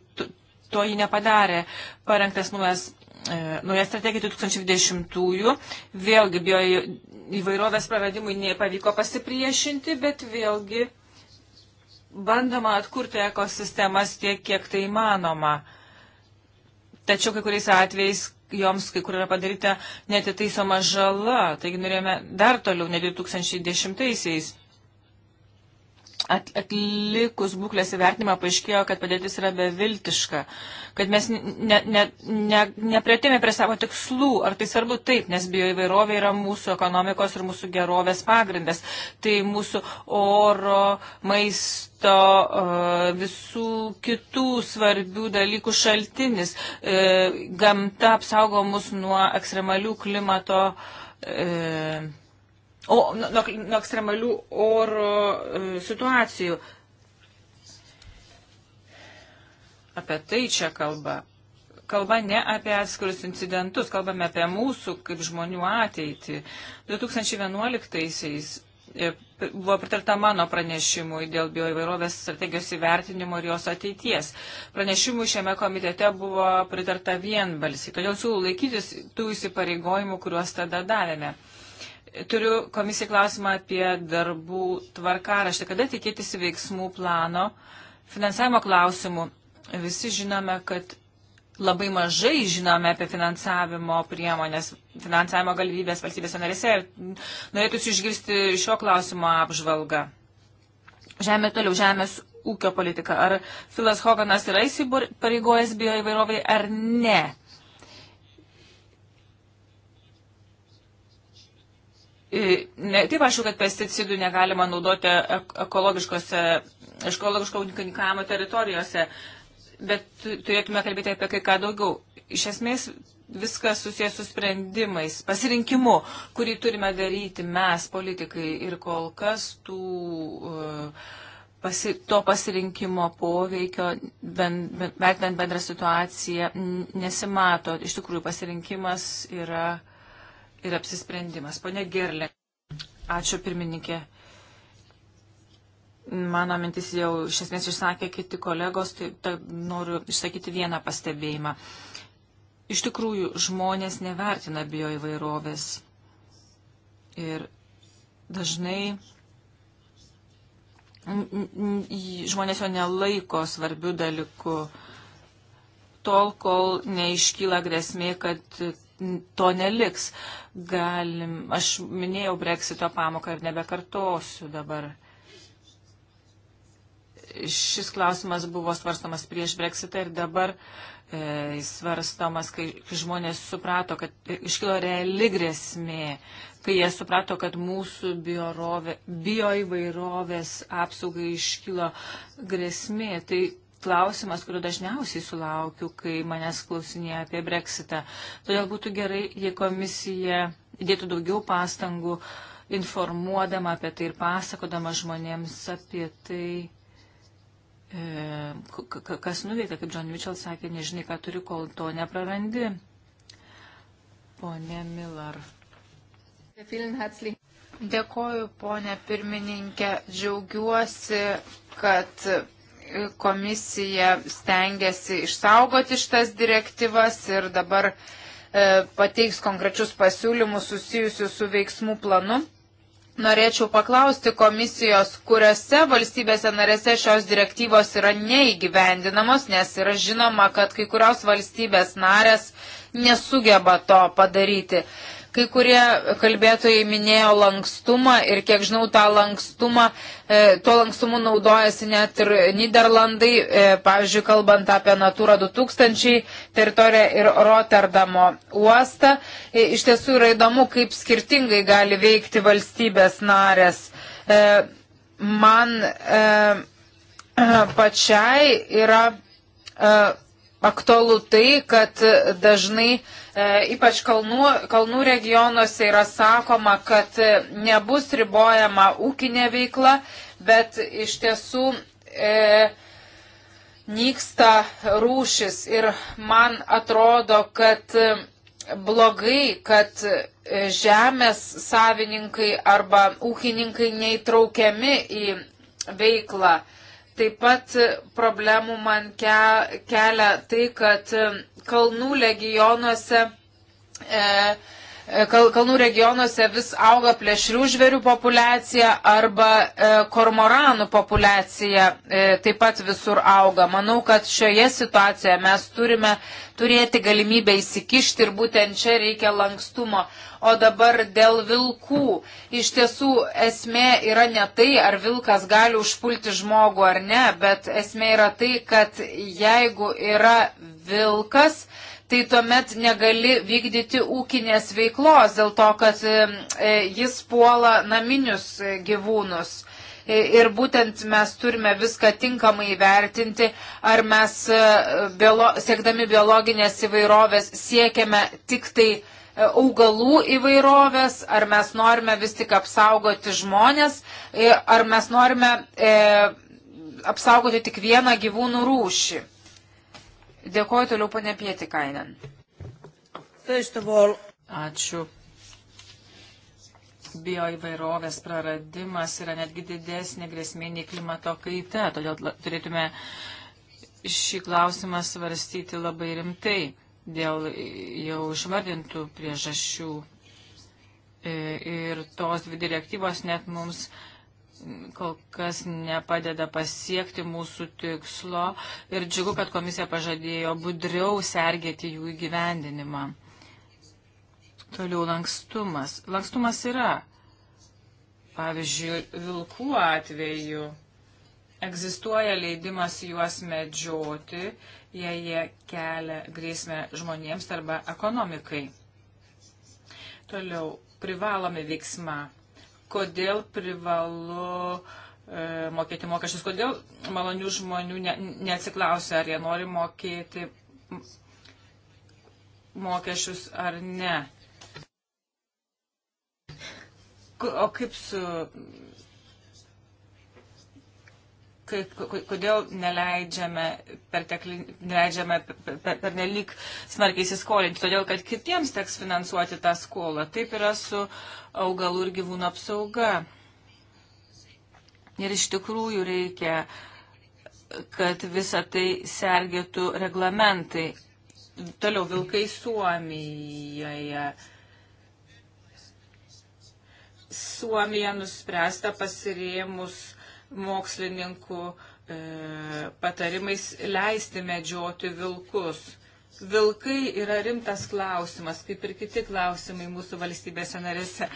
to ji nepadarė. Parengtas naujas E, nauja strategija 2020-ųjų. Vėlgi bio įvairovės praradimui nepavyko pasipriešinti, bet vėlgi bandoma atkurti ekosistemas tiek, kiek tai įmanoma. Tačiau kai kuriais atvejais joms kai kur yra padaryta netitaisoma žala, taigi norėjome dar toliau, ne 2010-aisiais at, atlikus būklės įvertinimą paaiškėjo, kad padėtis yra beviltiška, kad mes ne, ne, ne, nepretėme prie savo tikslų. Ar tai svarbu? Taip, nes bioįvairovė yra mūsų ekonomikos ir mūsų gerovės pagrindas. Tai mūsų oro, maisto, e, visų kitų svarbių dalykų šaltinis. E, gamta apsaugo mus nuo ekstremalių klimato e, o, nuo, nuo ekstremalių oro e, situacijų. Apie tai čia kalba. Kalba ne apie atskirus incidentus, kalbame apie mūsų kaip žmonių ateitį. 2011-aisiais e, buvo pritarta mano pranešimui dėl bioįvairovės strategijos įvertinimo ir jos ateities. Pranešimui šiame komitete buvo pritarta vienbalsiai, todėl siūlau laikytis tų įsipareigojimų, kuriuos tada davėme. Turiu komisijai klausimą apie darbų tvarkaraštį. Kada tikėtis veiksmų plano finansavimo klausimų? Visi žinome, kad labai mažai žinome apie finansavimo priemonės, finansavimo galimybės valstybėse narėse ir norėtųsi išgirsti šio klausimo apžvalgą. Žemė toliau, žemės ūkio politika. Ar Filas Hoganas yra įsipareigojęs bioįvairoviai ar ne? E, ne, taip aišku, kad pesticidų negalima naudoti ekologiško ūkininkavimo teritorijose, bet turėtume kalbėti apie kai ką daugiau. Iš esmės viskas susijęs su sprendimais, pasirinkimu, kurį turime daryti mes, politikai, ir kol kas tų, e, pasi, to pasirinkimo poveikio, vertinant bendrą situaciją, nesimato. Iš tikrųjų, pasirinkimas yra ir apsisprendimas. Pone Gerlė, ačiū pirmininkė. Mano mintis jau iš esmės išsakė kiti kolegos, tai, tai noriu išsakyti vieną pastebėjimą. Iš tikrųjų, žmonės nevertina bioįvairovės. Ir dažnai žmonės jo nelaiko svarbių dalykų, tol kol neiškyla grėsmė, kad to neliks. Galim, aš minėjau breksito pamoką ir nebekartosiu dabar. Šis klausimas buvo svarstamas prieš breksitą ir dabar e, svarstamas, kai žmonės suprato, kad iškilo reali grėsmė, kai jie suprato, kad mūsų bioįvairovės bio apsaugai iškilo grėsmė. Tai klausimas, kurio dažniausiai sulaukiu, kai manęs klausinėja apie breksitą. Todėl būtų gerai, jei komisija dėtų daugiau pastangų informuodama apie tai ir pasakodama žmonėms apie tai, e, kas nuveikta, kaip John Mitchell sakė, nežinai, ką turi, kol to neprarandi. Pone Miller. Dėkoju, ponė pirmininkė. Džiaugiuosi, kad komisija stengiasi išsaugoti šitas direktyvas ir dabar e, pateiks konkrečius pasiūlymus susijusius su veiksmų planu. Norėčiau paklausti komisijos, kuriuose valstybėse narėse šios direktyvos yra neįgyvendinamos, nes yra žinoma, kad kai kurios valstybės narės nesugeba to padaryti. Kai kurie kalbėtojai minėjo lankstumą ir kiek žinau, tą lankstumą, e, tuo lankstumu naudojasi net ir Niderlandai, e, pavyzdžiui, kalbant apie Natūra 2000 teritoriją ir Rotterdamo uostą. E, iš tiesų yra įdomu, kaip skirtingai gali veikti valstybės narės. Man pačiai yra aktualu tai, kad dažnai uh, E, ypač kalnų, kalnų regionuose yra sakoma, kad nebus ribojama ūkinė veikla, bet iš tiesų e, nyksta rūšis. Ir man atrodo, kad blogai, kad žemės savininkai arba ūkininkai neįtraukiami į veiklą. E, Taip pat problemų man ke, kelia tai, kad kalnų legionuose e, E, kalnų regionuose vis auga plėšrių žvėrių populiacija arba e, kormoranų populiacija e, taip pat visur auga. Manau, kad šioje situacijoje mes turime turėti galimybę įsikišti ir būtent čia reikia lankstumo. O dabar dėl vilkų. Iš tiesų esmė yra ne tai, ar vilkas gali užpulti žmogų ar ne, bet esmė yra tai, kad jeigu yra vilkas, e, tai tuomet negali vykdyti ūkinės veiklos dėl to, kad e, e, jis puola naminius e, gyvūnus. Ir būtent mes turime viską tinkamai įvertinti, ar mes biolo, siekdami biologinės įvairovės siekiame tik tai augalų įvairovės, ar mes norime vis tik apsaugoti žmonės, ar mes norime e, apsaugoti tik vieną gyvūnų rūšį. Dėkoju toliau ponė Pietikainen. Ačiū. Bioįvairovės praradimas yra netgi didesnė grėsmė nei klimato kaita, todėl turėtume šį klausimą svarstyti labai rimtai dėl jau išvardintų priežasčių. E, ir tos dvi direktyvos net mums kol kas nepadeda pasiekti mūsų tikslo ir džiugu, kad komisija pažadėjo budriau sergėti jų įgyvendinimą. Toliau lankstumas. Lankstumas yra. Pavyzdžiui, vilkų atveju egzistuoja leidimas juos medžioti, jei jie kelia grėsmę žmonėms arba ekonomikai. Toliau privalomi veiksma kodėl privalu e, mokėti mokesčius, kodėl malonių žmonių ne, neatsiklausia, ar jie nori mokėti mokesčius ar ne. O kaip su kaip, kodėl neleidžiame, pertekli, neleidžiame per, per, per nelik smarkiai įsiskolinti, todėl kad kitiems teks finansuoti tą skolą. Taip yra su augalų ir gyvūnų apsauga. Ir iš tikrųjų reikia, kad visą tai sergėtų reglamentai. Toliau vilkai Suomijoje. Suomija nuspręsta pasirėmus mokslininkų e, patarimais leisti medžioti vilkus. Vilkai yra rimtas klausimas, kaip ir kiti klausimai mūsų valstybėse narėse.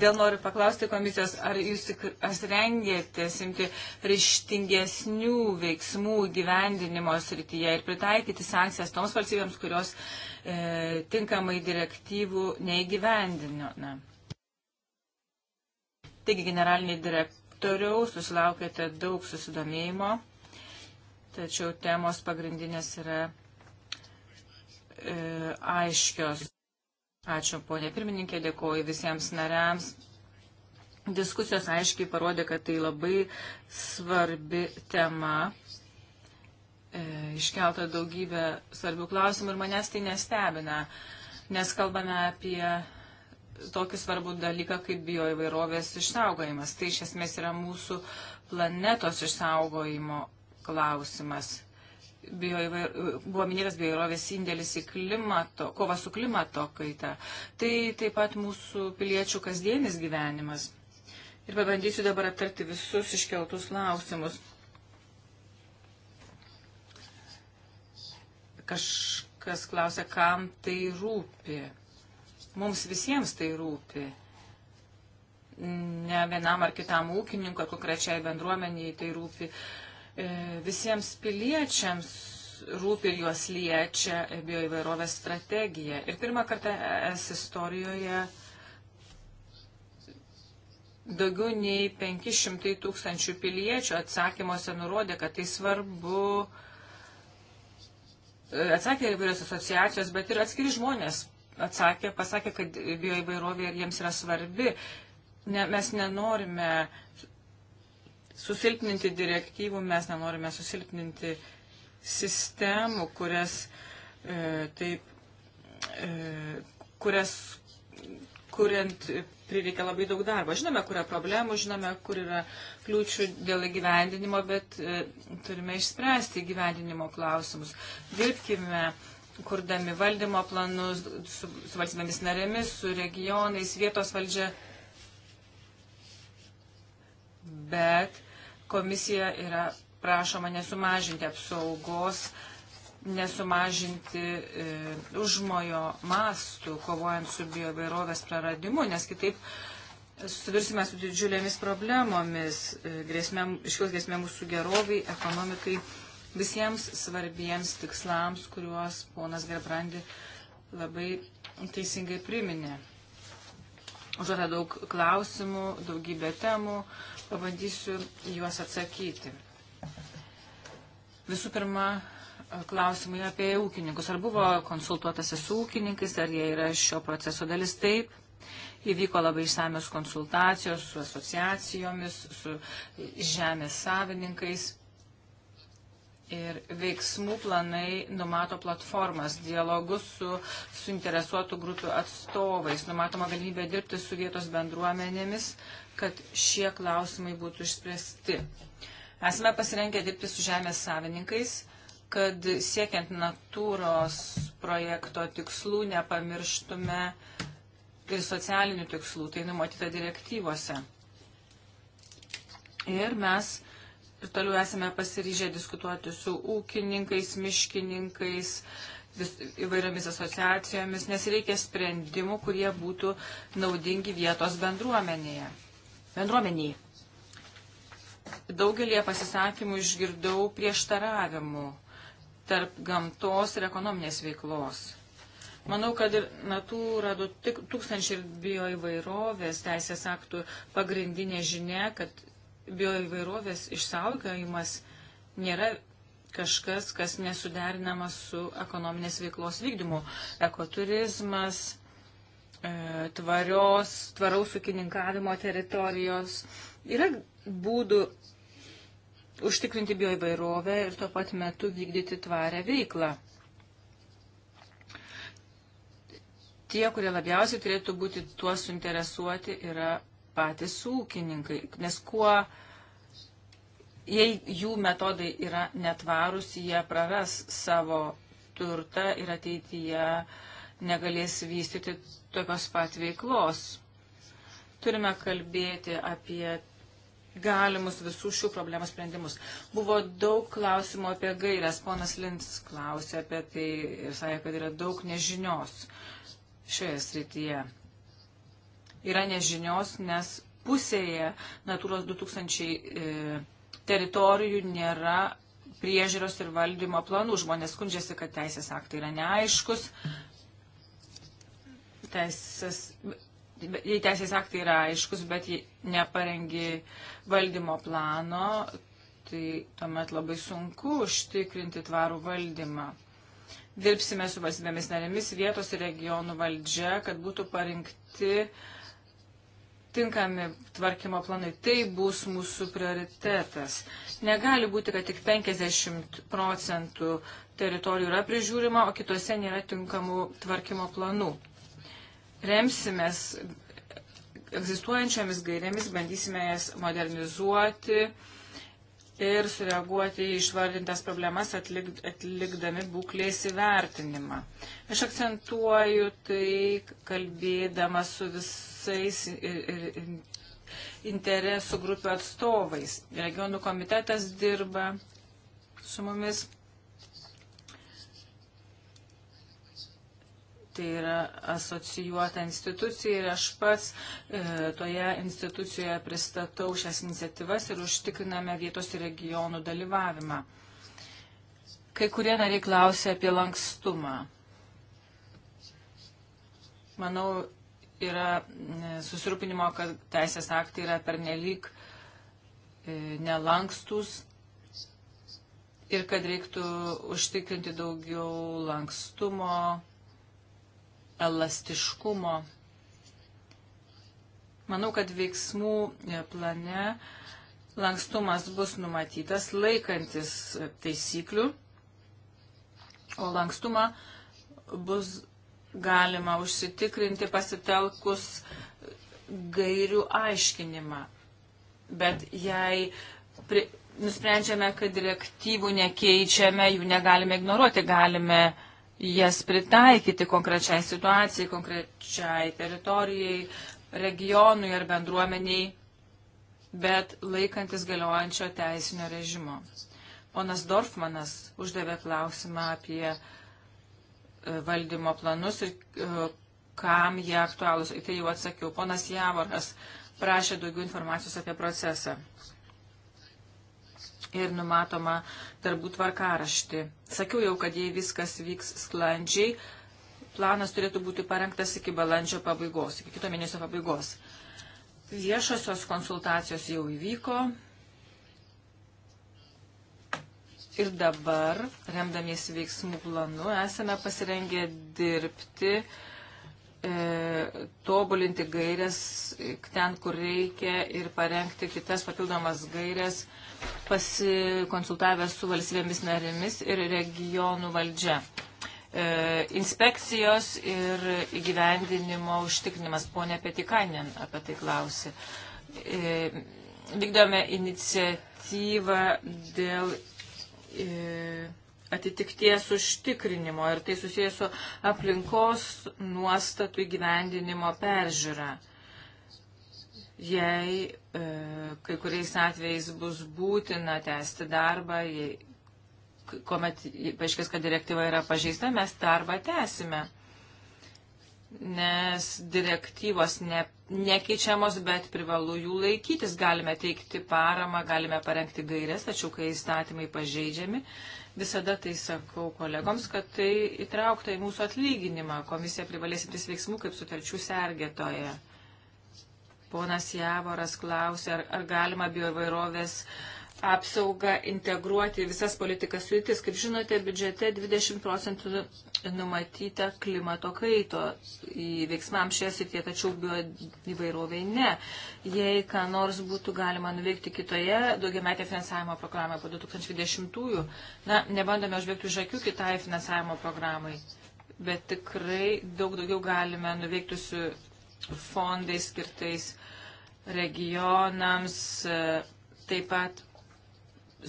Dėl noriu paklausti komisijos, ar jūs rengėtės imti ryštingesnių veiksmų gyvendinimo srityje ir pritaikyti sankcijas toms valstybėms, kurios e, tinkamai direktyvų neįgyvendino. Na. Taigi, generaliniai direktoriau, susilaukėte daug susidomėjimo, tačiau temos pagrindinės yra e, aiškios. Ačiū, ponė pirmininkė, dėkoju visiems nariams. Diskusijos aiškiai parodė, kad tai labai svarbi tema. E, iškelta daugybė svarbių klausimų ir manęs tai nestebina, nes kalbame apie tokį svarbų dalyką kaip bioįvairovės išsaugojimas. Tai iš esmės yra mūsų planetos išsaugojimo klausimas. Bio įvair... Buvo minėtas bioįvairovės indėlis į klimato, kovą su klimato kaita. Tai taip pat mūsų piliečių kasdienis gyvenimas. Ir pabandysiu dabar aptarti visus iškeltus klausimus. Kažkas klausia, kam tai rūpi Mums visiems tai rūpi. Ne vienam ar kitam ūkininkui, konkrečiai bendruomeniai tai rūpi. E, visiems piliečiams rūpi ir juos liečia bioįvairovės strategija. Ir pirmą kartą es istorijoje daugiau nei 500 tūkstančių piliečių atsakymuose nurodė, kad tai svarbu. E, Atsakė įvairios asociacijos, bet ir atskiri žmonės atsakė, pasakė, kad bioįvairovė jiems yra svarbi. Ne, mes nenorime susilpninti direktyvų, mes nenorime susilpninti sistemų, kurias e, taip, e, kurias kuriant prireikia labai daug darbo. Žinome, kur yra problemų, žinome, kur yra kliūčių dėl įgyvendinimo, bet e, turime išspręsti įgyvendinimo klausimus. Dirbkime e, kurdami valdymo planus su, su valstybėmis narėmis, su regionais, vietos valdžia. Bet komisija yra prašoma nesumažinti apsaugos, nesumažinti e, užmojo mastų, kovojant su biovairovės praradimu, nes kitaip susidursime su didžiulėmis problemomis, e, grėsmėm, iškils grėsmė mūsų geroviai, ekonomikai visiems svarbiems tikslams, kuriuos ponas Gerbrandi labai teisingai priminė. Užduota daug klausimų, daugybė temų, pabandysiu juos atsakyti. Visų pirma, klausimai apie ūkininkus. Ar buvo konsultuotasi su ūkininkais, ar jie yra šio proceso dalis? Taip. Įvyko labai išsamios konsultacijos su asociacijomis, su žemės savininkais Ir veiksmų planai numato platformas, dialogus su suinteresuotų grupių atstovais, numatoma galimybė dirbti su vietos bendruomenėmis, kad šie klausimai būtų išspręsti. Esame pasirengę dirbti su žemės savininkais, kad siekiant natūros projekto tikslų nepamirštume ir socialinių tikslų, tai numatyta direktyvose. Ir mes ir toliau esame pasiryžę diskutuoti su ūkininkais, miškininkais, vis, įvairiomis asociacijomis, nes reikia sprendimų, kurie būtų naudingi vietos bendruomenėje. Bendruomeniai. Daugelie pasisakymų išgirdau prieštaravimų tarp gamtos ir ekonominės veiklos. Manau, kad ir natūra 2000 ir bioįvairovės teisės aktų pagrindinė žinia, kad bioįvairovės išsaugojimas nėra kažkas, kas nesuderinama su ekonominės veiklos vykdymu. Ekoturizmas, e, tvarios, tvaraus ūkininkavimo teritorijos. Yra būdų užtikrinti bioįvairovę ir tuo pat metu vykdyti tvarę veiklą. Tie, kurie labiausiai turėtų būti tuo suinteresuoti, yra patys ūkininkai, nes kuo, jei jų metodai yra netvarūs, jie praras savo turtą ir ateityje negalės vystyti tokios pat veiklos. Turime kalbėti apie galimus visų šių problemų sprendimus. Buvo daug klausimų apie gairias. Ponas Lins klausė apie tai ir sakė, kad yra daug nežinios šioje srityje yra nežinios, nes pusėje Natūros 2000 e, teritorijų nėra priežiūros ir valdymo planų. Žmonės skundžiasi, kad teisės aktai yra neaiškus. Teisės, jei teisės aktai yra aiškus, bet jei neparengi valdymo plano, tai tuomet labai sunku užtikrinti tvarų valdymą. Dirbsime su valstybėmis narėmis, vietos ir regionų valdžia, kad būtų parinkti uh, tinkami tvarkymo planai. Tai bus mūsų prioritetas. Negali būti, kad tik 50 procentų teritorijų yra prižiūrima, o kitose nėra tinkamų tvarkymo planų. Remsimės egzistuojančiomis gairėmis, bandysime jas modernizuoti ir sureaguoti į išvardintas problemas atlik, atlikdami būklės įvertinimą. Aš akcentuoju tai, kalbėdama su vis, visais interesų grupių atstovais. Regionų komitetas dirba su mumis. Tai yra asocijuota institucija ir aš pats e, toje institucijoje pristatau šias iniciatyvas ir užtikriname vietos ir regionų dalyvavimą. Kai kurie nariai klausia apie lankstumą. Manau, yra e, susirūpinimo, kad teisės aktai yra pernelyg e, nelankstus ir kad reiktų užtikrinti daugiau lankstumo, elastiškumo. Manau, kad veiksmų e, plane lankstumas bus numatytas laikantis taisyklių, o lankstumą bus galima užsitikrinti pasitelkus gairių aiškinimą. Bet jei pri, nusprendžiame, kad direktyvų nekeičiame, jų negalime ignoruoti, galime jas pritaikyti konkrečiai situacijai, konkrečiai teritorijai, regionui ar bendruomeniai, bet laikantis galiojančio teisinio režimo. Ponas Dorfmanas uždavė klausimą apie E, valdymo planus ir e, kam jie aktualūs. Į tai jau atsakiau. Ponas Javorkas prašė daugiau informacijos apie procesą ir numatoma darbų tvarkarašti. Sakiau jau, kad jei viskas vyks sklandžiai, planas turėtų būti parengtas iki balandžio pabaigos, iki kito mėnesio pabaigos. Viešosios konsultacijos jau įvyko, Ir dabar, remdamiesi veiksmų planu, esame pasirengę dirbti, e, tobulinti gairias ten, kur reikia ir parengti kitas papildomas gairias, pasikonsultavę su valstybėmis narėmis ir regionų valdžia. E, inspekcijos ir įgyvendinimo užtikrinimas, ponė Petikanin apie tai klausi. E, vykdome iniciatyvą dėl atitikties užtikrinimo ir tai susijęs su aplinkos nuostatų įgyvendinimo peržiūra. Jei e, kai kuriais atvejais bus būtina tęsti darbą, jei, kuomet paaiškės, kad direktyva yra pažeista, mes darbą tęsime nes direktyvos ne, nekeičiamos, bet privalu jų laikytis. Galime teikti paramą, galime parengti gairias, tačiau kai įstatymai pažeidžiami, visada tai sakau kolegoms, kad tai įtraukta į mūsų atlyginimą. Komisija privalės imtis veiksmų kaip sutarčių sergėtoje. Ponas Javoras klausė, ar, ar galima bioįvairovės uh, apsaugą integruoti visas politikas sritis. Kaip žinote, biudžete 20 procentų numatyta klimato kaito veiksmams šioje srityje, tačiau bioįvairoviai ne. Jei ką nors būtų galima nuveikti kitoje daugiametė finansavimo programoje po 2020-ųjų, na, nebandome užbėgti už akių kitai finansavimo programai, bet tikrai daug daugiau galime nuveikti su fondais skirtais regionams, taip pat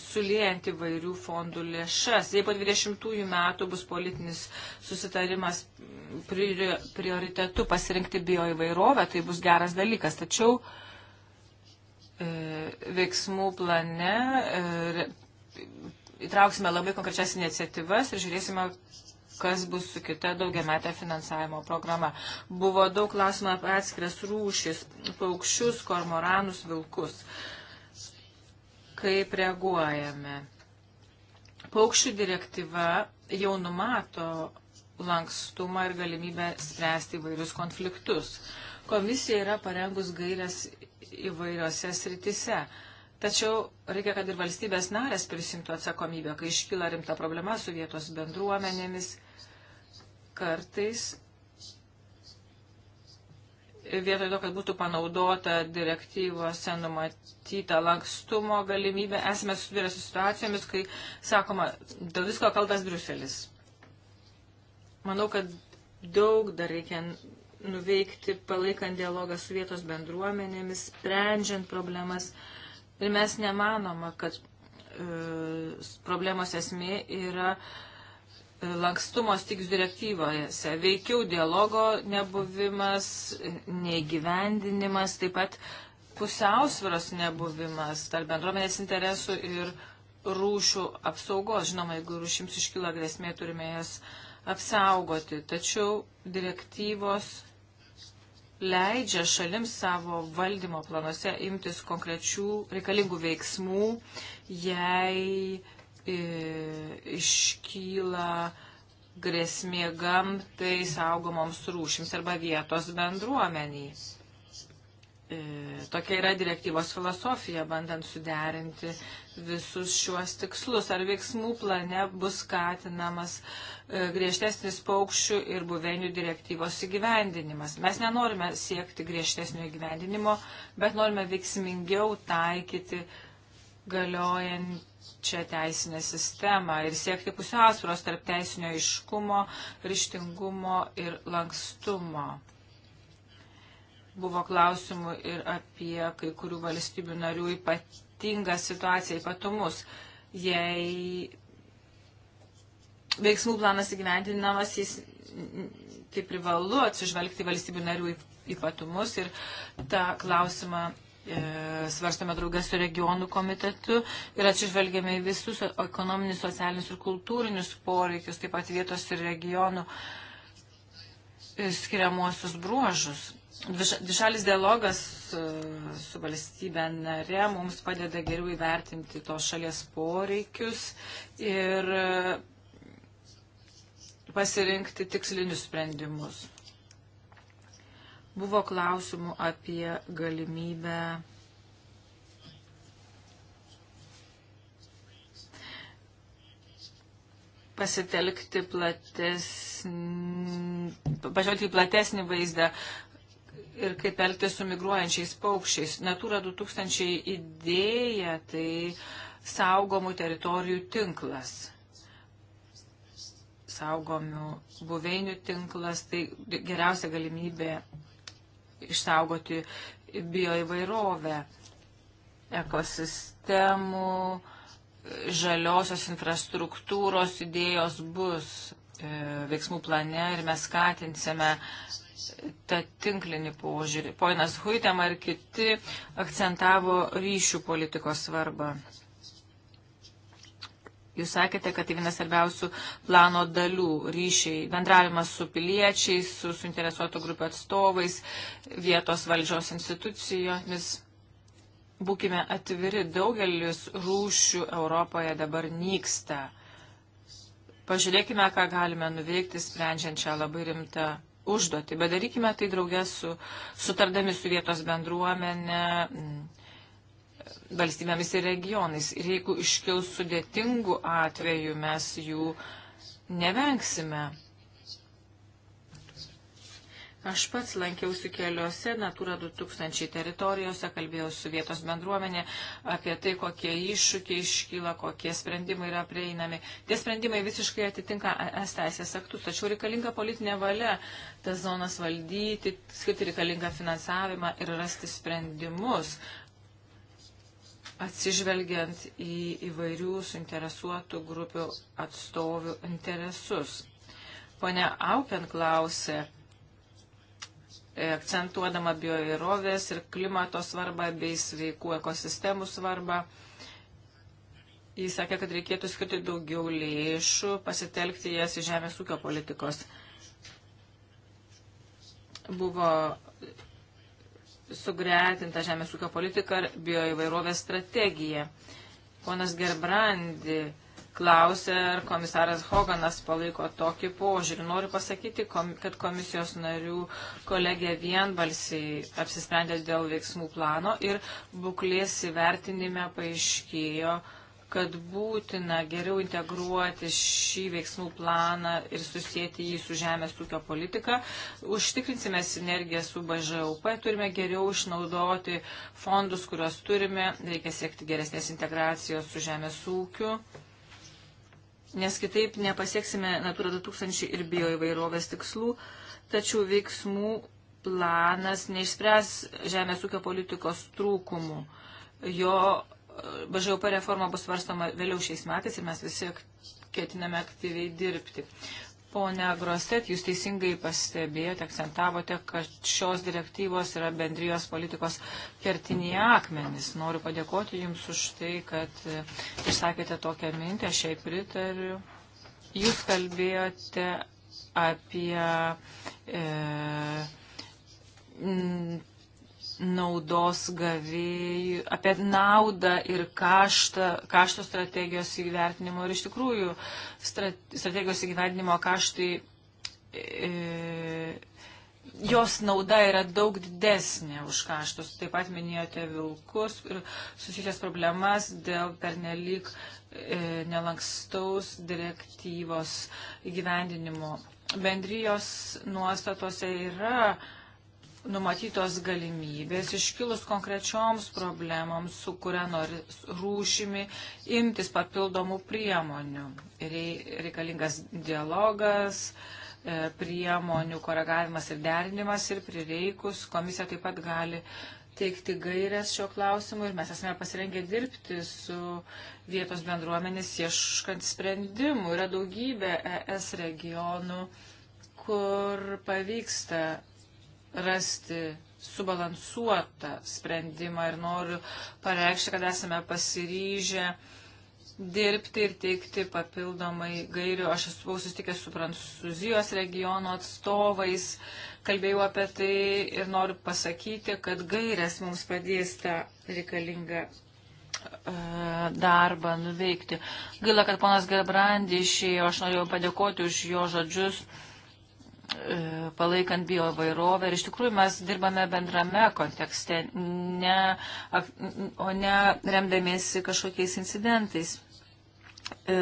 suliejant įvairių fondų lėšas. Jei po 20 metų bus politinis susitarimas prioritetu pasirinkti bioįvairovę, tai bus geras dalykas. Tačiau e, veiksmų plane e, įtrauksime labai konkrečias iniciatyvas ir žiūrėsime, kas bus su kita daugiametė finansavimo programa. Buvo daug klausimų apie atskiras rūšis, paukščius, kormoranus, vilkus. E, kaip reaguojame. Paukščių direktyva jau numato lankstumą ir galimybę spręsti įvairius konfliktus. Komisija yra parengus gairias įvairiose sritise. Tačiau reikia, kad ir valstybės narės prisimtų atsakomybę, kai iškyla rimta problema su vietos bendruomenėmis. Kartais vietoj to, kad būtų panaudota direktyvose numatyta lankstumo galimybė, esame susidūrę su situacijomis, kai sakoma, dėl visko kaltas Bruselis. Manau, kad daug dar reikia nuveikti, palaikant dialogą su vietos bendruomenėmis, sprendžiant problemas. Ir mes nemanoma, kad e, problemos esmė yra e, lankstumo stygius direktyvoje. Veikiau dialogo nebuvimas, neįgyvendinimas, taip pat pusiausviros nebuvimas tarp bendruomenės interesų ir rūšių apsaugos. Žinoma, jeigu rūšims iškyla grėsmė, turime jas apsaugoti. Tačiau direktyvos leidžia šalims savo valdymo planuose imtis konkrečių reikalingų veiksmų, jei iškyla grėsmė gamtai saugomoms rūšims arba vietos bendruomeniai. Tokia yra direktyvos filosofija, bandant suderinti visus šiuos tikslus. Ar veiksmų plane bus skatinamas e, griežtesnis paukščių ir buveinių direktyvos įgyvendinimas. Mes nenorime siekti griežtesnio įgyvendinimo, bet norime veiksmingiau taikyti uh, galiojančią teisinę sistemą ir siekti pusiausvėros tarp teisinio iškumo, ryštingumo ir lankstumo. Buvo klausimų ir apie kai kurių valstybių narių ypatingą situaciją, ypatumus. Jei veiksmų planas įgyvendinamas, jis tai privalu atsižvelgti valstybių narių ypatumus ir tą klausimą E, svarstame draugę su regionų komitetu ir atsižvelgiame į visus ekonominius, socialinius ir kultūrinius poreikius, taip pat vietos ir regionų e, skiriamuosius bruožus. Dvišalis dialogas e, su valstybė nare mums padeda geriau įvertinti tos šalies poreikius ir pasirinkti tikslinius sprendimus. Buvo klausimų apie galimybę pasitelkti platesnį, pažvelgti platesnį vaizdą ir kaip elgtis su migruojančiais paukščiais. Natūra 2000 idėja tai saugomų teritorijų tinklas. Saugomų buveinių tinklas tai geriausia galimybė išsaugoti bioįvairovę, ekosistemų, žaliosios infrastruktūros idėjos bus e, veiksmų plane ir mes skatinsime tą tinklinį požiūrį. Poinas Huitema ir kiti akcentavo ryšių politikos svarbą. Jūs sakėte, kad tai vienas svarbiausių plano dalių - ryšiai, bendravimas su piliečiais, su suinteresuoto grupio atstovais, vietos valdžios institucijomis. Būkime atviri, daugelis rūšių Europoje dabar nyksta. Pažiūrėkime, ką galime nuveikti, sprendžiant šią labai rimtą užduotį, bet darykime tai draugės su, sutardami su vietos bendruomenė. M, valstybėmis ir regionais. Ir jeigu iškils sudėtingų atvejų, mes jų nevengsime. Aš pats lankiausi keliose Natura 2000 teritorijose, kalbėjau su vietos bendruomenė apie tai, kokie iššūkiai iškyla, kokie sprendimai yra prieinami. Tie sprendimai visiškai atitinka es teisės aktus, tačiau reikalinga politinė valia tas zonas valdyti, skirti reikalingą finansavimą ir rasti sprendimus atsižvelgiant į įvairių suinteresuotų grupių atstovių interesus. Pone Auken klausė, e, akcentuodama bioįrovės ir klimato svarbą bei sveikų ekosistemų svarbą. Jis sakė, kad reikėtų skirti daugiau lėšų, pasitelkti jas į žemės ūkio politikos. Buvo sugretinta žemės ūkio politika ir bioįvairovės strategija. Ponas Gerbrandi klausė, ar komisaras Hoganas palaiko tokį požiūrį. Noriu pasakyti, kad komisijos narių kolegė vienbalsiai apsisprendė dėl veiksmų plano ir buklės įvertinime paaiškėjo, kad būtina geriau integruoti šį veiksmų planą ir susijęti jį su žemės ūkio politika. Užtikrinsime sinergiją su BŽUP, turime geriau išnaudoti fondus, kuriuos turime, reikia siekti geresnės integracijos su žemės ūkiu. Nes kitaip nepasieksime Natura 2000 ir bioįvairovės tikslų, tačiau veiksmų planas neišspręs žemės ūkio politikos trūkumų jo BŽUP reforma bus svarstoma vėliau šiais metais ir mes visi ketiname aktyviai dirbti. Pone Grostet, jūs teisingai pastebėjote, akcentavote, kad šios direktyvos yra bendrijos politikos kertinėje akmenis. Noriu padėkoti Jums už tai, kad e, išsakėte tokią mintę, aš jai pritariu. Jūs kalbėjote apie. E, naudos gavėjų, apie naudą ir kaštą, kašto strategijos įgyvertinimo ir iš tikrųjų strategijos įgyvertinimo kaštai, e, jos nauda yra daug didesnė už kaštus. Taip pat minėjote vilkus ir susijusias problemas dėl pernelyg e, nelankstaus direktyvos įgyvendinimo. Bendrijos nuostatose yra e, numatytos galimybės iškilus konkrečioms problemoms, su kuria nori rūšimi, imtis papildomų priemonių. Reikalingas dialogas, e, priemonių koregavimas ir derinimas ir prireikus. Komisija taip pat gali teikti gairias šio klausimu ir mes esame pasirengę dirbti su vietos bendruomenės ieškant sprendimų. Yra daugybė ES regionų kur pavyksta rasti subalansuotą sprendimą ir noriu pareikšti, kad esame pasiryžę dirbti ir teikti papildomai gairių. Aš esu buvau susitikęs su Prancūzijos regiono atstovais, kalbėjau apie tai ir noriu pasakyti, kad gairės mums padės tą reikalingą e, darbą nuveikti. Gaila, kad ponas Gerbrandi išėjo, aš norėjau padėkoti už jo žodžius E, palaikant biovairovę ir iš tikrųjų mes dirbame bendrame kontekste, ne, o ne remdamiesi kažkokiais incidentais. E,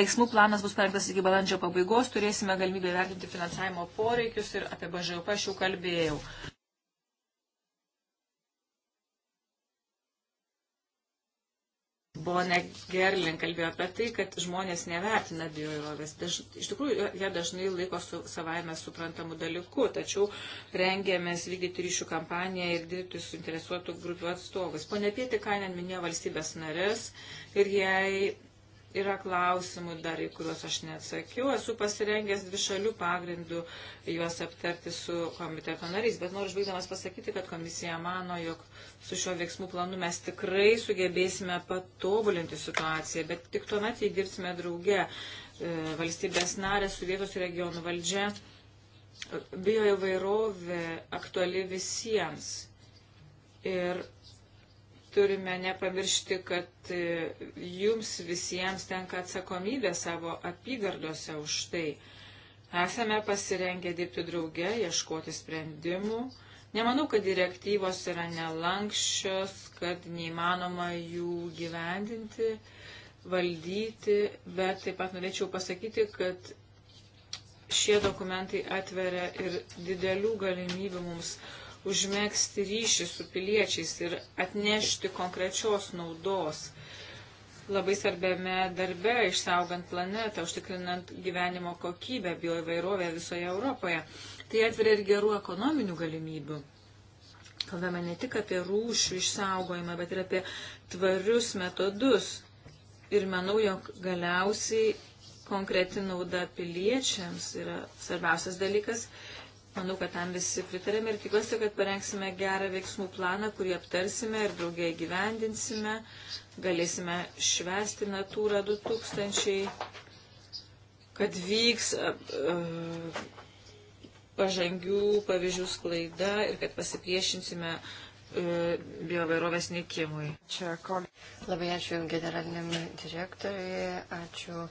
veiksmų planas bus parengtas iki balandžio pabaigos, turėsime galimybę vertinti finansavimo poreikius ir apie BŽP aš jau kalbėjau. Bonė Gerlin kalbėjo apie tai, kad žmonės nevertina bioįrovės. Daž... Iš tikrųjų, jie dažnai laiko su savaime suprantamu dalyku, tačiau rengėmės vykdyti ryšių kampaniją ir dirbti su interesuotų grupių atstovais. Pone Pietikainen minėjo valstybės narės ir jai Yra klausimų dar, į kuriuos aš neatsakiau. Esu pasirengęs dvi šalių pagrindų juos aptarti su komiteto nariais, bet noriu žvaigdamas pasakyti, kad komisija mano, jog su šiuo veiksmų planu mes tikrai sugebėsime patobulinti situaciją, bet tik tuomet, jei dirbsime drauge e, valstybės narės su vietos regionų valdžia, e, bio įvairovė aktuali visiems. Ir turime nepamiršti, kad e, jums visiems tenka atsakomybė savo apygardose už tai. Esame pasirengę dirbti drauge, ieškoti sprendimų. Nemanau, kad direktyvos yra nelankščios, kad neįmanoma jų gyvendinti, valdyti, bet taip pat norėčiau pasakyti, kad šie dokumentai atveria ir didelių galimybių mums užmėgsti ryšį su piliečiais ir atnešti konkrečios naudos labai svarbiame darbe, išsaugant planetą, užtikrinant gyvenimo kokybę, bioįvairovę visoje Europoje. Tai atveria ir gerų ekonominių galimybių. Kalbame ne tik apie rūšių išsaugojimą, bet ir apie tvarius metodus. Ir manau, jog galiausiai konkreti nauda piliečiams yra svarbiausias dalykas Manau, kad tam visi pritarėme ir tikiuosi, kad parengsime gerą veiksmų planą, kurį aptarsime ir draugiai gyvendinsime. Galėsime švesti Natūrą 2000, kad vyks uh, pažangių pavyzdžių sklaida ir kad pasipriešinsime uh, biovairovės nikimui. Čia kom. Labai ačiū generaliniam direktoriui, ačiū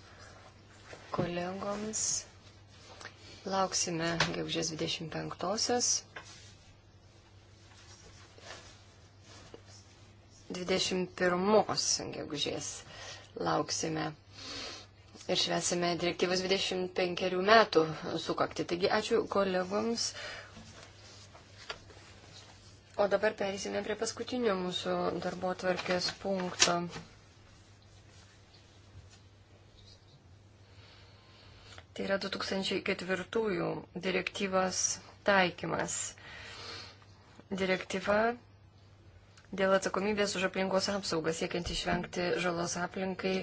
kolegoms. Lauksime gegužės 25-osios. 21 gegužės lauksime ir švesime direktyvos 25 metų sukakti. Taigi ačiū kolegoms. O dabar perėsime prie paskutinio mūsų darbo tvarkės punkto. Tai yra 2004 direktyvos taikymas. Direktyva dėl atsakomybės už aplinkos apsaugą siekiant išvengti žalos aplinkai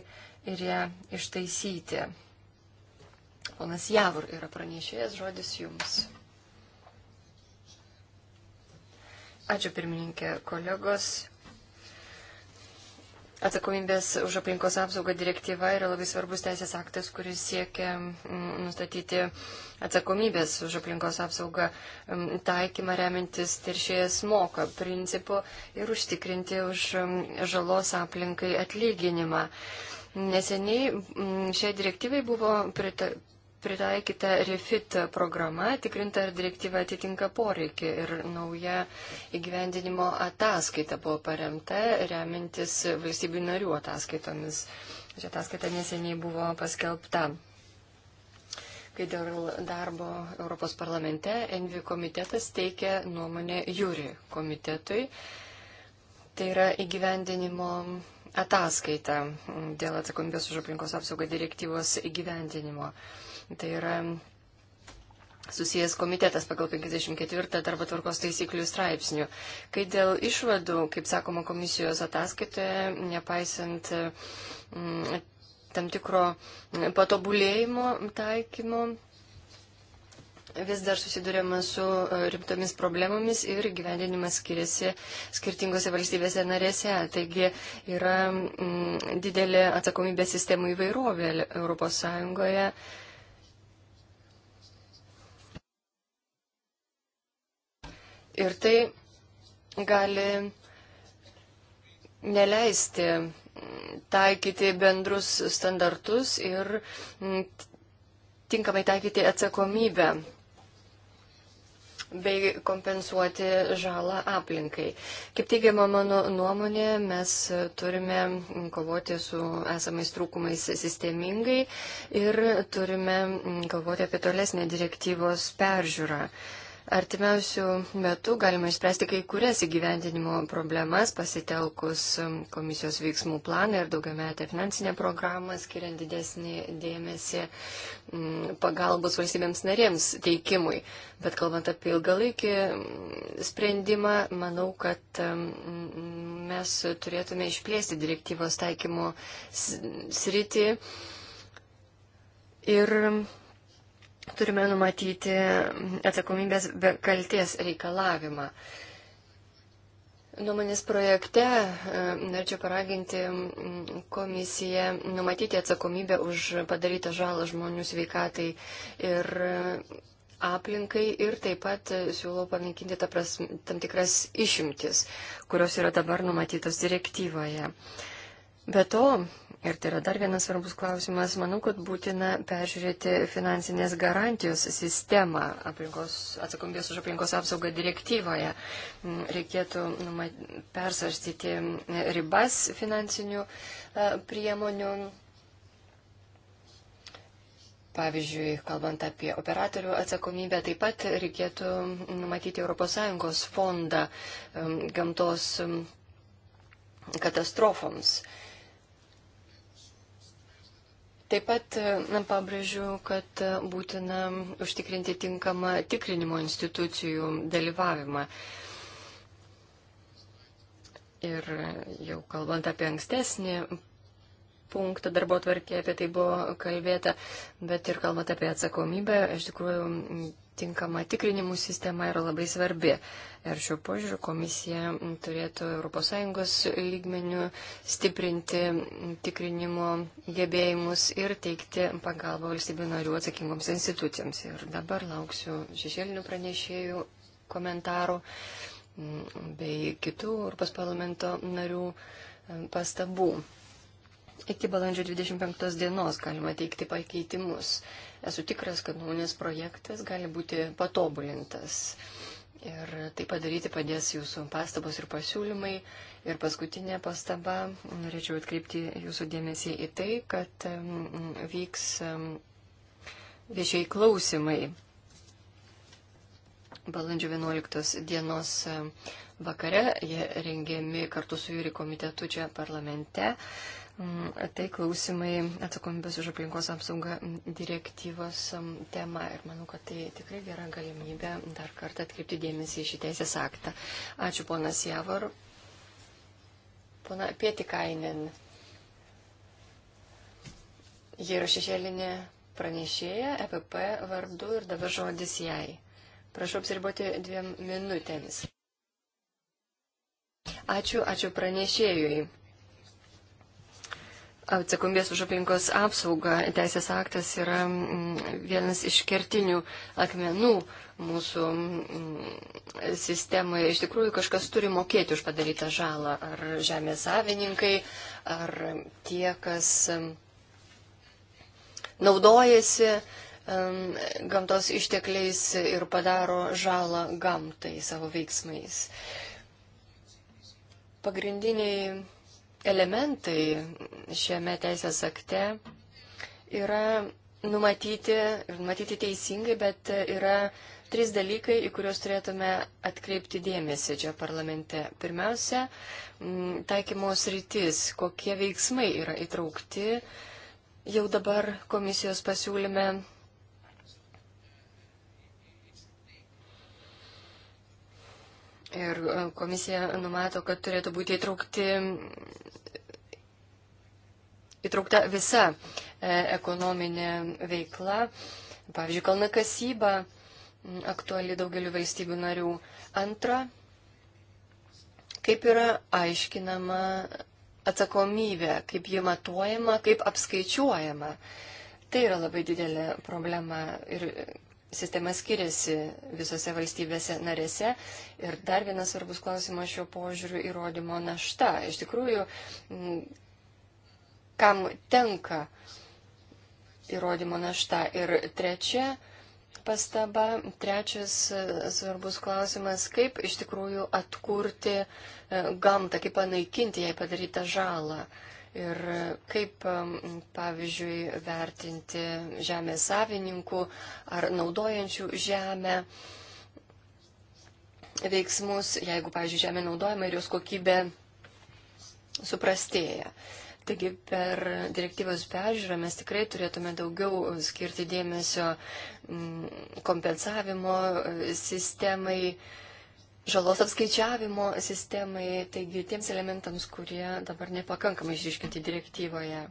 ir ją ištaisyti. Ponas Javur yra pranešėjas, žodis jums. Ačiū pirmininkė, kolegos. Atsakomybės už aplinkos apsaugą direktyva yra labai svarbus teisės aktas, kuris siekia mm, nustatyti atsakomybės už aplinkos apsaugą mm, taikymą remintis teršėjas moka principu ir užtikrinti už mm, žalos aplinkai atlyginimą. Neseniai šiai direktyvai buvo pritaikyta REFIT programa, tikrinta ar direktyva atitinka poreikį ir nauja įgyvendinimo ataskaita buvo paremta, remintis valstybių narių ataskaitomis. Ši ataskaita neseniai buvo paskelbta. Kai dėl darbo Europos parlamente Envi komitetas teikia nuomonę Jūri komitetui. Tai yra įgyvendinimo ataskaitą dėl atsakomybės už aplinkos apsaugą direktyvos įgyvendinimo. Tai yra susijęs komitetas pagal 54 darbo tvarkos taisyklių straipsnių. Kai dėl išvadų, kaip sakoma komisijos ataskaitoje, nepaisant m, tam tikro patobulėjimo taikymo, vis dar susidurėma su e, rimtomis problemomis ir gyvendinimas skiriasi skirtingose valstybėse narėse. Taigi yra mm, didelė atsakomybė sistemų įvairovė ES. Ir tai gali neleisti mm, taikyti bendrus standartus ir mm, tinkamai taikyti atsakomybę bei kompensuoti žalą aplinkai. Kaip teigiama mano nuomonė, mes turime kovoti su esamais trūkumais sistemingai ir turime galvoti apie tolesnę direktyvos peržiūrą. Artimiausių metų galima išspręsti kai kurias įgyvendinimo problemas, pasitelkus um, komisijos veiksmų planą ir daugiametę finansinę programą, skiriant didesnį dėmesį mm, pagalbos valstybėms narėms teikimui. Bet kalbant apie ilgalaikį mm, sprendimą, manau, kad um, mm, mes turėtume išplėsti direktyvos taikymo sritį ir turime numatyti atsakomybės be kalties reikalavimą. Nuomonės projekte e, norėčiau paraginti komisiją numatyti atsakomybę už padarytą žalą žmonių sveikatai ir e, aplinkai ir taip pat e, siūlau panaikinti ta pras, tam tikras išimtis, kurios yra dabar numatytos direktyvoje. Be to, Ir tai yra dar vienas svarbus klausimas. Manau, kad būtina peržiūrėti finansinės garantijos sistemą aplinkos, atsakomybės už aplinkos apsaugą direktyvoje. Mm, reikėtų persvarstyti ribas finansinių e, priemonių. Pavyzdžiui, kalbant apie operatorių atsakomybę, taip pat reikėtų numatyti ES fondą e, gamtos katastrofoms. Taip pat pabrėžiu, kad būtina užtikrinti tinkamą tikrinimo institucijų dalyvavimą. Ir jau kalbant apie ankstesnį punktą darbo tvarkė, apie tai buvo kalbėta, bet ir kalbant apie atsakomybę, iš tikrųjų tinkama tikrinimų sistema yra labai svarbi. Ir šiuo požiūriu komisija turėtų ES lygmenių stiprinti tikrinimo gebėjimus ir teikti pagalbą valstybių narių atsakingoms institucijoms. Ir dabar lauksiu šešėlinių pranešėjų komentarų mm, bei kitų Europos parlamento narių e, pastabų. Iki balandžio 25 dienos galima teikti pakeitimus esu tikras, kad nuomonės projektas gali būti patobulintas. Ir tai padaryti padės jūsų pastabos ir pasiūlymai. Ir paskutinė pastaba, norėčiau atkreipti jūsų dėmesį į tai, kad vyks viešiai klausimai balandžio 11 dienos vakare. Jie rengiami kartu su jūri komitetu čia parlamente. Mm, tai klausimai atsakomybės už aplinkos apsaugą direktyvos mm, tema ir manau, kad tai tikrai gera galimybė dar kartą atkreipti dėmesį į šį teisės aktą. Ačiū ponas Javor. Pona Pietikainen. Ji yra šešėlinė pranešėja EPP vardu ir dabar žodis jai. Prašau apsiriboti dviem minutėmis. Ačiū, ačiū pranešėjui. Atsakomybės už aplinkos apsaugą teisės aktas yra mm, vienas iš kertinių akmenų mūsų mm, sistemoje. Iš tikrųjų, kažkas turi mokėti už padarytą žalą. Ar žemės savininkai, ar tie, kas mm, naudojasi gamtos ištekliais ir padaro žalą gamtai savo veiksmais. Pagrindiniai elementai šiame teisės akte yra numatyti ir numatyti teisingai, bet yra trys dalykai, į kuriuos turėtume atkreipti dėmesį čia parlamente. Pirmiausia, taikymos rytis, kokie veiksmai yra įtraukti jau dabar komisijos pasiūlyme Ir e, komisija numato, kad turėtų būti įtraukti, įtraukta visa e, ekonominė veikla, pavyzdžiui, kalnakasyba aktuali daugeliu valstybių narių. Antra, kaip yra aiškinama atsakomybė, kaip ji matuojama, kaip apskaičiuojama. Tai yra labai didelė problema ir sistema skiriasi visose valstybėse narėse. Ir dar vienas svarbus klausimas šio požiūriu įrodymo našta. Iš tikrųjų, kam tenka įrodymo našta. Ir trečia pastaba, trečias e, svarbus klausimas, kaip iš tikrųjų atkurti e, gamtą, kaip panaikinti jai padarytą žalą. Uh, ir kaip, um, pavyzdžiui, vertinti žemės savininkų ar naudojančių žemę veiksmus, jeigu, pavyzdžiui, žemė naudojama ir jos kokybė suprastėja. Taigi per direktyvos peržiūrą mes tikrai turėtume daugiau skirti dėmesio mm, kompensavimo e, sistemai, žalos apskaičiavimo sistemai, taigi tiems elementams, kurie dabar nepakankamai išriškinti direktyvoje.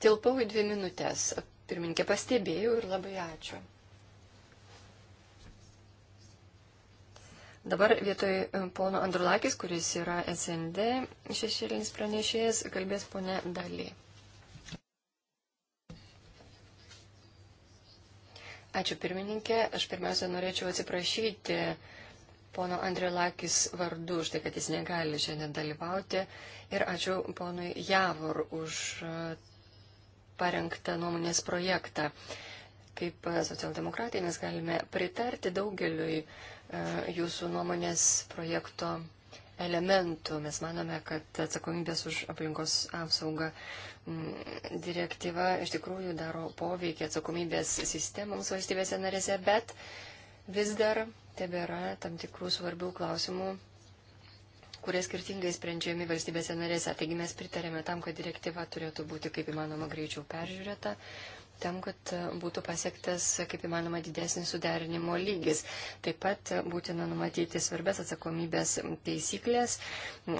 Tilpau į dvi minutės. Pirminkė pastebėjau ir labai ačiū. Dabar vietoj e, pono Andrulakis, kuris yra SND šešėlinis pranešėjas, kalbės ponė Daly. Ačiū pirmininkė. Aš pirmiausia norėčiau atsiprašyti uh, pono Andriolakis vardu už tai, kad jis negali šiandien dalyvauti. Ir ačiū ponui Javor už e, parengtą nuomonės projektą. Kaip e, socialdemokratai mes galime pritarti daugeliui e, jūsų nuomonės projekto elementų. Mes manome, kad atsakomybės už aplinkos apsaugą direktyva iš tikrųjų daro poveikį atsakomybės sistemoms valstybėse narėse, bet vis dar tebėra tam tikrų svarbių klausimų, kurie skirtingai sprendžiami valstybėse narėse. Taigi mes pritarėme tam, kad direktyva turėtų būti kaip įmanoma greičiau peržiūrėta, tam, kad būtų pasiektas kaip įmanoma didesnis suderinimo lygis. Taip pat būtina numatyti svarbės atsakomybės taisyklės,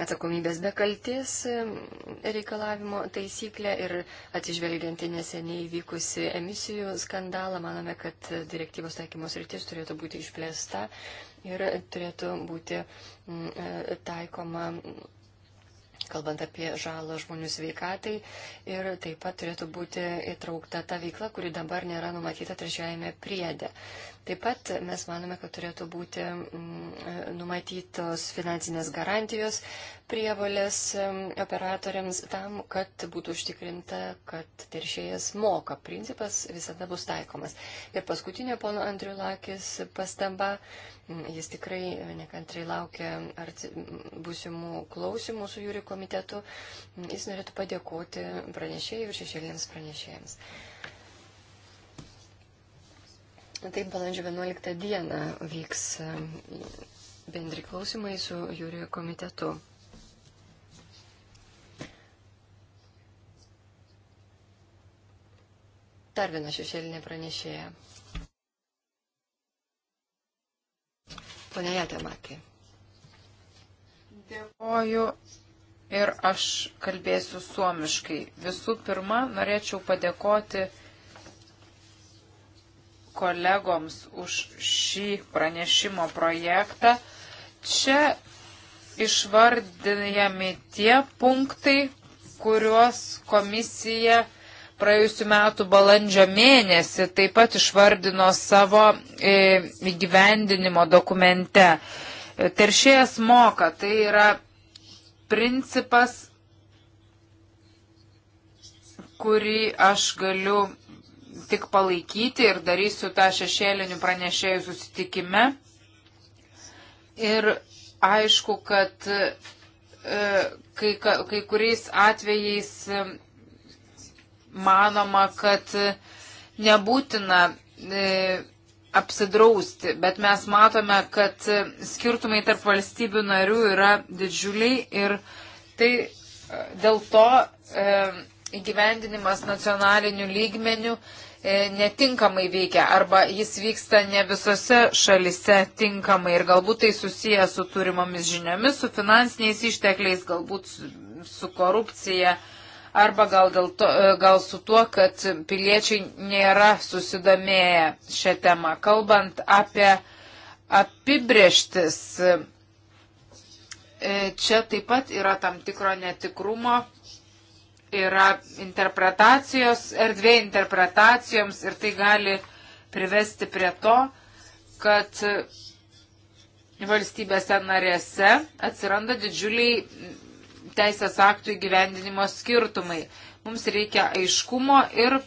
atsakomybės be kaltis reikalavimo taisyklė ir atsižvelgianti neseniai vykusi emisijų skandalą, manome, kad direktyvos taikymos rytis turėtų būti išplėsta ir turėtų būti mm, e, taikoma kalbant apie žalą žmonių sveikatai. Ir taip pat turėtų būti įtraukta ta veikla, kuri dabar nėra numatyta trečiajame priedė. Taip pat mes manome, kad turėtų būti mm, numatytos finansinės garantijos prievalės mm, operatoriams tam, kad būtų užtikrinta, kad teršėjas moka. Principas visada bus taikomas. Ir paskutinė pono Andriulakis pastaba Mm, jis tikrai e, nekantrai laukia būsimų klausimų su jūrių komitetu. Mm, jis norėtų padėkoti pranešėjai ir šešėlėms pranešėjams. Taip, balandžio 11 dieną vyks e, bendri klausimai su jūrių komitetu. Dar viena šešėlinė pranešėja. Pone Jatemakė. Dėkoju ir aš kalbėsiu suomiškai. Visų pirma, norėčiau padėkoti kolegoms už šį pranešimo projektą. Čia išvardinami tie punktai, kuriuos komisija praėjusiu metu balandžio mėnesį taip pat išvardino savo e, įgyvendinimo dokumente. E, teršėjas moka, tai yra principas, kurį aš galiu tik palaikyti ir darysiu tą šešėlinių pranešėjų susitikime. Ir aišku, kad e, kai, kai kuriais atvejais manoma, kad nebūtina e, apsidrausti, bet mes matome, kad skirtumai tarp valstybių narių yra didžiuliai ir tai e, dėl to e, įgyvendinimas nacionaliniu lygmeniu netinkamai veikia arba jis vyksta ne visose šalise tinkamai ir galbūt tai susiję su turimomis žiniomis, su finansiniais ištekliais, galbūt su, su korupcija. E, arba gal, dėl to, e, gal su tuo, kad piliečiai nėra susidomėję šią temą. Kalbant apie apibrieštis, e, čia taip pat yra tam tikro netikrumo, yra interpretacijos, erdvė interpretacijoms ir tai gali privesti prie to, kad valstybėse narėse atsiranda didžiuliai teisės aktų įgyvendinimo skirtumai. Mums reikia aiškumo ir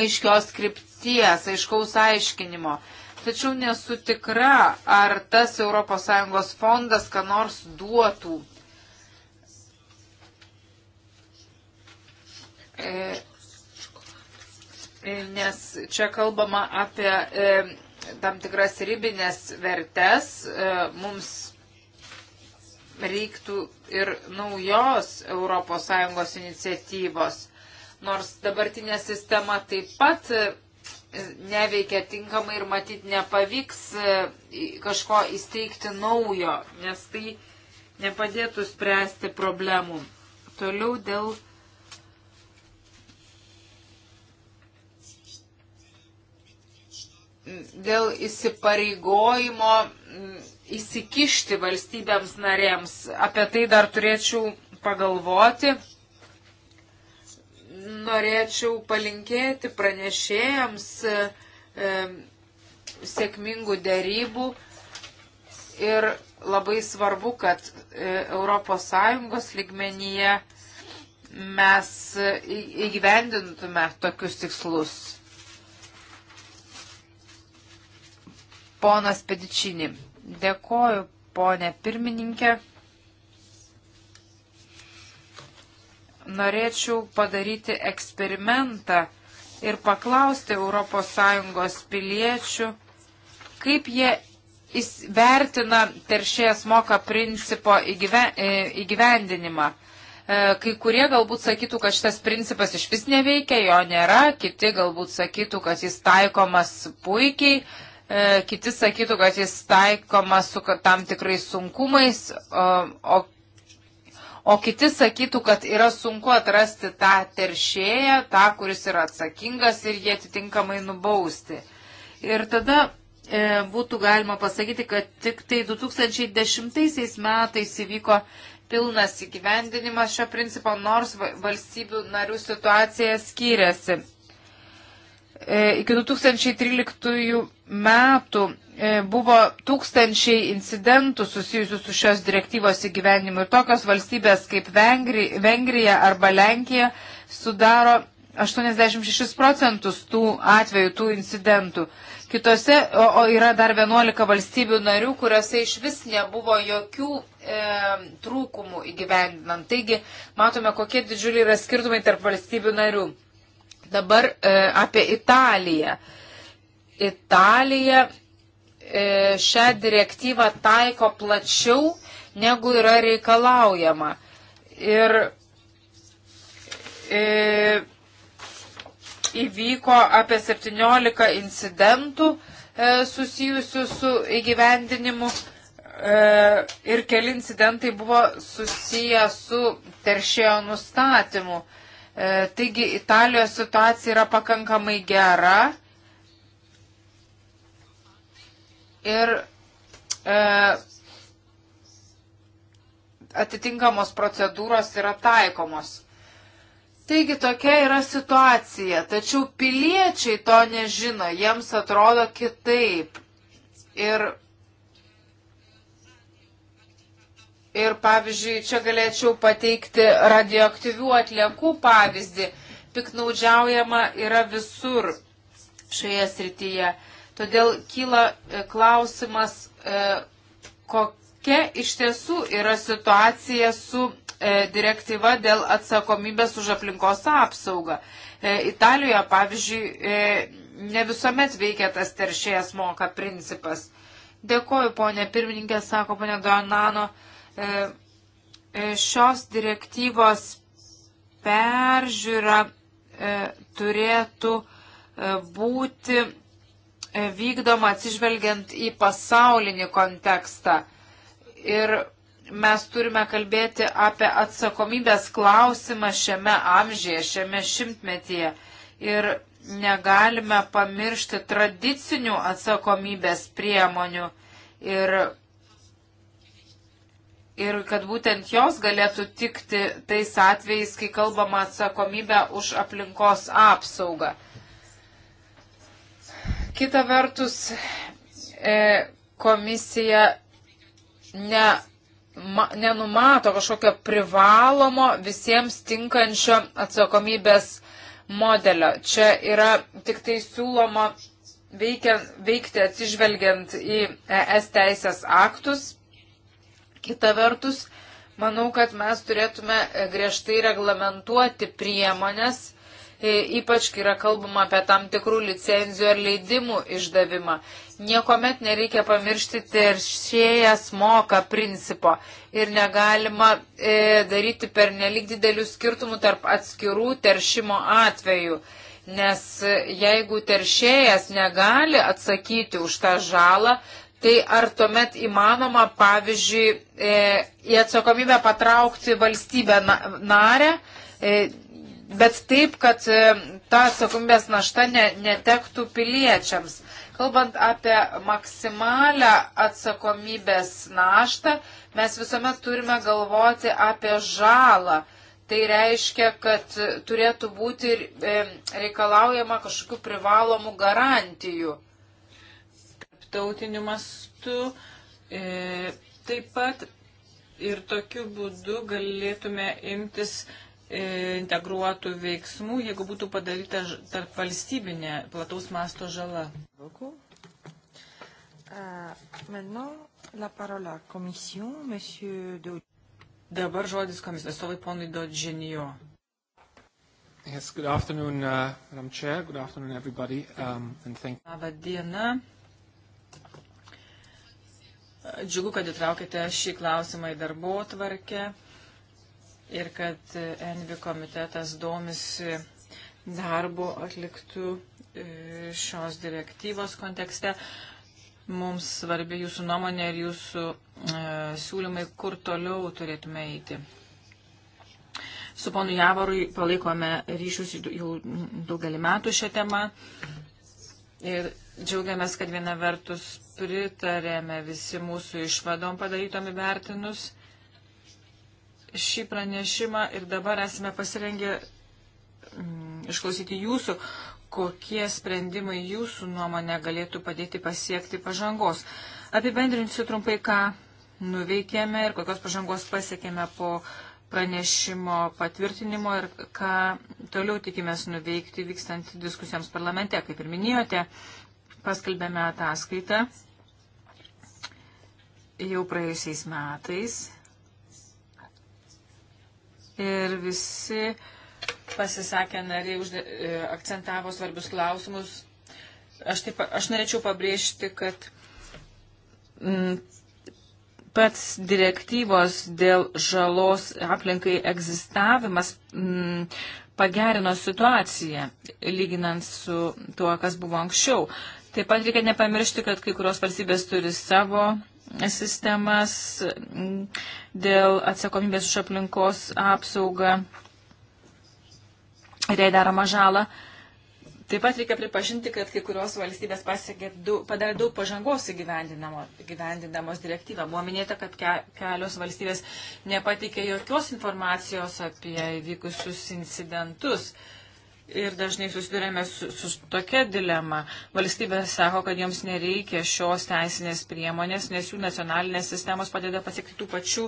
aiškios skripties, aiškaus aiškinimo. Tačiau nesu tikra, ar tas ES fondas ką nors duotų. E, e, nes čia kalbama apie e, tam tikras ribinės vertes. Mums reiktų ir naujos ES iniciatyvos. Nors dabartinė sistema taip pat e, neveikia tinkamai ir matyt nepavyks e, kažko įsteigti naujo, nes tai nepadėtų spręsti problemų. Toliau dėl. Dėl įsipareigojimo įsikišti valstybėms narėms. Apie tai dar turėčiau pagalvoti. Norėčiau palinkėti pranešėjams e, sėkmingų dėrybų ir labai svarbu, kad ES lygmenyje mes įgyvendintume tokius tikslus. Ponas Pedičinį. Dėkoju, ponė pirmininkė. Norėčiau padaryti eksperimentą ir paklausti ES piliečių, kaip jie vertina teršėjas moka principo e, įgyvendinimą. E, kai kurie galbūt sakytų, kad šitas principas iš vis neveikia, jo nėra, kiti galbūt sakytų, kad jis taikomas puikiai, E, kiti sakytų, kad jis taikomas su tam tikrais sunkumais, o, o kiti sakytų, kad yra sunku atrasti tą teršėją, tą, kuris yra atsakingas ir jie atitinkamai nubausti. Ir tada e, būtų galima pasakyti, kad tik tai 2010 metais įvyko pilnas įgyvendinimas šio principo, nors valstybių narių situacija skiriasi. E, iki 2013 metų e, buvo tūkstančiai incidentų susijusių su šios direktyvos įgyvenimu ir tokios valstybės kaip Vengri, Vengrija arba Lenkija sudaro 86 procentus tų atvejų, tų incidentų. Kitose, o, o yra dar 11 valstybių narių, kuriuose iš vis nebuvo jokių e, trūkumų įgyvendinant. Taigi matome, kokie didžiuliai yra skirtumai tarp valstybių narių. Dabar e, apie Italiją. Italija e, šią direktyvą taiko plačiau, negu yra reikalaujama. Ir e, įvyko apie 17 incidentų e, susijusių su įgyvendinimu e, ir keli incidentai buvo susiję su teršėjo nustatymu. E, E, taigi Italijos situacija yra pakankamai gera. Ir e, atitinkamos procedūros yra taikomos. Taigi tokia yra situacija, tačiau piliečiai to nežino, jiems atrodo kitaip. Ir Ir pavyzdžiui, čia galėčiau pateikti radioaktyvių atliekų pavyzdį. Piknaudžiaujama yra visur šioje srityje. Todėl kyla e, klausimas, e, kokia iš tiesų yra situacija su e, direktyva dėl atsakomybės už aplinkos apsaugą. Italijoje, pavyzdžiui, ne visuomet veikia tas teršėjas moka principas. Dėkoju, ponė pirmininkė, sako ponė Donano. E, e, šios direktyvos peržiūra e, turėtų būti vykdoma atsižvelgiant į pasaulinį kontekstą. Ir mes turime kalbėti apie atsakomybės klausimą šiame amžiuje, šiame šimtmetyje. Ir negalime pamiršti tradicinių atsakomybės priemonių. Ir ir kad būtent jos galėtų tikti tais atvejais, kai kalbama atsakomybę už aplinkos apsaugą. Kita vertus, e, komisija ne, ma, nenumato kažkokio privalomo visiems tinkančio atsakomybės modelio. Čia yra tik tai siūloma veikia, veikti atsižvelgiant į ES teisės aktus Kita vertus, manau, kad mes turėtume e, griežtai reglamentuoti priemonės, e, ypač kai yra kalbama apie tam tikrų licenzijų ar leidimų išdavimą. Niekuomet nereikia pamiršti teršėjas moka principo ir negalima e, daryti per nelik didelių skirtumų tarp atskirų teršimo atvejų. Nes e, jeigu teršėjas negali atsakyti už tą žalą, tai ar tuomet įmanoma, pavyzdžiui, e, į atsakomybę patraukti valstybę narę, e, bet taip, kad e, ta atsakomybės našta netektų piliečiams. Kalbant apie maksimalę atsakomybės naštą, mes visuomet turime galvoti apie žalą. Tai reiškia, kad turėtų būti reikalaujama kažkokių privalomų garantijų tarptautiniu mastu. E, taip pat ir tokiu būdu galėtume imtis e, integruotų veiksmų, jeigu būtų padaryta tarp valstybinė plataus masto žala. Euh, Dabar žodis komisijos atstovai ponui Dodžinijo. Yes, good afternoon, uh, Madam Chair. Good afternoon, everybody. Um, and thank Labą dieną, Džiugu, kad įtraukite šį klausimą į darbo tvarkę ir kad Envi komitetas domisi darbo atliktų e, šios direktyvos kontekste. Mums svarbi jūsų nuomonė ir jūsų e, siūlymai, kur toliau turėtume eiti. Su ponu Javorui palaikome ryšius jau daugelį metų šią temą ir Džiaugiamės, kad viena vertus pritarėme visi mūsų išvadom padarytom įvertinus šį pranešimą ir dabar esame pasirengę mm, išklausyti jūsų, kokie sprendimai jūsų nuomonė galėtų padėti pasiekti pažangos. Apibendrinsiu trumpai, ką nuveikėme ir kokios pažangos pasiekėme po pranešimo patvirtinimo ir ką toliau tikimės nuveikti vykstant diskusijoms parlamente. Kaip ir minėjote, paskelbėme ataskaitą jau praėjusiais metais. Ir visi pasisakė nariai, uždė, e, akcentavo svarbius klausimus. Aš, taip, aš norėčiau pabrėžti, kad m, mm, pats direktyvos dėl žalos aplinkai egzistavimas m, mm, pagerino situaciją, lyginant su tuo, kas buvo anksčiau. Taip pat reikia nepamiršti, kad kai kurios valstybės turi savo sistemas dėl atsakomybės už aplinkos apsaugą ir jai daroma žalą. Taip pat reikia pripažinti, kad kai kurios valstybės pasiekė, padarė daug pažangos įgyvendindamos direktyvą. Buvo minėta, kad ke, kelios valstybės nepatikė jokios informacijos apie įvykusius incidentus. Uh, Ir dažnai susidurėme su, su tokia dilema. Valstybė sako, kad joms nereikia šios teisinės priemonės, nes jų nacionalinės sistemos padeda pasiekti tų pačių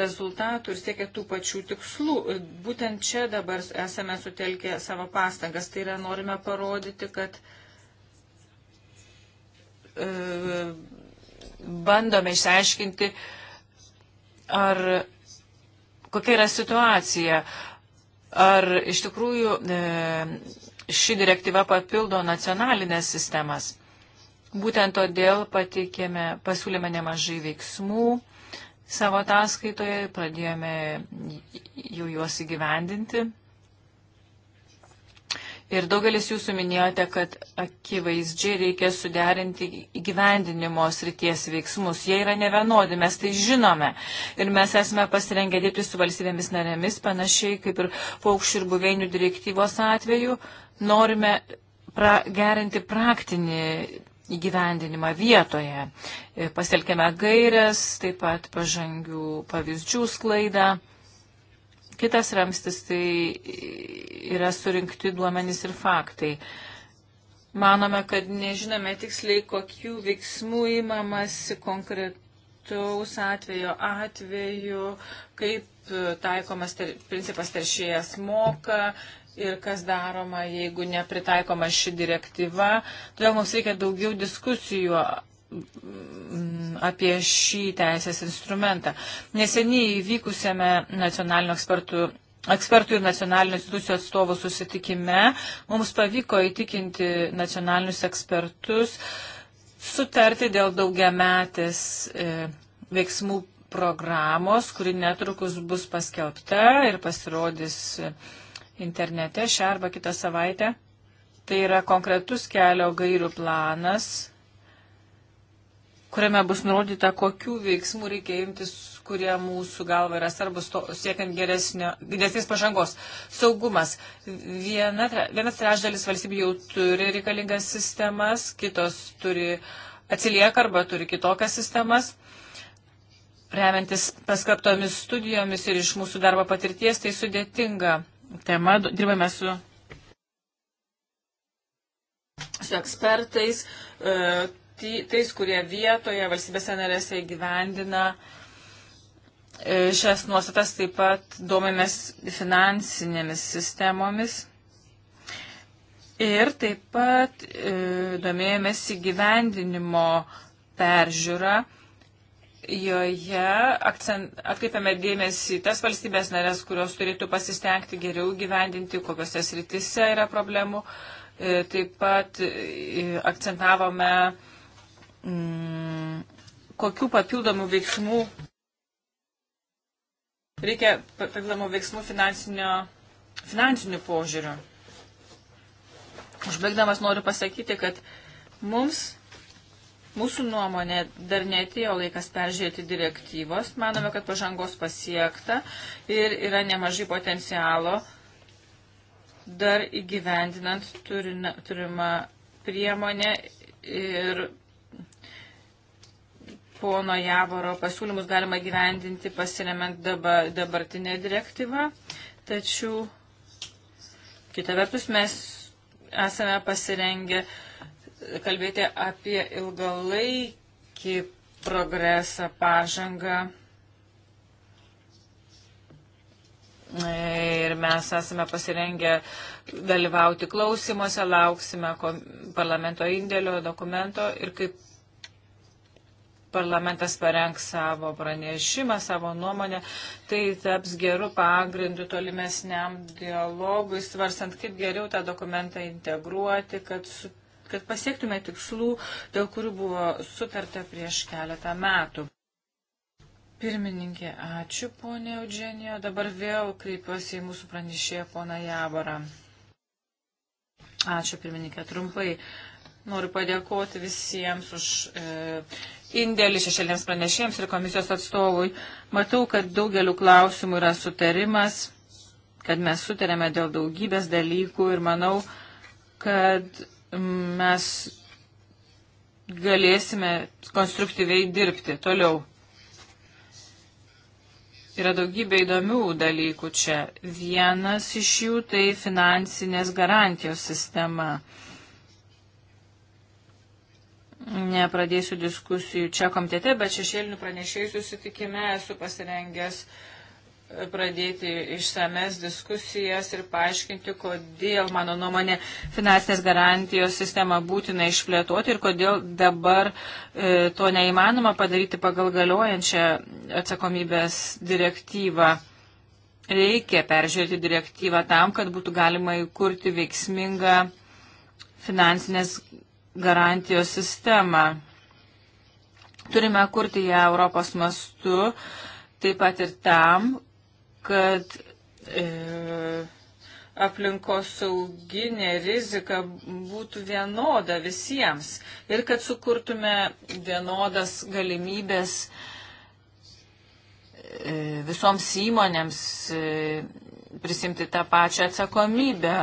rezultatų ir siekia tų pačių tikslų. Būtent čia dabar esame sutelkę savo pastangas. Tai yra, norime parodyti, kad. E, bandome išsiaiškinti, ar kokia yra situacija, Ar iš tikrųjų e, ši direktyva papildo nacionalinės sistemas? Būtent todėl patikėme, pasiūlėme nemažai veiksmų savo ataskaitoje, pradėjome jau juos įgyvendinti. Ir daugelis jūsų minėjote, kad akivaizdžiai reikia suderinti įgyvendinimo srities veiksmus. Jie yra nevienodi, mes tai žinome. Ir mes esame pasirengę dirbti su valstybėmis narėmis, panašiai kaip ir paukščių ir buveinių direktyvos atveju. Norime pra gerinti praktinį įgyvendinimą vietoje. Pasitelkėme gairias, taip pat pažangių pavyzdžių sklaidą. Kitas ramstis tai yra surinkti duomenys ir faktai. Manome, kad nežinome tiksliai, kokių veiksmų įmamasi konkretaus atvejo atveju, kaip taikomas ter, principas teršėjas moka ir kas daroma, jeigu nepritaikoma ši direktyva. Todėl mums reikia daugiau diskusijų apie šį teisės instrumentą. Neseniai įvykusiame nacionalinio ekspertų ekspertų ir nacionalinių institucijų atstovų susitikime mums pavyko įtikinti nacionalinius ekspertus sutarti dėl daugiametės e, veiksmų programos, kuri netrukus bus paskelbta ir pasirodys e, internete šią arba kitą savaitę. Tai yra konkretus kelio gairių planas kuriame bus nurodyta, kokių veiksmų reikia imtis, kurie mūsų galva yra svarbus siekiant geresnės pažangos. Saugumas. Viena, vienas trečdalis valstybių jau turi reikalingas sistemas, kitos turi atsilieka arba turi kitokias sistemas. Remiantis paskaptomis studijomis ir iš mūsų darbo patirties, tai sudėtinga tema. Dirbame su su ekspertais, e, tais, kurie vietoje valstybėse narėse įgyvendina e, šias nuostatas, taip pat domėmės finansinėmis sistemomis. Ir taip pat e, domėjomės įgyvendinimo peržiūrą. Joje akcent, atkreipiame dėmesį tas valstybės narės, kurios turėtų pasistengti geriau gyvendinti, kokiuose sritise yra problemų. E, taip pat akcentavome mm, kokių papildomų veiksmų reikia papildomų veiksmų finansinių požiūrių. Užbaigdamas noriu pasakyti, kad mums, mūsų nuomonė, dar netėjo laikas peržiūrėti direktyvos. Manome, kad pažangos pasiekta ir yra nemažai potencialo dar įgyvendinant turina, turimą priemonę ir pono Javoro pasiūlymus galima gyvendinti pasiremiant dabar, dabartinę direktyvą, tačiau kita vertus mes esame pasirengę kalbėti apie ilgalaikį progresą, pažangą. Ir mes esame pasirengę dalyvauti klausimuose, lauksime parlamento indėlio dokumento ir kaip parlamentas parengs savo pranešimą, savo nuomonę, tai taps geru pagrindu tolimesniam dialogui, svarstant, kaip geriau tą dokumentą integruoti, kad, su, kad pasiektume tikslų, dėl kurių buvo sutarta prieš keletą metų. Pirmininkė, ačiū ponė Eugenijo. Dabar vėl kreipiuosi į mūsų pranešėją poną Javorą. Ačiū pirmininkė, trumpai. Noriu padėkoti visiems už e, indėlį šešėlėms pranešėjams ir komisijos atstovui. Matau, kad daugeliu klausimų yra sutarimas, kad mes sutarėme dėl daugybės dalykų ir manau, kad mm, mes galėsime konstruktyviai dirbti toliau. Yra daugybė įdomių dalykų čia. Vienas iš jų tai finansinės garantijos sistema nepradėsiu diskusijų čia komitete, bet šešėlinių pranešėjų susitikime esu pasirengęs pradėti išsames diskusijas ir paaiškinti, kodėl, mano nuomonė, finansinės garantijos sistemą būtina išplėtoti ir kodėl dabar e, to neįmanoma padaryti pagal galiojančią atsakomybės direktyvą. Reikia peržiūrėti direktyvą tam, kad būtų galima įkurti veiksmingą finansinės garantijos sistemą. Turime kurti ją Europos mastu, taip pat ir tam, kad e, aplinkos sauginė rizika būtų vienoda visiems ir kad sukurtume vienodas galimybės e, visoms įmonėms e, prisimti tą pačią atsakomybę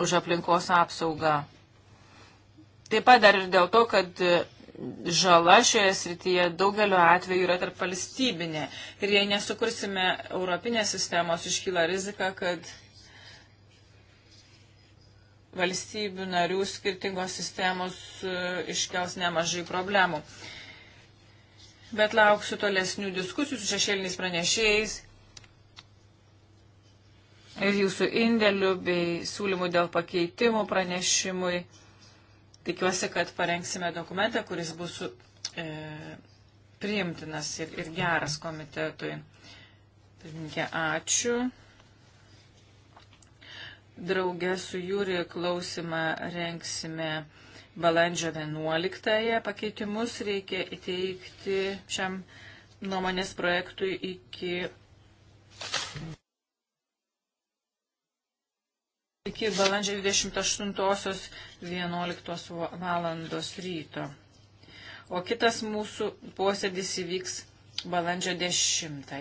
už aplinkos apsaugą. Taip pat dar ir dėl to, kad e, žala šioje srityje daugeliu atveju yra tarp valstybinė. Ir jei nesukursime europinės sistemos, iškyla rizika, kad valstybių narių skirtingos sistemos e, iškels nemažai problemų. Bet lauksiu tolesnių diskusijų su šešėliniais pranešėjais ir jūsų indėlių bei siūlymų dėl pakeitimų pranešimui. Tikiuosi, kad parengsime dokumentą, kuris bus e, priimtinas ir, ir geras komitetui. Pirminkė, ačiū. Draugė su Jūri klausimą rengsime balandžio 11-ąją. Pakeitimus reikia įteikti šiam nuomonės projektui iki iki balandžio 28.11 valandos ryto. O kitas mūsų posėdis įvyks balandžio 10.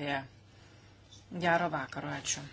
Gero vakaro, ačiū.